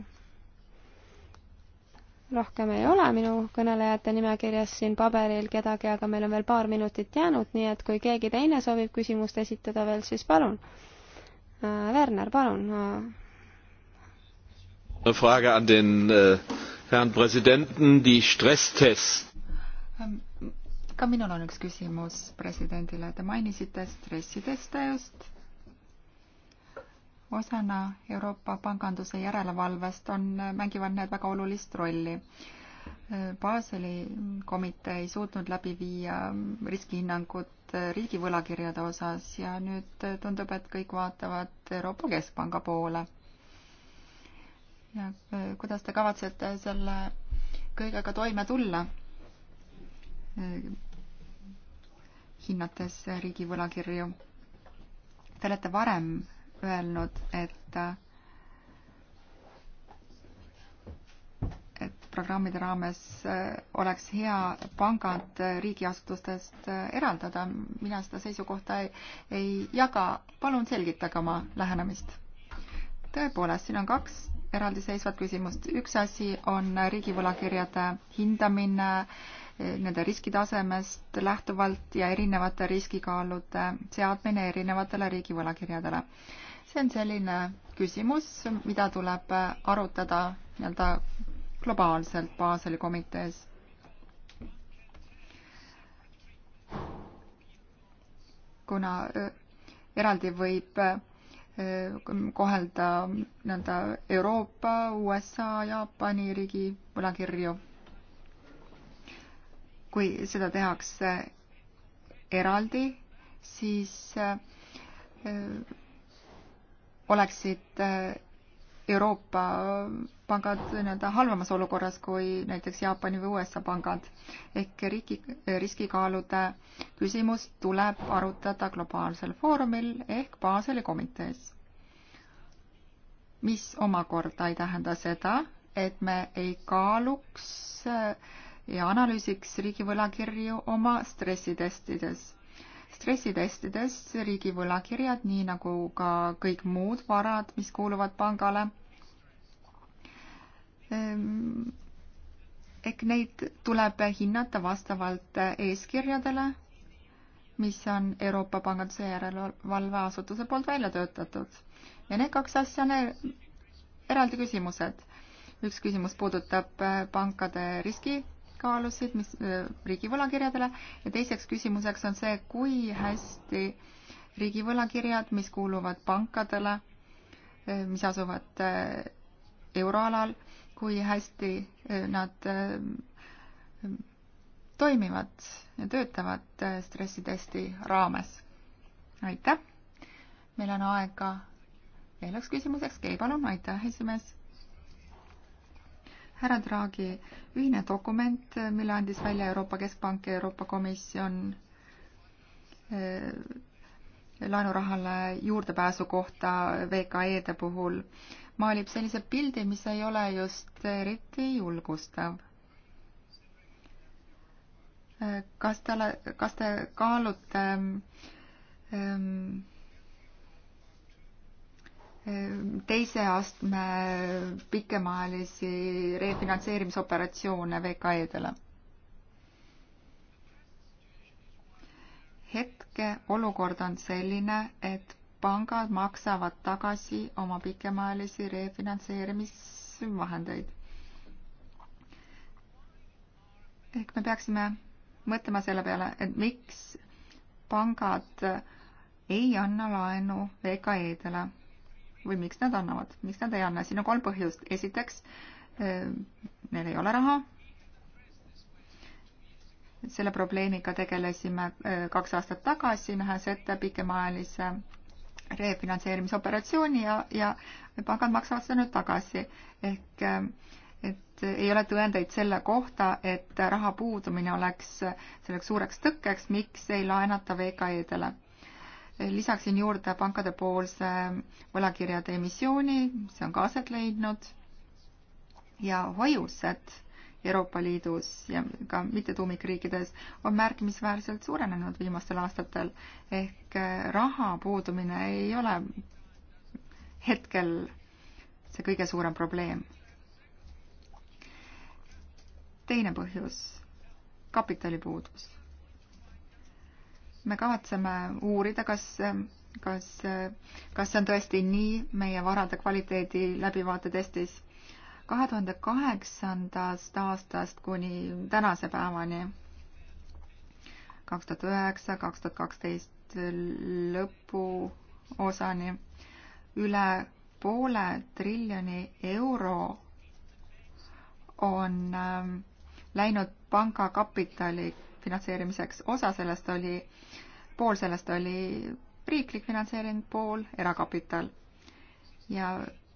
rohkem ei ole minu kõnelejate nimekirjas siin paberil kedagi, aga meil on veel paar minutit jäänud, nii et kui keegi teine soovib küsimust esitada veel, siis palun. Äh, Werner, palun. Äh. Frage an den äh, Herrn Präsidenten, die Stresstests. Ähm, ka minul on üks küsimus presidendile, te mainisite stressiteste just osana Euroopa panganduse järelevalvest on, mängivad need väga olulist rolli. Baseli komitee ei suutnud läbi viia riskihinnangut riigi võlakirjade osas ja nüüd tundub, et kõik vaatavad Euroopa Keskpanga poole. ja kuidas te kavatsete selle kõigega toime tulla? hinnates riigi võlakirju. Te olete varem öelnud, et et programmide raames äh, oleks hea pangad riigiasutustest äh, eraldada. mina seda seisukohta ei, ei jaga. palun selgitage oma lähenemist. tõepoolest, siin on kaks eraldiseisvat küsimust. üks asi on riigivõlakirjade hindamine äh, nende riskitasemest lähtuvalt ja erinevate riskikaalude seadmine erinevatele riigivõlakirjadele see on selline küsimus, mida tuleb arutada nii-öelda globaalselt Baseli komitees. kuna äh, eraldi võib äh, kohelda nii-öelda Euroopa, USA, Jaapani riigi võlakirju. kui seda tehakse eraldi, siis äh, oleksid äh, Euroopa pangad nii-öelda halvemas olukorras kui näiteks Jaapani või USA pangad. ehk riigi, riskikaalude küsimus tuleb arutada globaalsel foorumil ehk Baseli komitees. mis omakorda ei tähenda seda, et me ei kaaluks äh, ja analüüsiks riigi võlakirju oma stressitestides stressitestides riigi võlakirjad, nii nagu ka kõik muud varad, mis kuuluvad pangale. Ehm, ehk neid tuleb hinnata vastavalt eeskirjadele, mis on Euroopa Panganduse Järelevalveasutuse poolt välja töötatud. ja need kaks asja on er-, eraldi küsimused. üks küsimus puudutab eh, pankade riski tasakaalusid, mis äh, riigi võlakirjadele ja teiseks küsimuseks on see, kui hästi riigi võlakirjad, mis kuuluvad pankadele, äh, mis asuvad äh, euroalal, kui hästi nad toimivad ja töötavad stressitesti raames. aitäh! meil on aega veel üks küsimuseks, Kei, palun, aitäh, esimees härra Draghi, ühine dokument, mille andis välja Euroopa Keskpank ja Euroopa Komisjon eh, laenurahale juurdepääsu kohta VKE-de puhul, maalib sellise pildi, mis ei ole just eriti julgustav. Eh, kas te ole, kas te kaalute ähm, teise astme pikemaajalisi refinantseerimisoperatsioone VKE-dele. hetke olukord on selline, et pangad maksavad tagasi oma pikemaajalisi refinantseerimisvahendeid. ehk me peaksime mõtlema selle peale, et miks pangad ei anna laenu VKE-dele või miks nad annavad, miks nad ei anna, siin on kolm põhjust. esiteks, eh, neil ei ole raha. selle probleemiga tegelesime eh, kaks aastat tagasi, nähes ette pikemaajalise refinantseerimisoperatsiooni ja, ja pangad maksavad seda nüüd tagasi. ehk eh, et ei ole tõendeid selle kohta, et raha puudumine oleks selleks suureks tõkkeks, miks ei laenata VKE-dele lisaksin juurde pankade poolse võlakirjade emissiooni, see on ka aset leidnud ja hoiused Euroopa Liidus ja ka mittetuumikriikides on märkimisväärselt suurenenud viimastel aastatel ehk äh, raha puudumine ei ole hetkel see kõige suurem probleem. teine põhjus, kapitalipuudus me kavatseme uurida, kas, kas, kas see on tõesti nii meie varade kvaliteedi läbivaatetestis kahe tuhande kaheksandast aastast kuni tänase päevani, kaks tuhat üheksa, kaks tuhat kaksteist lõpuosani, üle poole triljoni euro on ähm, läinud panga kapitali finantseerimiseks, osa sellest oli, pool sellest oli riiklik finantseering, pool erakapital. ja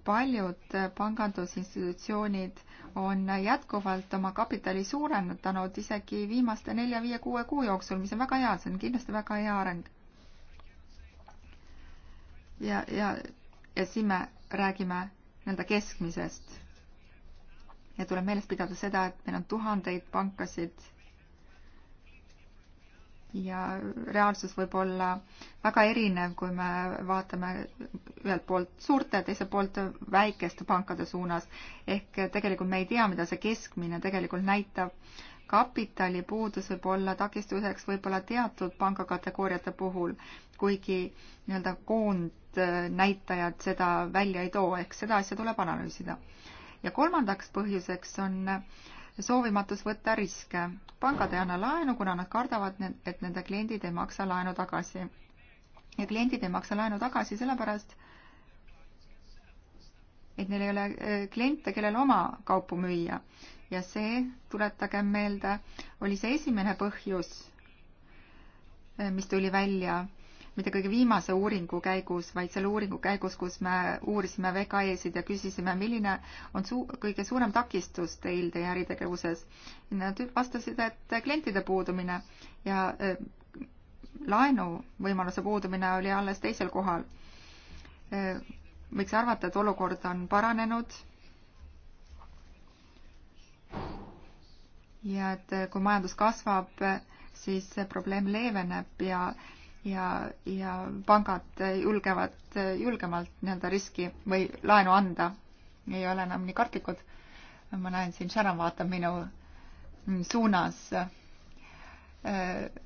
paljud pangandusinstitutsioonid on jätkuvalt oma kapitali suurendanud isegi viimaste nelja-viie-kuue kuu jooksul, mis on väga hea, see on kindlasti väga hea areng. ja, ja, ja siin me räägime nii-öelda keskmisest. ja tuleb meeles pidada seda, et meil on tuhandeid pankasid ja reaalsus võib olla väga erinev, kui me vaatame ühelt poolt suurte, teiselt poolt väikeste pankade suunas. ehk tegelikult me ei tea, mida see keskmine tegelikult näitab. kapitalipuudus võib olla takistuseks võib-olla teatud pangakategooriate puhul, kuigi nii-öelda koondnäitajad seda välja ei too, ehk seda asja tuleb analüüsida. ja kolmandaks põhjuseks on äh, soovimatus võtta riske. pangad ei anna laenu, kuna nad kardavad, et nende kliendid ei maksa laenu tagasi. ja kliendid ei maksa laenu tagasi sellepärast, et neil ei ole e, kliente, kellel oma kaupu müüa. ja see, tuletagem meelde, oli see esimene põhjus, e, mis tuli välja mitte kõige viimase uuringu käigus, vaid selle uuringu käigus, kus me uurisime VKE-sid ja küsisime, milline on suu-, kõige suurem takistus teil teie äritegevuses. Nad vastasid, et klientide puudumine ja äh, laenuvõimaluse puudumine oli alles teisel kohal. Äh, võiks arvata, et olukord on paranenud ja et äh, kui majandus kasvab, siis see probleem leeveneb ja ja, ja pangad julgevad julgemalt nii-öelda riski või laenu anda, ei ole enam nii kartlikud. ma näen siin, Sharon vaatab minu suunas, äh,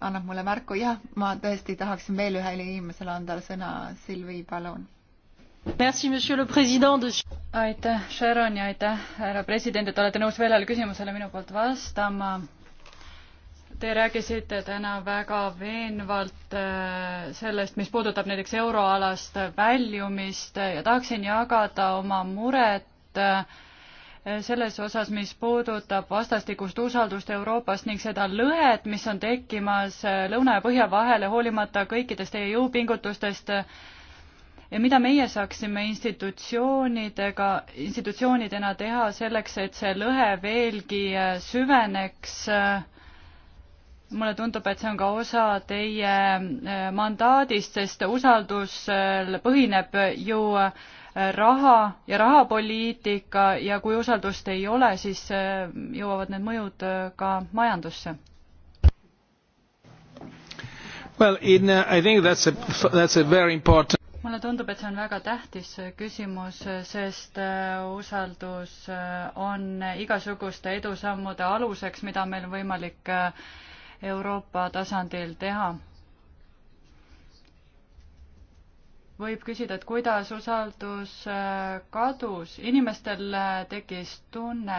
annab mulle märku, jah, ma tõesti tahaksin veel ühele inimesele anda sõna, Silvi, palun Merci, aitäh sharon ja aitäh härra president et olete nõus veel ühele küsimusele minu poolt vastama Te rääkisite täna väga veenvalt äh, sellest, mis puudutab näiteks euroalast väljumist äh, ja tahaksin jagada oma muret äh, selles osas, mis puudutab vastastikust usaldust Euroopas ning seda lõhet, mis on tekkimas lõuna ja põhja vahele, hoolimata kõikidest teie jõupingutustest ja mida meie saaksime institutsioonidega, institutsioonidena teha selleks, et see lõhe veelgi süveneks äh, mulle tundub, et see on ka osa teie äh, mandaadist, sest usaldusel põhineb ju äh, raha ja rahapoliitika ja kui usaldust ei ole, siis äh, jõuavad need mõjud ka majandusse. Well, in, uh, I think that's a, that's a very important mulle tundub, et see on väga tähtis küsimus, sest usaldus on igasuguste edusammude aluseks, mida meil on võimalik Euroopa tasandil teha. võib küsida, et kuidas usaldus äh, kadus, inimestel äh, tekkis tunne,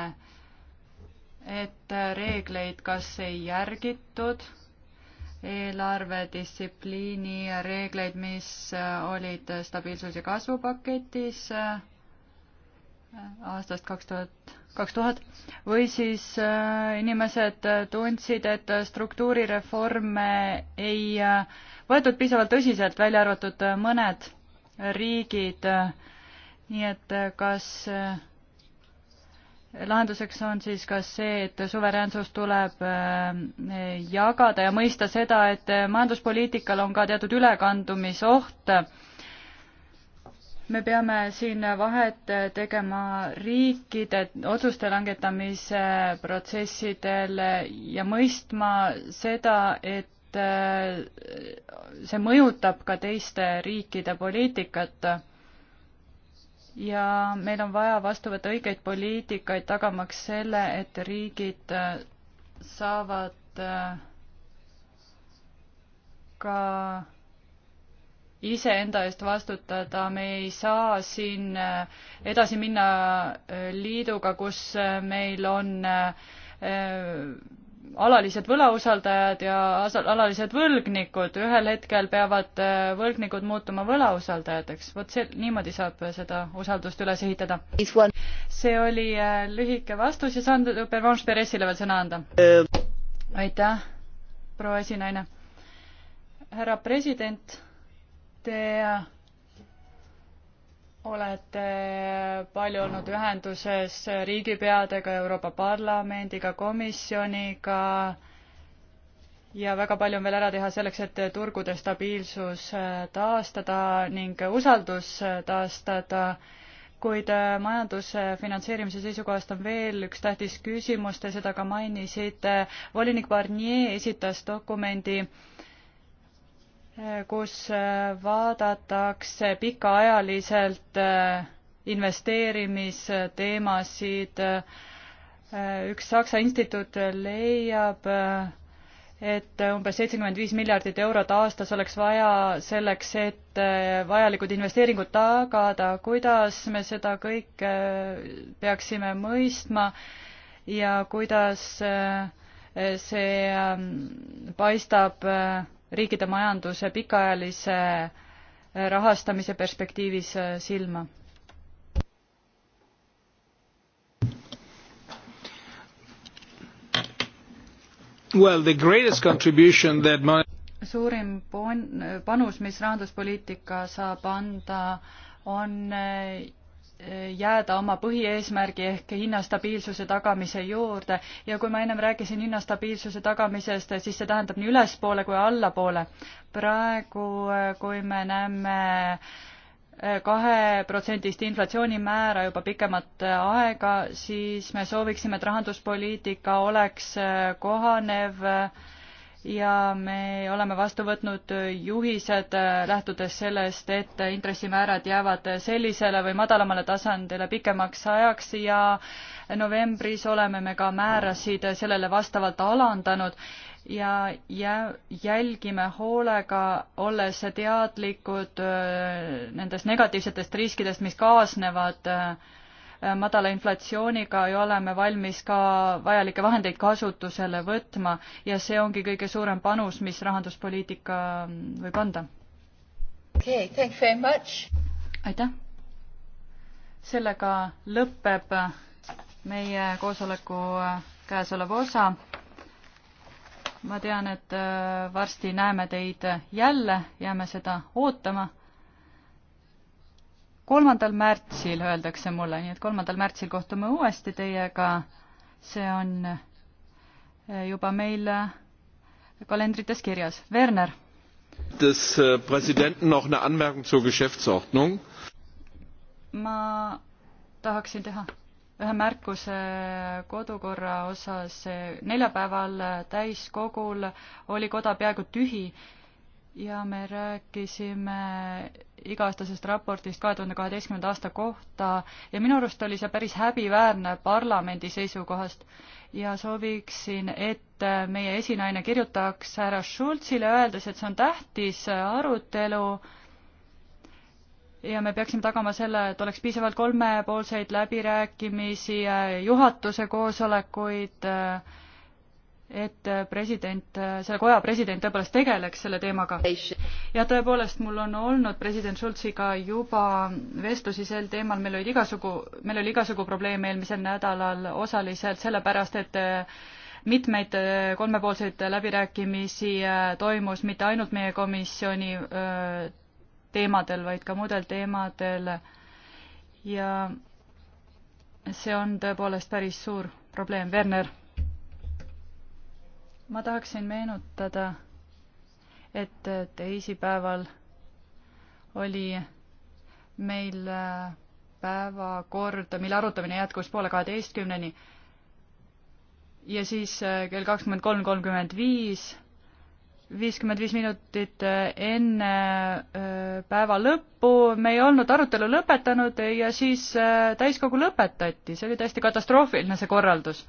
et äh, reegleid kas ei järgitud, eelarvedistsipliini reegleid, mis olid stabiilsus- ja kasvupaketis aastast kaks tuhat, kaks tuhat või siis äh, inimesed tundsid, et struktuurireforme ei äh, võetud piisavalt tõsiselt, välja arvatud äh, mõned riigid. nii et kas lahenduseks on siis kas see, et suveräänsus tuleb jagada ja mõista seda, et majanduspoliitikal on ka teatud ülekandumisoht me peame siin vahet tegema riikide otsuste langetamise protsessidel ja mõistma seda, et äh, see mõjutab ka teiste riikide poliitikat. ja meil on vaja vastu võtta õigeid poliitikaid, tagamaks selle, et riigid äh, saavad äh, ka iseenda eest vastutada, me ei saa siin äh, edasi minna äh, liiduga, kus äh, meil on alalised võlausaldajad ja alalised võlgnikud, ühel hetkel peavad võlgnikud muutuma võlausaldajateks, vot see, niimoodi saab seda usaldust üles ehitada. see oli lühike vastus ja saan Pervanche Peressile veel sõna anda. aitäh, proua esinaine. härra president Te olete palju olnud ühenduses riigipeadega, Euroopa Parlamendiga, komisjoniga ja väga palju on veel ära teha selleks, et turgude stabiilsus taastada ning usaldus taastada. kuid majanduse finantseerimise seisukohast on veel üks tähtis küsimus, te seda ka mainisite. volinik Barnier esitas dokumendi äh, kus äh, vaadatakse pikaajaliselt äh, investeerimisteemasid. Äh, üks Saksa instituut leiab, et umbes seitsekümmend viis miljardit eurot aastas oleks vaja selleks, et vajalikud investeeringud tagada, kuidas me seda kõike peaksime mõistma ja kuidas see ähm, paistab riikide majanduse pikaajalise eh, rahastamise perspektiivis eh, silma? Well, the greatest contribution that money suurim pon-, panus, mis rahanduspoliitika saab anda, on eh, jääda oma põhieesmärgi ehk hinnastabiilsuse tagamise juurde ja kui ma ennem rääkisin hinnastabiilsuse tagamisest, siis see tähendab nii ülespoole kui allapoole. praegu, kui me näeme kaheprotsendist inflatsioonimäära juba pikemat aega, siis me sooviksime, et rahanduspoliitika oleks kohanev äh, ja me oleme vastu võtnud juhised, äh, lähtudes sellest, et intressimäärad jäävad sellisele või madalamale tasandile pikemaks ajaks ja novembris oleme me ka määrasid sellele vastavalt alandanud ja jä-, jälgime hoolega, olles teadlikud äh, nendest negatiivsetest riskidest, mis kaasnevad äh, Äh, madala inflatsiooniga ja oleme valmis ka vajalikke vahendeid kasutusele võtma ja see ongi kõige suurem panus, mis rahanduspoliitika mm, võib anda. okei okay,, thank you very much! aitäh! sellega lõpeb meie koosoleku äh, käesolev osa. ma tean, et äh, varsti näeme teid jälle, jääme seda ootama kolmandal märtsil, öeldakse mulle, nii et kolmandal märtsil kohtume uuesti teiega. see on eh, juba meil eh, kalendrites kirjas. Werner. des eh, presidenten noch eine anmerkung zur geschäftsordnung. ma tahaksin teha ühe märkuse kodukorra osas. neljapäeval täiskogul oli koda peaaegu tühi ja me rääkisime iga-aastasest raportist kahe tuhande kaheteistkümnenda aasta kohta ja minu arust oli see päris häbiväärne parlamendi seisukohast ja sooviksin, et meie esinaine kirjutaks härra Schulzile, öeldes, et see on tähtis arutelu ja me peaksime tagama selle, et oleks piisavalt kolmepoolseid läbirääkimisi, juhatuse koosolekuid äh, et äh, president, äh, selle koja president tõepoolest tegeleks selle teemaga. ja tõepoolest, mul on olnud president Schulziga juba vestlusi sel teemal, meil olid igasugu, meil oli igasugu probleeme eelmisel nädalal osaliselt sellepärast, et äh, mitmeid kolmepoolseid läbirääkimisi toimus mitte ainult meie komisjoni teemadel, vaid ka muudel teemadel ja see on tõepoolest päris suur probleem. Werner ma tahaksin meenutada, et teisipäeval oli meil äh, päevakord, mille arutamine jätkus poole kaheteistkümneni ja siis äh, kell kakskümmend kolm kolmkümmend viis, viiskümmend viis minutit äh, enne päeva lõppu me ei olnud arutelu lõpetanud ja siis täiskogu lõpetati, see oli täiesti katastroofiline, see korraldus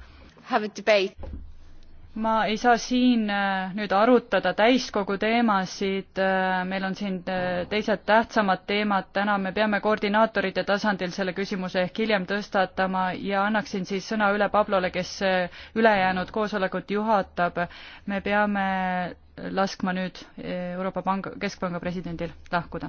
ma ei saa siin äh, nüüd arutada täiskogu teemasid, äh, meil on siin äh, teised tähtsamad teemad, täna me peame koordinaatorite tasandil selle küsimuse ehk hiljem tõstatama ja annaksin siis sõna üle Pablole, kes ülejäänud koosolekut juhatab. me peame laskma nüüd Euroopa Panga, Keskpanga presidendil lahkuda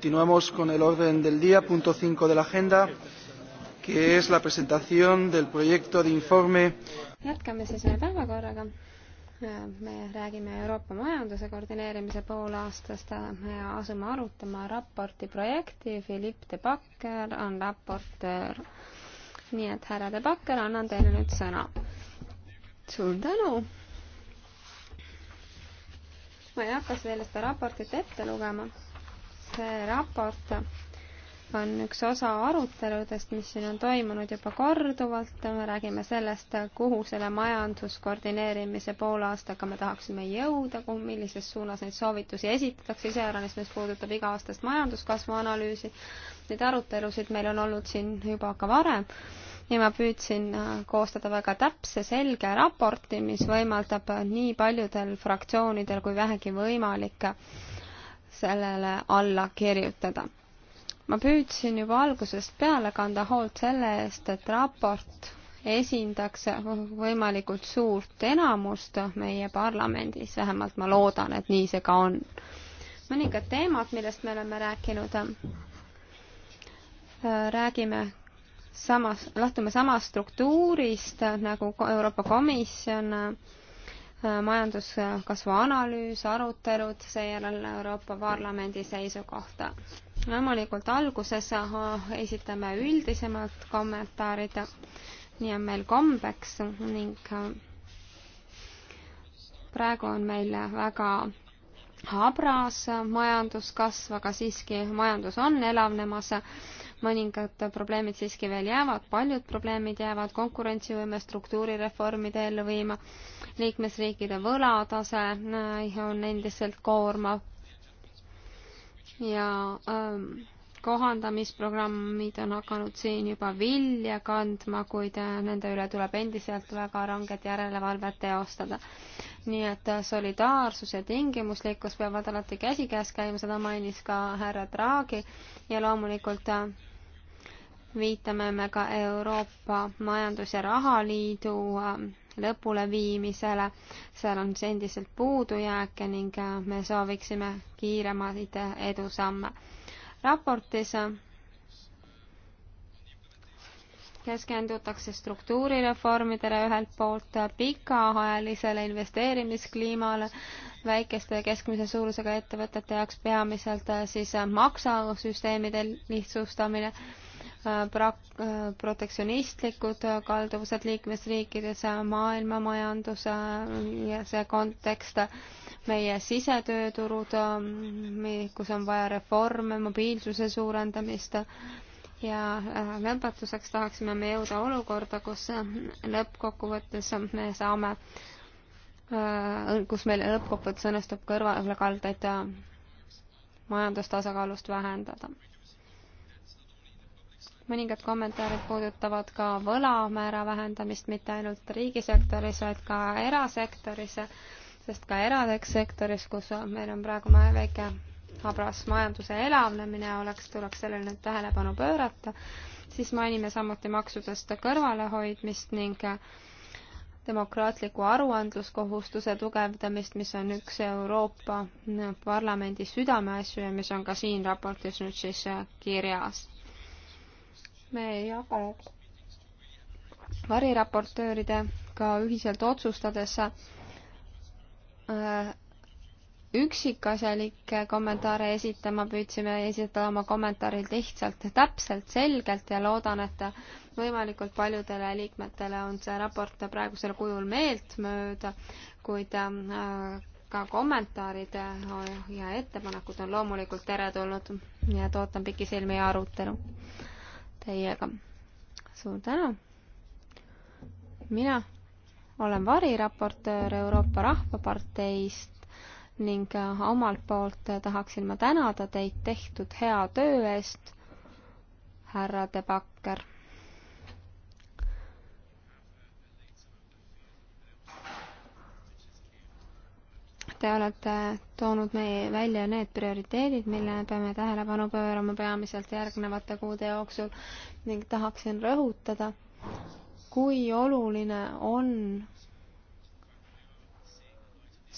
Continuamos con el orden del día, punto 5 de la agenda, que es la presentación del proyecto de informe. jätkame siis meie päevakorraga. Äh, me räägime Euroopa majanduse koordineerimise poolaastast ja äh, asume arutama raporti projekti. Philippe de Backer on raportöör. nii et härra de Backer, annan teile nüüd sõna. suur tänu ma ei hakka teile seda raportit ette lugema see raport on üks osa aruteludest, mis siin on toimunud juba korduvalt, me räägime sellest, kuhu selle majanduskoordineerimise poolaastaga me tahaksime jõuda, kuhu, millises suunas neid soovitusi esitatakse, iseäranis, mis puudutab iga-aastast majanduskasvu analüüsi. Neid arutelusid meil on olnud siin juba ka varem ja ma püüdsin äh, koostada väga täpse, selge raporti, mis võimaldab nii paljudel fraktsioonidel kui vähegi võimalik sellele alla kirjutada. ma püüdsin juba algusest peale kanda hoolt selle eest, et raport esindaks võimalikult suurt enamust meie parlamendis, vähemalt ma loodan, et nii see ka on. mõningad teemad, millest me oleme rääkinud, räägime samas, lähtume samast struktuurist nagu Euroopa Komisjon Äh, majanduskasvu analüüs, arutelud, seejärel Euroopa Parlamendi seisukohta. loomulikult alguses äh, esitame üldisemad kommentaarid, nii on meil kombeks ning äh, praegu on meil väga habras majanduskasv, aga siiski majandus on elavnemas mõningad probleemid siiski veel jäävad, paljud probleemid jäävad, konkurentsivõime struktuurireformide ellu viima, liikmesriikide võlatase äh, on endiselt koormav ja ähm, kohandamisprogrammid on hakanud siin juba vilja kandma, kuid äh, nende üle tuleb endiselt väga ranget järelevalvet teostada. nii et äh, solidaarsus ja tingimuslikkus peavad alati käsikäes käima, seda mainis ka härra Draghi ja loomulikult viitame me ka Euroopa Majandus- ja Rahaliidu ähm, lõpuleviimisele, seal on siis endiselt puudujääke ning äh, me sooviksime kiiremaid edusamme. raportis äh, keskendutakse struktuurireformidele ühelt poolt äh, pikaajalisele investeerimiskliimale, väikeste ja keskmise suurusega ettevõtete jaoks peamiselt siis maksusüsteemide lihtsustamine Äh, prak-, äh, protektsionistlikud äh, kalduvused liikmesriikides, maailmamajandus ja see kontekst, meie sisetööturud, kus on vaja reforme, mobiilsuse suurendamist ja lõpetuseks tahaksime me jõuda olukorda, kus lõppkokkuvõttes me saame, kus meil lõppkokkuvõttes õnnestub kõrvalekaldeid majandustasakaalust vähendada mõningad kommentaarid puudutavad ka võlamäära vähendamist mitte ainult riigisektoris, vaid ka erasektoris, sest ka erasektoris, kus meil on praegu väike habras majanduse elavnemine oleks, tuleks sellele nüüd tähelepanu pöörata, siis mainime samuti maksudest kõrvalehoidmist ning demokraatliku aruandluskohustuse tugevdamist, mis on üks Euroopa Parlamendi südameasju ja mis on ka siin raportis nüüd siis kirjas me ei jaga variraportööridega ühiselt otsustades äh, üksikasjalikke kommentaare esitama, püüdsime esitada oma kommentaarid lihtsalt, täpselt, selgelt ja loodan, et võimalikult paljudele liikmetele on see raport praegusel kujul meeltmööda, kuid äh, ka kommentaarid ja ettepanekud on loomulikult teretulnud, nii et ootan pikisilmi arutelu teiega. suur tänu. mina olen variraportöör Euroopa Rahvaparteist ning omalt poolt tahaksin ma tänada teid tehtud hea töö eest, härra De Backer Te olete toonud meie välja need prioriteedid, millele peame tähelepanu pöörama peamiselt järgnevate kuude jooksul ning tahaksin rõhutada, kui oluline on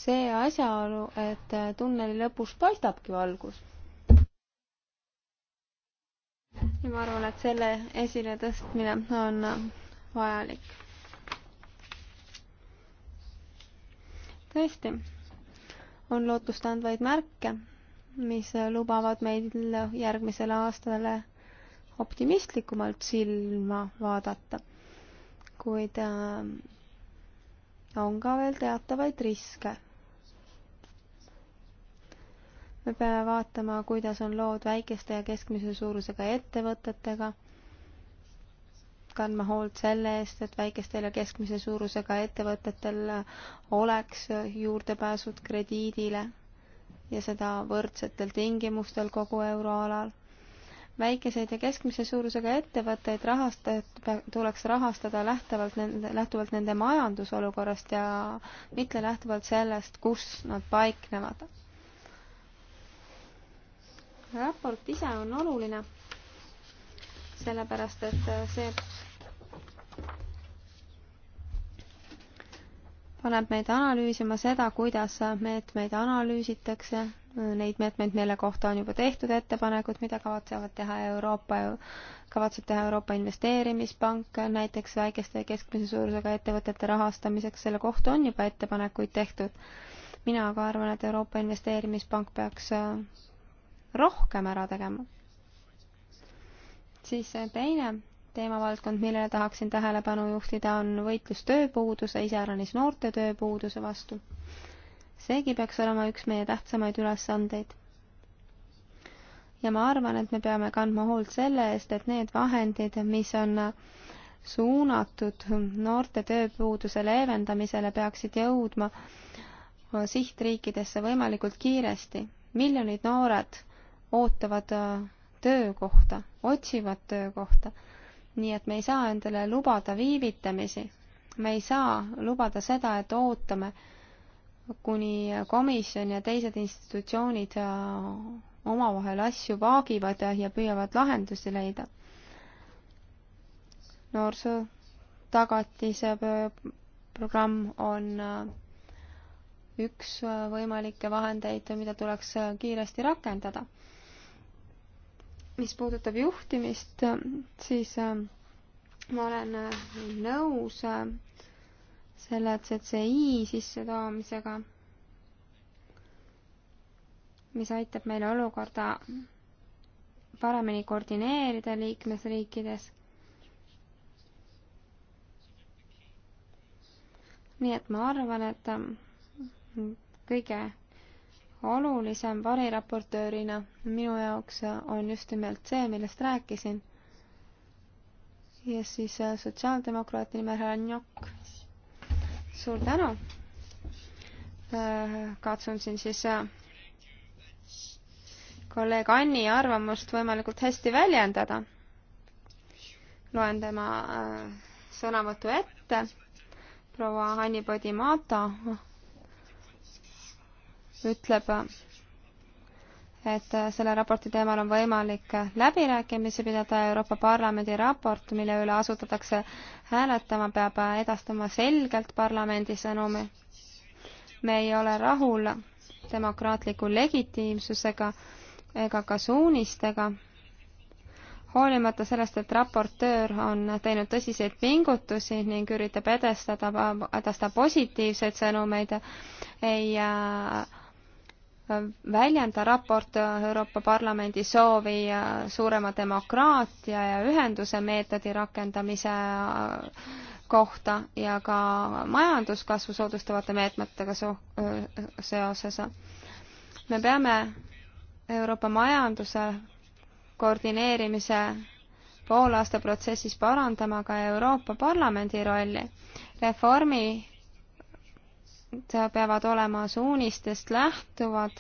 see asjaolu, et tunneli lõpus paistabki valgus. ja ma arvan, et selle esiletõstmine on vajalik. tõesti on lootustandvaid märke, mis lubavad meil järgmisele aastale optimistlikumalt silma vaadata. kuid äh, on ka veel teatavaid riske. me peame vaatama, kuidas on lood väikeste ja keskmise suurusega ettevõtetega kandma hoolt selle eest, et väikestel ja keskmise suurusega ettevõtetel oleks juurdepääsud krediidile ja seda võrdsetel tingimustel kogu euroalal. väikeseid ja keskmise suurusega ettevõtteid rahastat-, tuleks rahastada lähtuvalt nende, lähtuvalt nende majandusolukorrast ja mitte lähtuvalt sellest, kus nad paiknevad. raport ise on oluline sellepärast et see paneb meid analüüsima seda, kuidas meetmeid analüüsitakse, neid meetmeid, mille kohta on juba tehtud ettepanekud, mida kavatsevad teha Euroopa, kavatseb teha Euroopa Investeerimispank näiteks väikeste ja keskmise suurusega ettevõtete rahastamiseks, selle kohta on juba ettepanekuid tehtud. mina aga arvan, et Euroopa Investeerimispank peaks rohkem ära tegema. siis teine teemavaldkond, millele tahaksin tähelepanu juhtida, on võitlus tööpuuduse, iseäranis noorte tööpuuduse vastu. seegi peaks olema üks meie tähtsamaid ülesandeid. ja ma arvan, et me peame kandma hoolt selle eest, et need vahendid, mis on suunatud noorte tööpuuduse leevendamisele, peaksid jõudma sihtriikidesse võimalikult kiiresti. miljonid noored ootavad töökohta, otsivad töökohta nii et me ei saa endale lubada viivitamisi. me ei saa lubada seda, et ootame, kuni komisjon ja teised institutsioonid äh, omavahel asju vaagivad ja püüavad lahendusi leida. noorsootagatise programm on äh, üks äh, võimalikke vahendeid, mida tuleks kiiresti rakendada mis puudutab juhtimist, siis äh, ma olen äh, nõus äh, selle CCI sissetoomisega, mis aitab meil olukorda paremini koordineerida liikmesriikides. nii et ma arvan, et kõige olulisem variraportöörina minu jaoks on just nimelt see, millest rääkisin. ja siis äh, sotsiaaldemokraati nimel härra Njokk. suur tänu. Äh, katsun siin siis äh, kolleeg Anni arvamust võimalikult hästi väljendada. loen tema sõnavõtu ette. proua Anni Podimata ütleb, et selle raporti teemal on võimalik läbirääkimisi pidada. Euroopa Parlamendi raport, mille üle asutatakse hääletama, peab edastama selgelt parlamendi sõnumi. me ei ole rahul demokraatliku legitiimsusega ega ka suunistega hoolimata sellest, et raportöör on teinud tõsiseid pingutusi ning üritab edestada, edastada positiivseid sõnumeid, ei äh, väljenda raport Euroopa Parlamendi soovi suurema demokraatia ja ühenduse meetodi rakendamise kohta ja ka majanduskasvu soodustavate meetmetega so seoses. me peame Euroopa majanduse koordineerimise poolaasta protsessis parandama ka Euroopa Parlamendi rolli. reformi peavad olema suunistest lähtuvad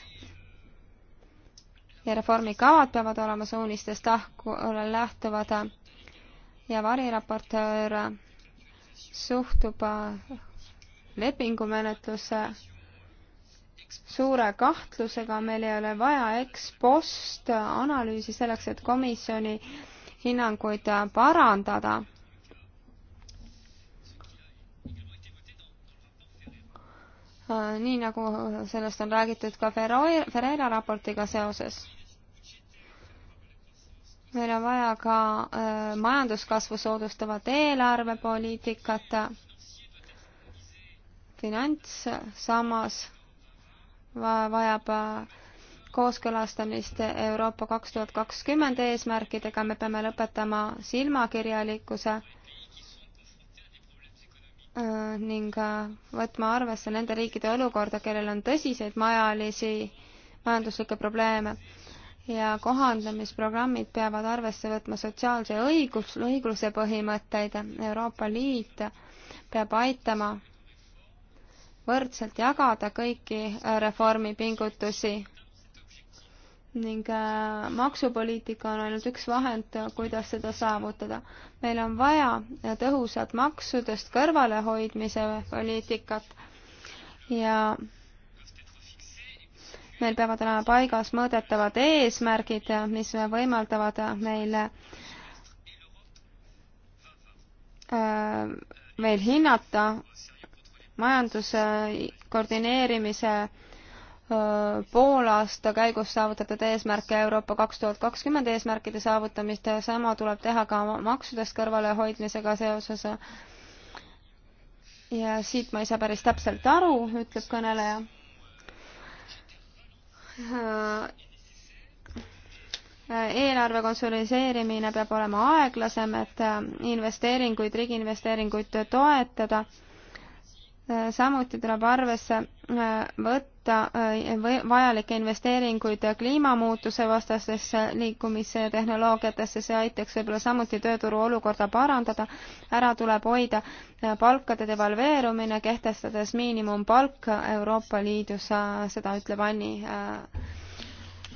ja reformikavad peavad olema suunistest lahku, lähtuvad ja variraportöör suhtub lepingumenetluse suure kahtlusega, meil ei ole vaja ekspost analüüsi selleks, et komisjoni hinnanguid parandada Äh, nii nagu sellest on räägitud ka Ferreira raportiga seoses. meil on vaja ka äh, majanduskasvu soodustavat eelarvepoliitikat, finantssammas vajab äh, kooskõlastamist Euroopa kaks tuhat kakskümmend eesmärkidega, me peame lõpetama silmakirjalikkuse Äh, ning võtma arvesse nende riikide olukorda, kellel on tõsiseid majalisi majanduslikke probleeme ja kohandamisprogrammid peavad arvesse võtma sotsiaalse õigus, õigluse põhimõtteid. Euroopa Liit peab aitama võrdselt jagada kõiki reformipingutusi ning äh, maksupoliitika on ainult üks vahend, kuidas seda saavutada. meil on vaja äh, tõhusat maksudest kõrvalehoidmise poliitikat ja meil peavad olema paigas mõõdetavad eesmärgid, mis võimaldavad meile äh, meil hinnata majanduse koordineerimise poolaasta käigus saavutatud eesmärke Euroopa kaks tuhat kakskümmend eesmärkide saavutamist, sama tuleb teha ka maksudest kõrvalehoidmisega seoses. ja siit ma ei saa päris täpselt aru, ütleb kõneleja. eelarve konsoliseerimine peab olema aeglasem, et investeeringuid, riigiinvesteeringuid toetada samuti tuleb arvesse äh, võtta äh, vajalikke investeeringuid kliimamuutuse vastasesse liikumise tehnoloogiatesse, see aitaks võib-olla samuti tööturu olukorda parandada. ära tuleb hoida äh, palkade devalveerumine, kehtestades miinimumpalk Euroopa Liidus, seda ütleb Anni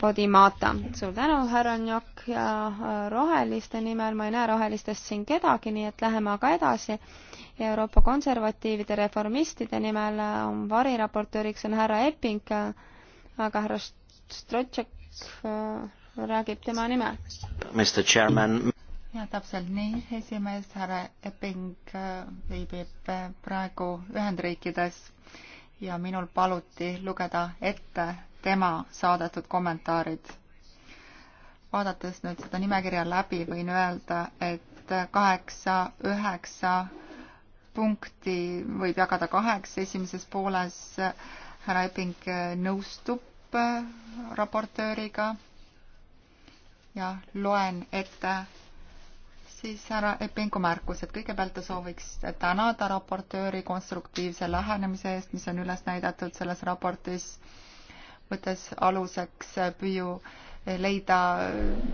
Podimata. suur tänu, härra Njok ja Roheliste nimel, ma ei näe Rohelistest siin kedagi, nii et läheme aga edasi Euroopa konservatiivide reformistide nimel äh, on variraportööriks on härra Epping, äh, aga härra Strotšek äh, räägib tema nimel. ja täpselt nii, esimees härra Epping viibib praegu Ühendriikides ja minul paluti lugeda ette tema saadetud kommentaarid. vaadates nüüd seda nimekirja läbi, võin öelda, et kaheksa, üheksa punkti võib jagada kaheks, esimeses pooles härra Epping nõustub äh, raportööriga ja loen ette siis härra Eppingu märkused. kõigepealt ta sooviks tänada raportööri konstruktiivse lähenemise eest, mis on üles näidatud selles raportis, võttes aluseks püüu leida äh,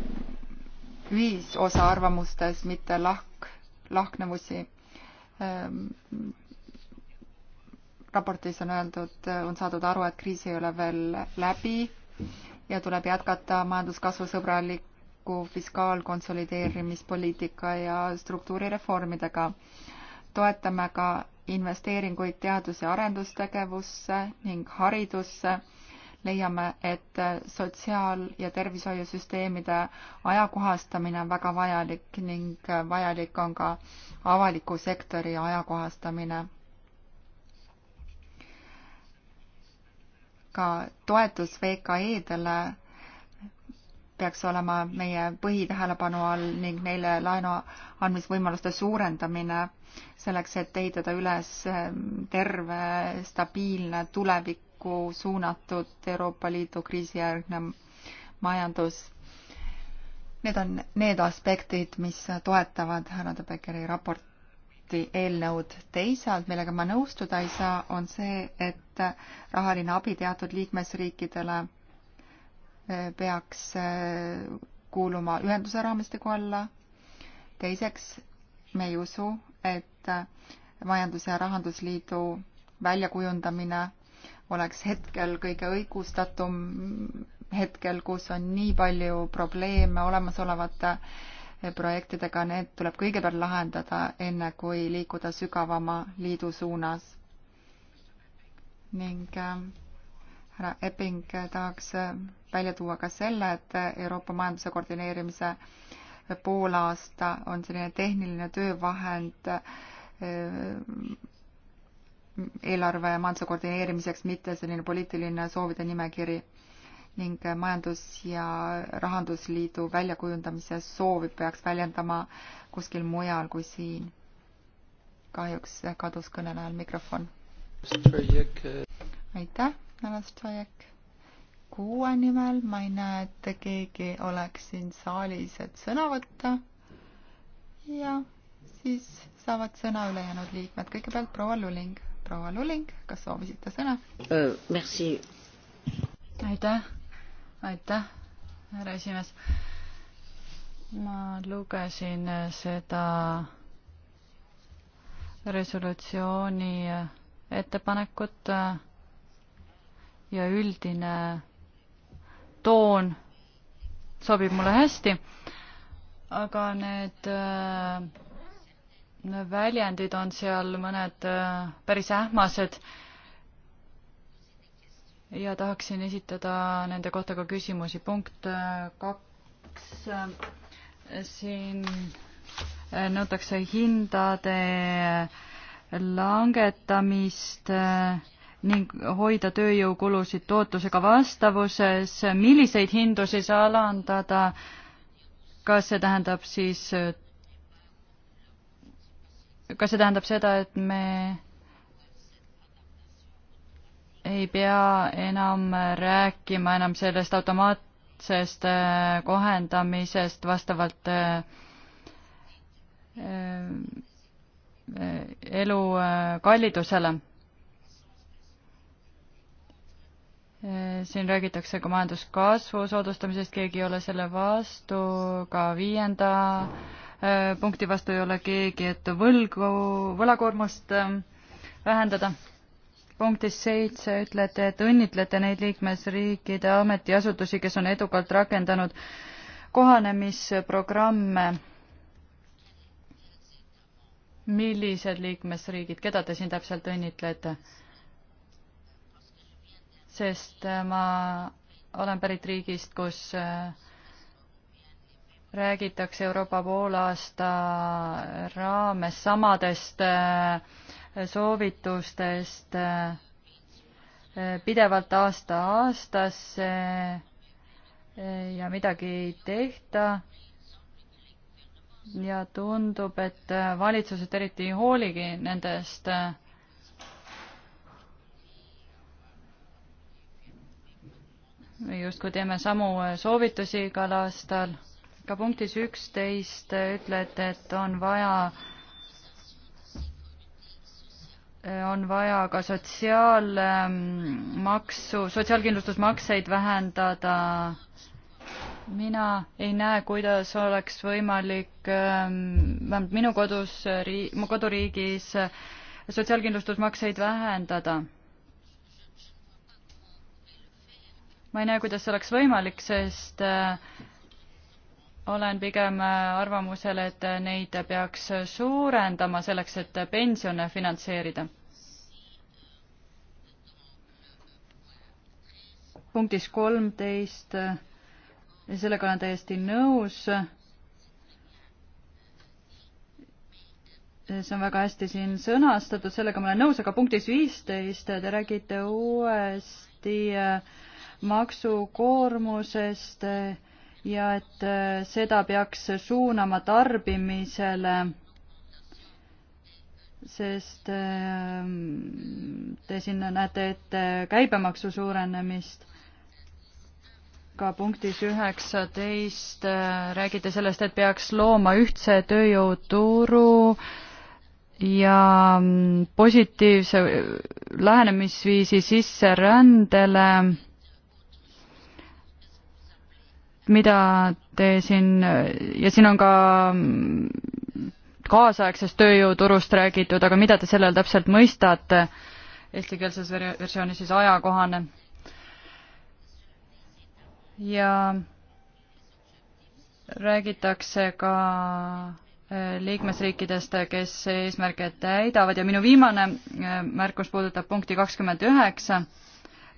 ühisosa arvamustes, mitte lahk, lahknevusi Ehm, raportis on öeldud, eh, on saadud aru, et kriis ei ole veel läbi ja tuleb jätkata majanduskasvusõbraliku fiskaalkonsolideerimispoliitika ja struktuurireformidega. toetame ka investeeringuid teadus- ja arendustegevusse ning haridusse leiame, et sotsiaal- ja tervishoiusüsteemide ajakohastamine on väga vajalik ning vajalik on ka avaliku sektori ajakohastamine. ka toetus VKE-dele peaks olema meie põhitähelepanu all ning neile laenu andmisvõimaluste suurendamine selleks, et ehitada üles eh, terve stabiilne tulevik tulevikku suunatud Euroopa Liidu kriisijärgne majandus. Need on need aspektid, mis toetavad härra De Beckeri raporti eelnõud. teisalt, millega ma nõustuda ei saa, on see, et rahaline abi teatud liikmesriikidele eh, peaks eh, kuuluma ühenduse raamistiku alla. teiseks, me ei usu, et eh, majandus- ja rahandusliidu väljakujundamine oleks hetkel kõige õigustatum, hetkel, kus on nii palju probleeme olemasolevate projektidega, need tuleb kõigepealt lahendada, enne kui liikuda sügavama liidu suunas. ning äh, härra Epping äh, tahaks äh, välja tuua ka selle, et Euroopa majanduse koordineerimise poolaasta on selline tehniline töövahend eelarve ja majanduse koordineerimiseks, mitte selline poliitiline soovide nimekiri ning Majandus- ja Rahandusliidu väljakujundamise soovi peaks väljendama kuskil mujal kui siin. kahjuks kadus kõnelejal mikrofon. aitäh, härra Strajek. kuue nimel ma ei näe, et keegi oleks siin saalis, et sõna võtta. ja siis saavad sõna ülejäänud liikmed, kõigepealt proua Luling proua Luling, kas soovisite sõna? Euh, merci. aitäh, aitäh, härra esimees. ma lugesin seda resolutsiooni ettepanekut ja üldine toon sobib mulle hästi, aga need äh, väljendid on seal mõned äh, päris ähmased ja tahaksin esitada nende kohta ka küsimusi. punkt äh, kaks, äh, siin nõutakse hindade langetamist ning hoida tööjõukulusid tootlusega vastavuses. milliseid hindu siis alandada? kas see tähendab siis kas see tähendab seda, et me ei pea enam rääkima enam sellest automaatsest äh, kohendamisest vastavalt äh, äh, elu kallidusele. siin räägitakse ka majanduskasvu soodustamisest, keegi ei ole selle vastu, ka viienda Äh, punkti vastu ei ole keegi, et võlgu, võlakoormust äh, vähendada. punktis seitse ütlete, et õnnitlete neid liikmesriikide ametiasutusi, kes on edukalt rakendanud kohanemisprogramme. millised liikmesriigid, keda te siin täpselt õnnitlete? sest äh, ma olen pärit riigist, kus äh, räägitakse Euroopa poolaasta raames samadest äh, soovitustest äh, pidevalt aasta aastasse äh, ja midagi ei tehta ja tundub, et valitsused eriti ei hooligi nendest me justkui teeme samu soovitusi igal aastal ka punktis üksteist ütlete, et on vaja, on vaja ka sotsiaalmaksu, sotsiaalkindlustusmakseid vähendada. mina ei näe, kuidas oleks võimalik, ähm, vähemalt minu kodus, mu koduriigis sotsiaalkindlustusmakseid vähendada ma ei näe, kuidas see oleks võimalik, sest äh, olen pigem äh, arvamusel, et äh, neid peaks suurendama selleks, et pensione finantseerida. punktis kolmteist, äh, sellega olen täiesti nõus. see on väga hästi siin sõnastatud, sellega ma olen nõus, aga punktis viisteist te räägite uuesti maksukoormusest äh, ja et äh, seda peaks suunama tarbimisele, sest ähm, te siin näete ette käibemaksu suurenemist. ka punktis üheksateist äh, räägite sellest, et peaks looma ühtse tööjõuturu ja mm, positiivse äh, lähenemisviisi sisserändele mida te siin ja siin on ka kaasaegsest tööjõuturust räägitud, aga mida te selle all täpselt mõistate eestikeelses versioonis siis ajakohane? ja räägitakse ka äh, liikmesriikidest, kes eesmärke täidavad ja minu viimane äh, märkus puudutab punkti kakskümmend üheksa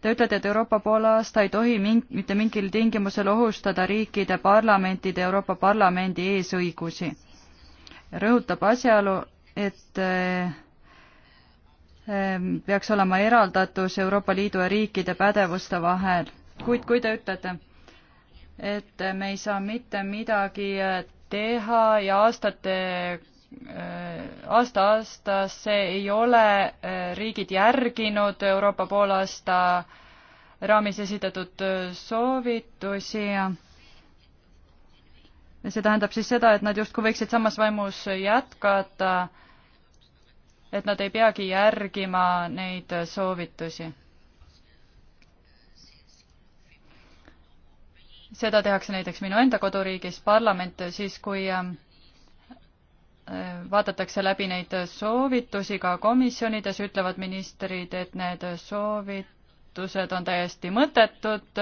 Te ütlete, et Euroopa poolaasta ei tohi ming-, mitte mingil tingimusel ohustada riikide parlamentide Euroopa Parlamendi eesõigusi. rõhutab asjaolu, et eh, eh, peaks olema eraldatus Euroopa Liidu ja riikide pädevuste vahel. kuid kui te ütlete, et me ei saa mitte midagi eh, teha ja aastate Äh, aasta-aastasse ei ole äh, riigid järginud Euroopa poolaasta raamis esitatud äh, soovitusi. see tähendab siis seda, et nad justkui võiksid samas vaimus jätkata, et nad ei peagi järgima neid soovitusi seda tehakse näiteks minu enda koduriigis parlament siis, kui vaadatakse läbi neid soovitusi ka komisjonides, ütlevad ministrid, et need soovitused on täiesti mõttetud,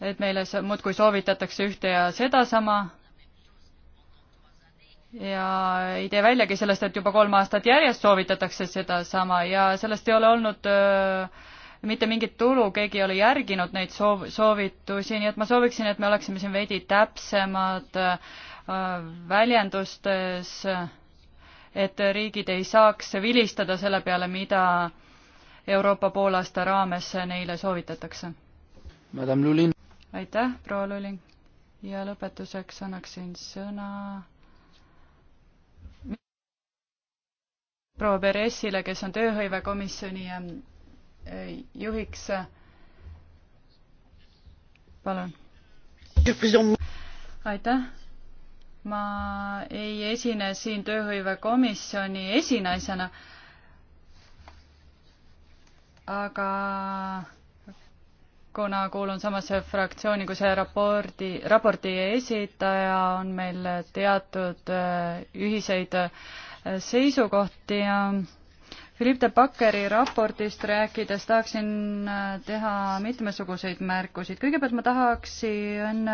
et meile muudkui soovitatakse ühte ja sedasama ja ei tee väljagi sellest, et juba kolm aastat järjest soovitatakse sedasama ja sellest ei ole olnud öö, äh, mitte mingit tulu, keegi ei ole järginud neid soov, soovitusi, nii et ma sooviksin, et me oleksime siin veidi täpsemad väljendustes, et riigid ei saaks vilistada selle peale, mida Euroopa poolaasta raames neile soovitatakse. aitäh, proua Luling. ja lõpetuseks annaksin sõna proua Peressile, kes on tööhõivekomisjoni eh, juhiks. palun. aitäh ma ei esine siin tööhõivekomisjoni esinaisena, aga kuna kuulun samasse fraktsiooni kui see raporti, raporti esitaja, on meil teatud äh, ühiseid äh, seisukohti ja Philippe de Bakkeri raportist rääkides tahaksin äh, teha mitmesuguseid märkusid. kõigepealt ma tahaksin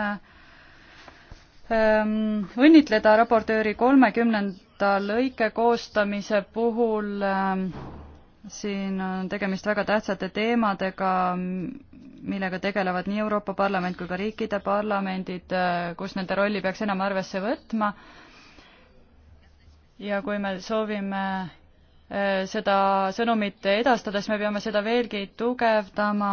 Ehm, õnnitleda raportööri kolmekümnenda lõike koostamise puhul. Ehm, siin on tegemist väga tähtsate teemadega, millega tegelevad nii Euroopa Parlament kui ka riikide parlamendid, eh, kus nende rolli peaks enam arvesse võtma. ja kui me soovime eh, seda sõnumit edastada, siis me peame seda veelgi tugevdama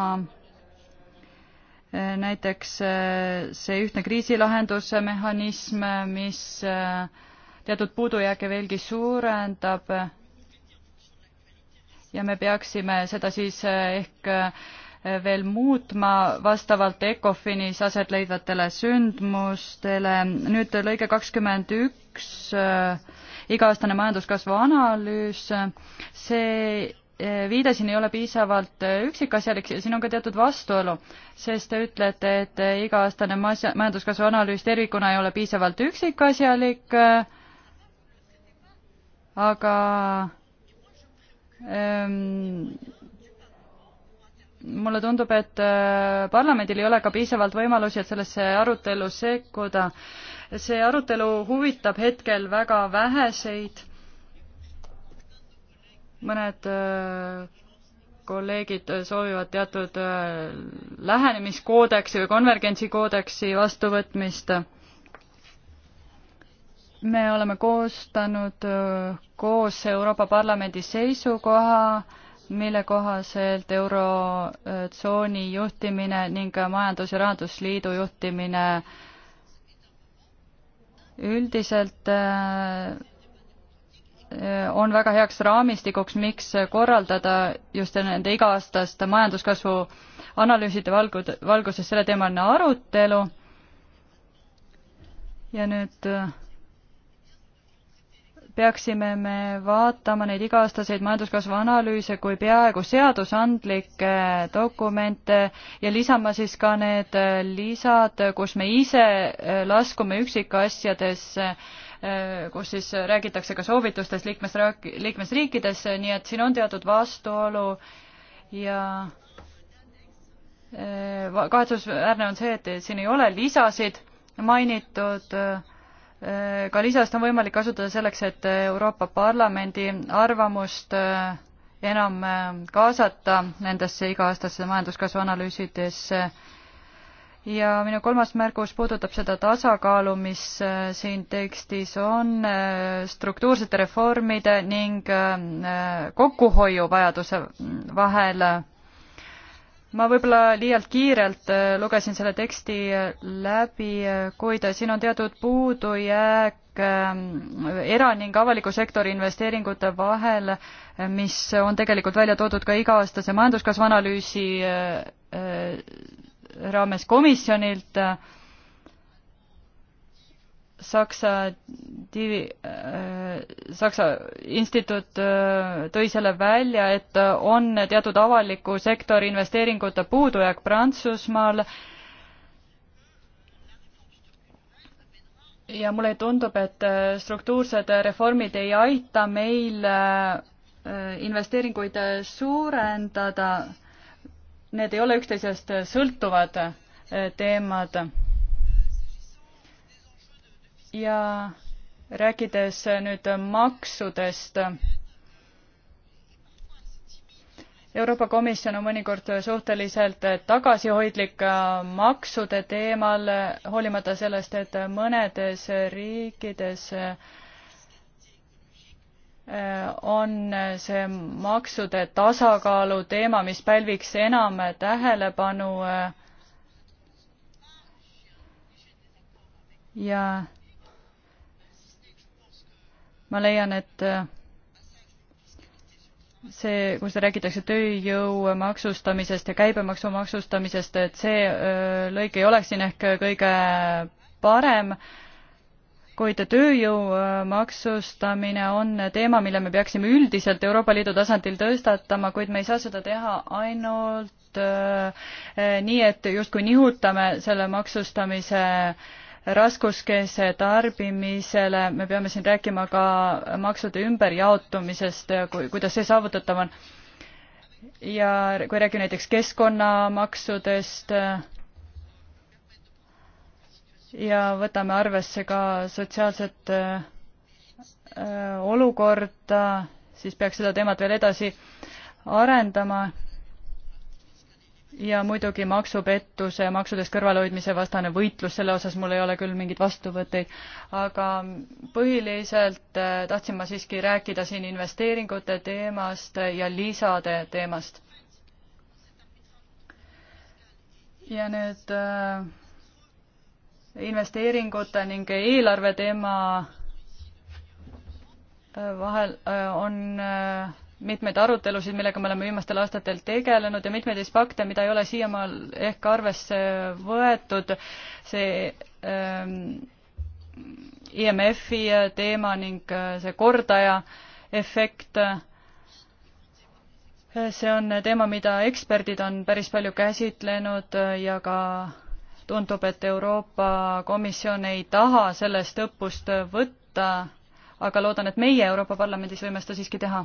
näiteks äh, see ühtne kriisilahendusmehhanism, mis äh, teatud puudujääke veelgi suurendab. ja me peaksime seda siis äh, ehk veel muutma vastavalt ECOFINis aset leidvatele sündmustele. nüüd lõige kakskümmend üks, iga-aastane majanduskasvu analüüs, see viide siin ei ole piisavalt äh, üksikasjalik ja siin on ka teatud vastuolu, sest te ütlete, et äh, iga-aastane majanduskasvu analüüs tervikuna ei ole piisavalt üksikasjalik, äh, aga ähm, mulle tundub, et parlamendil ei ole ka piisavalt võimalusi, et sellesse arutellu sekkuda. see arutelu huvitab hetkel väga väheseid mõned äh, kolleegid soovivad teatud äh, lähenemiskoodeksi või konvergentsikoodeksi vastuvõtmist. me oleme koostanud äh, koos Euroopa Parlamendi seisukoha, mille kohaselt Eurotsooni juhtimine ning Majandus- ja Rahandusliidu juhtimine üldiselt Äh, on väga heaks raamistikuks, miks korraldada just nende iga-aastast majanduskasvu analüüside valgud, valguses selleteemaline arutelu. ja nüüd äh, peaksime me vaatama neid iga-aastaseid majanduskasvu analüüse kui peaaegu seadusandlikke dokumente ja lisama siis ka need äh, lisad, kus me ise laskume üksikasjadesse Äh, kus siis räägitakse ka soovitustest liikmesraak-, liikmesriikides, nii et siin on teatud vastuolu ja äh, kahetsusväärne on see, et siin ei ole lisasid mainitud äh, ka lisast on võimalik kasutada selleks, et Euroopa Parlamendi arvamust enam kaasata nendesse iga-aastasse majanduskasvu analüüsidesse ja minu kolmas märgus puudutab seda tasakaalu, mis äh, siin tekstis on äh, struktuursete reformide ning äh, kokkuhoiu vajaduse vahel. ma võib-olla liialt kiirelt lugesin selle teksti läbi, kuid siin on teatud puudujääk era- ning avaliku sektori investeeringute vahel, mis on tegelikult välja toodud ka iga-aastase majanduskasvu analüüsi raames komisjonilt Saksa divi, äh, Saksa instituut äh, tõi selle välja, et on teatud avaliku sektori investeeringute puudujääk Prantsusmaal ja mulle tundub, et äh, struktuursed reformid ei aita meil investeeringuid suurendada need ei ole üksteisest sõltuvad eh, teemad. ja rääkides eh, nüüd maksudest, Euroopa Komisjon on mõnikord suhteliselt eh, tagasihoidlik maksude teemal, hoolimata sellest, et mõnedes riikides äh, on see maksude tasakaalu teema, mis pälviks enam tähelepanu. ja ma leian, et see, kus räägitakse tööjõu maksustamisest ja käibemaksu maksustamisest, et see äh, lõik ei oleks siin ehk kõige parem äh, kuid tööjõu maksustamine on teema, mille me peaksime üldiselt Euroopa Liidu tasandil tõstatama, kuid me ei saa seda teha ainult äh, nii, et justkui nihutame selle maksustamise raskuskese tarbimisele, me peame siin rääkima ka maksude ümberjaotumisest, kuidas see saavutatav on. ja kui räägime näiteks keskkonnamaksudest, ja võtame arvesse ka sotsiaalset äh, äh, olukorda, siis peaks seda teemat veel edasi arendama. ja muidugi maksupettuse ja maksudest kõrvalehoidmise vastane võitlus, selle osas mul ei ole küll mingeid vastuvõtteid, aga põhiliselt äh, tahtsin ma siiski rääkida siin investeeringute teemast ja lisade teemast. ja nüüd äh, investeeringute ning eelarve teema äh, vahel äh, on äh, mitmeid arutelusid, millega me oleme viimastel aastatel tegelenud ja mitmeid aspekte, mida ei ole siiamaal ehk arvesse võetud, see ähm, IMF-i teema ning see kordaja efekt, see on teema, mida eksperdid on päris palju käsitlenud ja ka tundub, et Euroopa Komisjon ei taha sellest õppust võtta, aga loodan, et meie Euroopa Parlamendis võime seda siiski teha.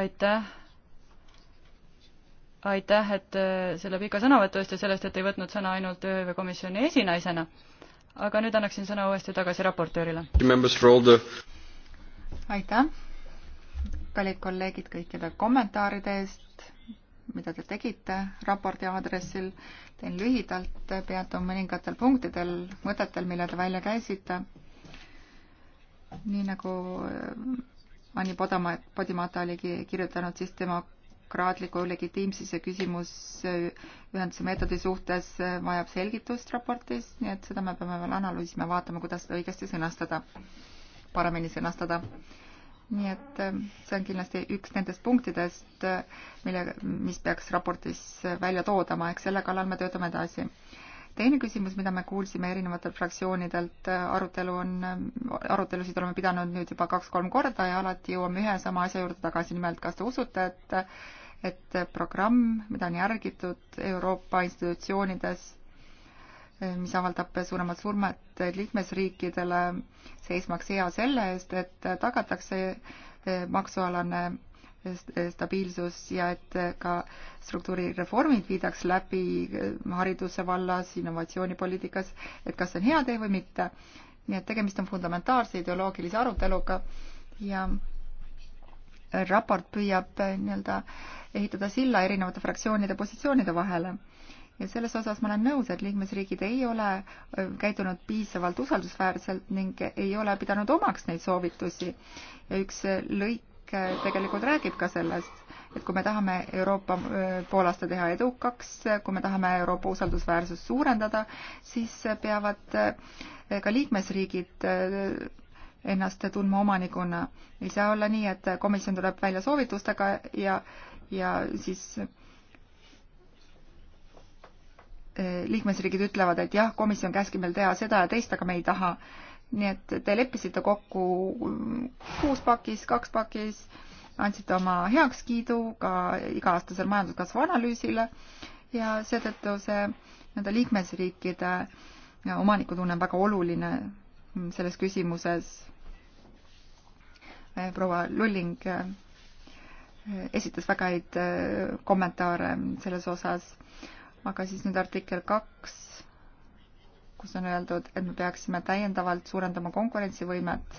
aitäh. aitäh, et äh, selle pika sõnavõtu eest ja sellest, et ei võtnud sõna ainult ÖEV komisjoni esinaisena. aga nüüd annaksin sõna uuesti tagasi raportöörile. aitäh, kallid kolleegid, kõikide kommentaaride eest mida te tegite raporti aadressil. teen lühidalt, peatun mõningatel punktidel, mõtetel, mille te välja käisite. nii nagu äh, Anni Podama, Podimata oligi kirjutanud, siis demokraatliku legitiimsuse küsimus äh, ühenduse meetodi suhtes äh, vajab selgitust raportis, nii et seda me peame veel analüüsima, vaatama, kuidas seda õigesti sõnastada, paremini sõnastada nii et äh, see on kindlasti üks nendest punktidest, äh, mille, mis peaks raportis äh, välja toodama, ehk selle kallal me töötame edasi. teine küsimus, mida me kuulsime erinevatelt fraktsioonidelt, arutelu on, arutelusid oleme pidanud nüüd juba kaks-kolm korda ja alati jõuame ühe sama asja juurde tagasi, nimelt kas te usute, et et programm, mida on järgitud Euroopa institutsioonides mis avaldab suuremat surmet liikmesriikidele, seismaks hea selle eest, et tagatakse eh, maksualane eh, eh, stabiilsus ja et ka struktuurireformid viidaks läbi hariduse vallas, innovatsioonipoliitikas, et kas see on hea tee või mitte. nii et tegemist on fundamentaalse ideoloogilise aruteluga ja raport püüab nii-öelda ehitada silla erinevate fraktsioonide positsioonide vahele ja selles osas ma olen nõus, et liikmesriigid ei ole käitunud piisavalt usaldusväärselt ning ei ole pidanud omaks neid soovitusi. ja üks lõik tegelikult räägib ka sellest, et kui me tahame Euroopa poolaasta teha edukaks, kui me tahame Euroopa usaldusväärsust suurendada, siis peavad ka liikmesriigid ennast tundma omanikuna. ei saa olla nii, et komisjon tuleb välja soovitustega ja, ja siis liikmesriigid ütlevad, et jah, komisjon käskib meil teha seda ja teist, aga me ei taha. nii et te leppisite kokku kuus pakis, kaks pakis, andsite oma heakskiidu ka iga-aastasel majanduskasvu analüüsile ja seetõttu see nii-öelda liikmesriikide omanikutunne on väga oluline selles küsimuses. proua Lulling eh, esitas väga häid eh, kommentaare selles osas aga siis nüüd artikkel kaks, kus on öeldud, et me peaksime täiendavalt suurendama konkurentsivõimet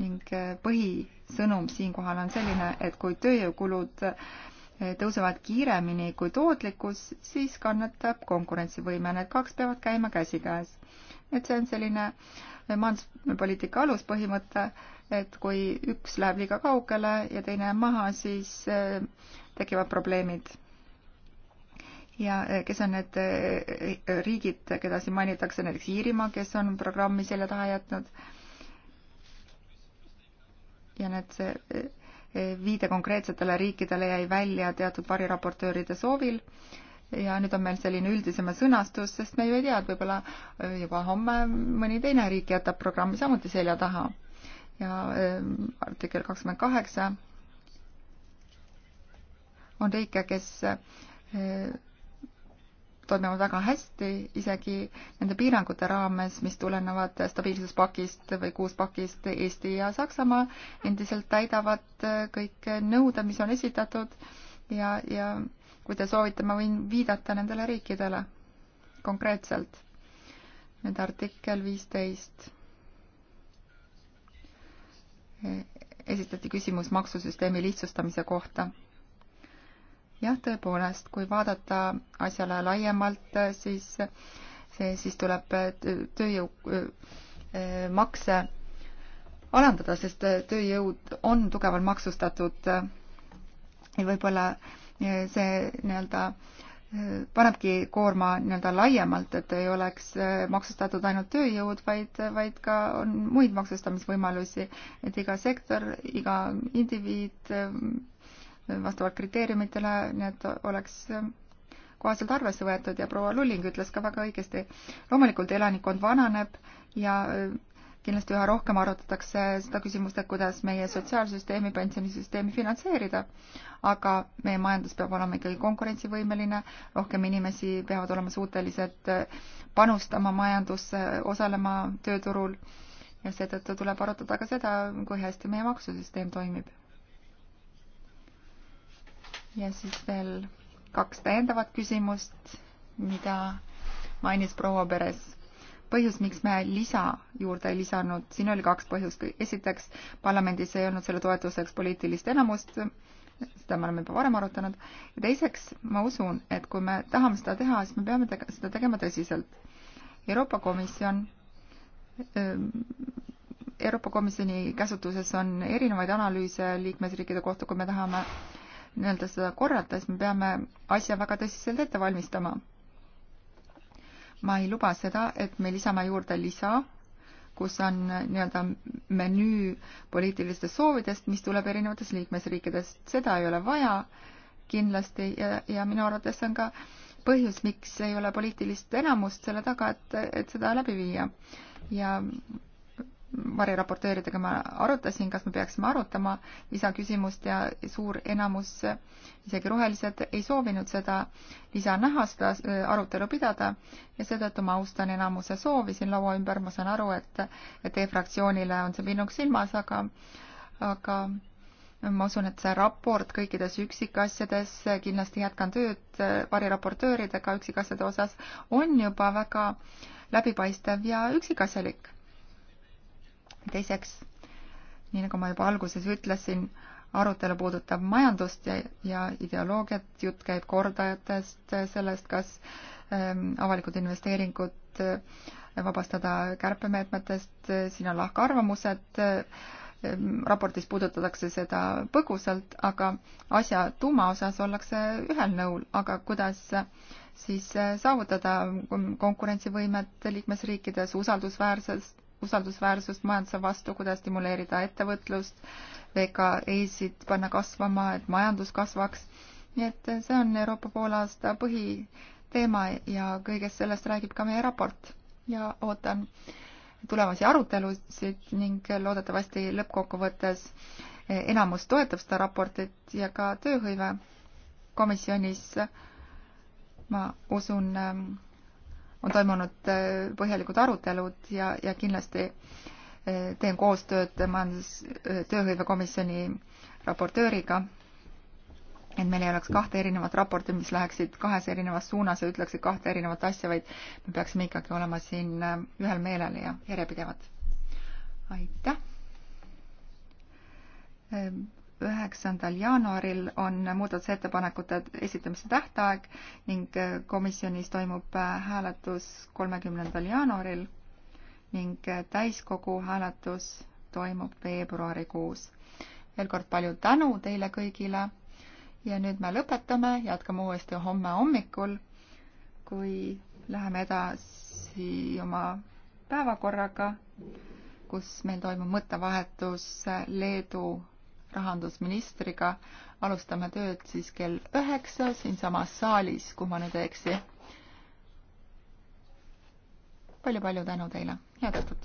ning äh, põhisõnum siinkohal on selline, et kui tööjõukulud äh, tõusevad kiiremini kui tootlikkus, siis kannatab konkurentsivõime, need kaks peavad käima käsikäes. et see on selline äh, majanduspoliitika aluspõhimõte, et kui üks läheb liiga kaugele ja teine jääb maha, siis tekivad probleemid ja eh, kes on need eh, riigid, keda siin mainitakse, näiteks Iirimaa, kes on programmi selja taha jätnud. ja need eh, viide konkreetsetele riikidele jäi välja teatud variraportööride soovil ja nüüd on meil selline üldisema sõnastus, sest me ju ei tea, et võib-olla juba homme mõni teine riik jätab programmi samuti selja taha. ja artikkel kakskümmend kaheksa on riike, kes toimivad väga hästi, isegi nende piirangute raames, mis tulenevad stabiilsuspakist või kuuspakist, Eesti ja Saksamaa endiselt täidavad kõik nõude, mis on esitatud ja, ja kui te soovite, ma võin viidata nendele riikidele konkreetselt. nüüd artikkel viisteist. esitati küsimus maksusüsteemi lihtsustamise kohta jah, tõepoolest, kui vaadata asjale laiemalt, siis see, siis tuleb tööjõumakse alandada, sest tööjõud on tugevalt maksustatud. ja võib-olla see nii-öelda panebki koorma nii-öelda laiemalt, et ei oleks maksustatud ainult tööjõud, vaid, vaid ka on muid maksustamisvõimalusi, et iga sektor, iga indiviid vastavalt kriteeriumitele need oleks kohaselt arvesse võetud ja proua Lulling ütles ka väga õigesti. loomulikult elanikkond vananeb ja äh, kindlasti üha rohkem arutatakse seda küsimust, et kuidas meie sotsiaalsüsteemi, pensionisüsteemi finantseerida. aga meie majandus peab olema ikkagi konkurentsivõimeline, rohkem inimesi peavad olema suutelised äh, panustama majandusse, osalema tööturul ja seetõttu tuleb arutada ka seda, kui hästi meie maksusüsteem toimib ja siis veel kaks täiendavat küsimust, mida mainis proua Peres. põhjus, miks me lisa juurde ei lisanud, siin oli kaks põhjust. esiteks, parlamendis ei olnud selle toetuseks poliitilist enamust, seda me oleme juba varem arutanud, ja teiseks, ma usun, et kui me tahame seda teha, siis me peame tege seda tegema tõsiselt. Euroopa Komisjon ähm, Euroopa Komisjoni käsutuses on erinevaid analüüse liikmesriikide kohta, kui me tahame äh, nii-öelda seda korrata, siis me peame asja väga tõsiselt ette valmistama. ma ei luba seda, et me lisame juurde lisa, kus on nii-öelda menüü poliitilistest soovidest, mis tuleb erinevatest liikmesriikidest, seda ei ole vaja kindlasti ja, ja minu arvates on ka põhjus, miks ei ole poliitilist enamust selle taga, et, et seda läbi viia. ja variraporteeridega ma arutasin, kas me peaksime arutama lisaküsimust ja suur enamus, isegi rohelised, ei soovinud seda lisa näha, seda arutelu pidada ja seetõttu ma austan enamuse soovi siin laua ümber, ma saan aru, et, et teie fraktsioonile on see pinnuks silmas, aga, aga ma usun, et see raport kõikides üksikasjades, kindlasti jätkan tööd variraportööridega üksikasjade osas, on juba väga läbipaistev ja üksikasjalik teiseks, nii nagu ma juba alguses ütlesin, arutelu puudutab majandust ja, ja ideoloogiat, jutt käib kordajatest, äh, sellest, kas ähm, avalikud investeeringud äh, vabastada kärpemeetmetest, äh, siin on lahkarvamused äh,, ähm, raportis puudutatakse seda põgusalt, aga asja tuuma osas ollakse ühel nõul, aga kuidas siis äh, saavutada konkurentsivõimet liikmesriikides, usaldusväärsust usaldusväärsust majanduse vastu, kuidas stimuleerida ettevõtlust, VKE-sid panna kasvama, et majandus kasvaks. nii et see on Euroopa poolaasta põhiteema ja kõigest sellest räägib ka meie raport ja ootan tulevasi arutelusid ning loodetavasti lõppkokkuvõttes enamus toetab seda raportit ja ka tööhõive komisjonis ma usun ähm, on toimunud äh, põhjalikud arutelud ja, ja kindlasti äh, teen koostööd majandus- äh, tööhõivekomisjoni raportööriga, et meil ei oleks kahte erinevat raportit, mis läheksid kahes erinevas suunas ja ütleksid kahte erinevat asja, vaid me peaksime ikkagi olema siin ühel meelel ja järjepidevad. aitäh! üheksandal jaanuaril on muudatusettepanekute esitamise tähtaeg ning komisjonis toimub hääletus kolmekümnendal jaanuaril ning täiskogu hääletus toimub veebruarikuus. veel kord palju tänu teile kõigile ja nüüd me lõpetame, jätkame uuesti homme hommikul, kui läheme edasi oma päevakorraga, kus meil toimub mõttevahetus Leedu rahandusministriga alustame tööd siis kell üheksa siinsamas saalis, kui ma nüüd ei eksi palju,. palju-palju tänu teile, head õhtut!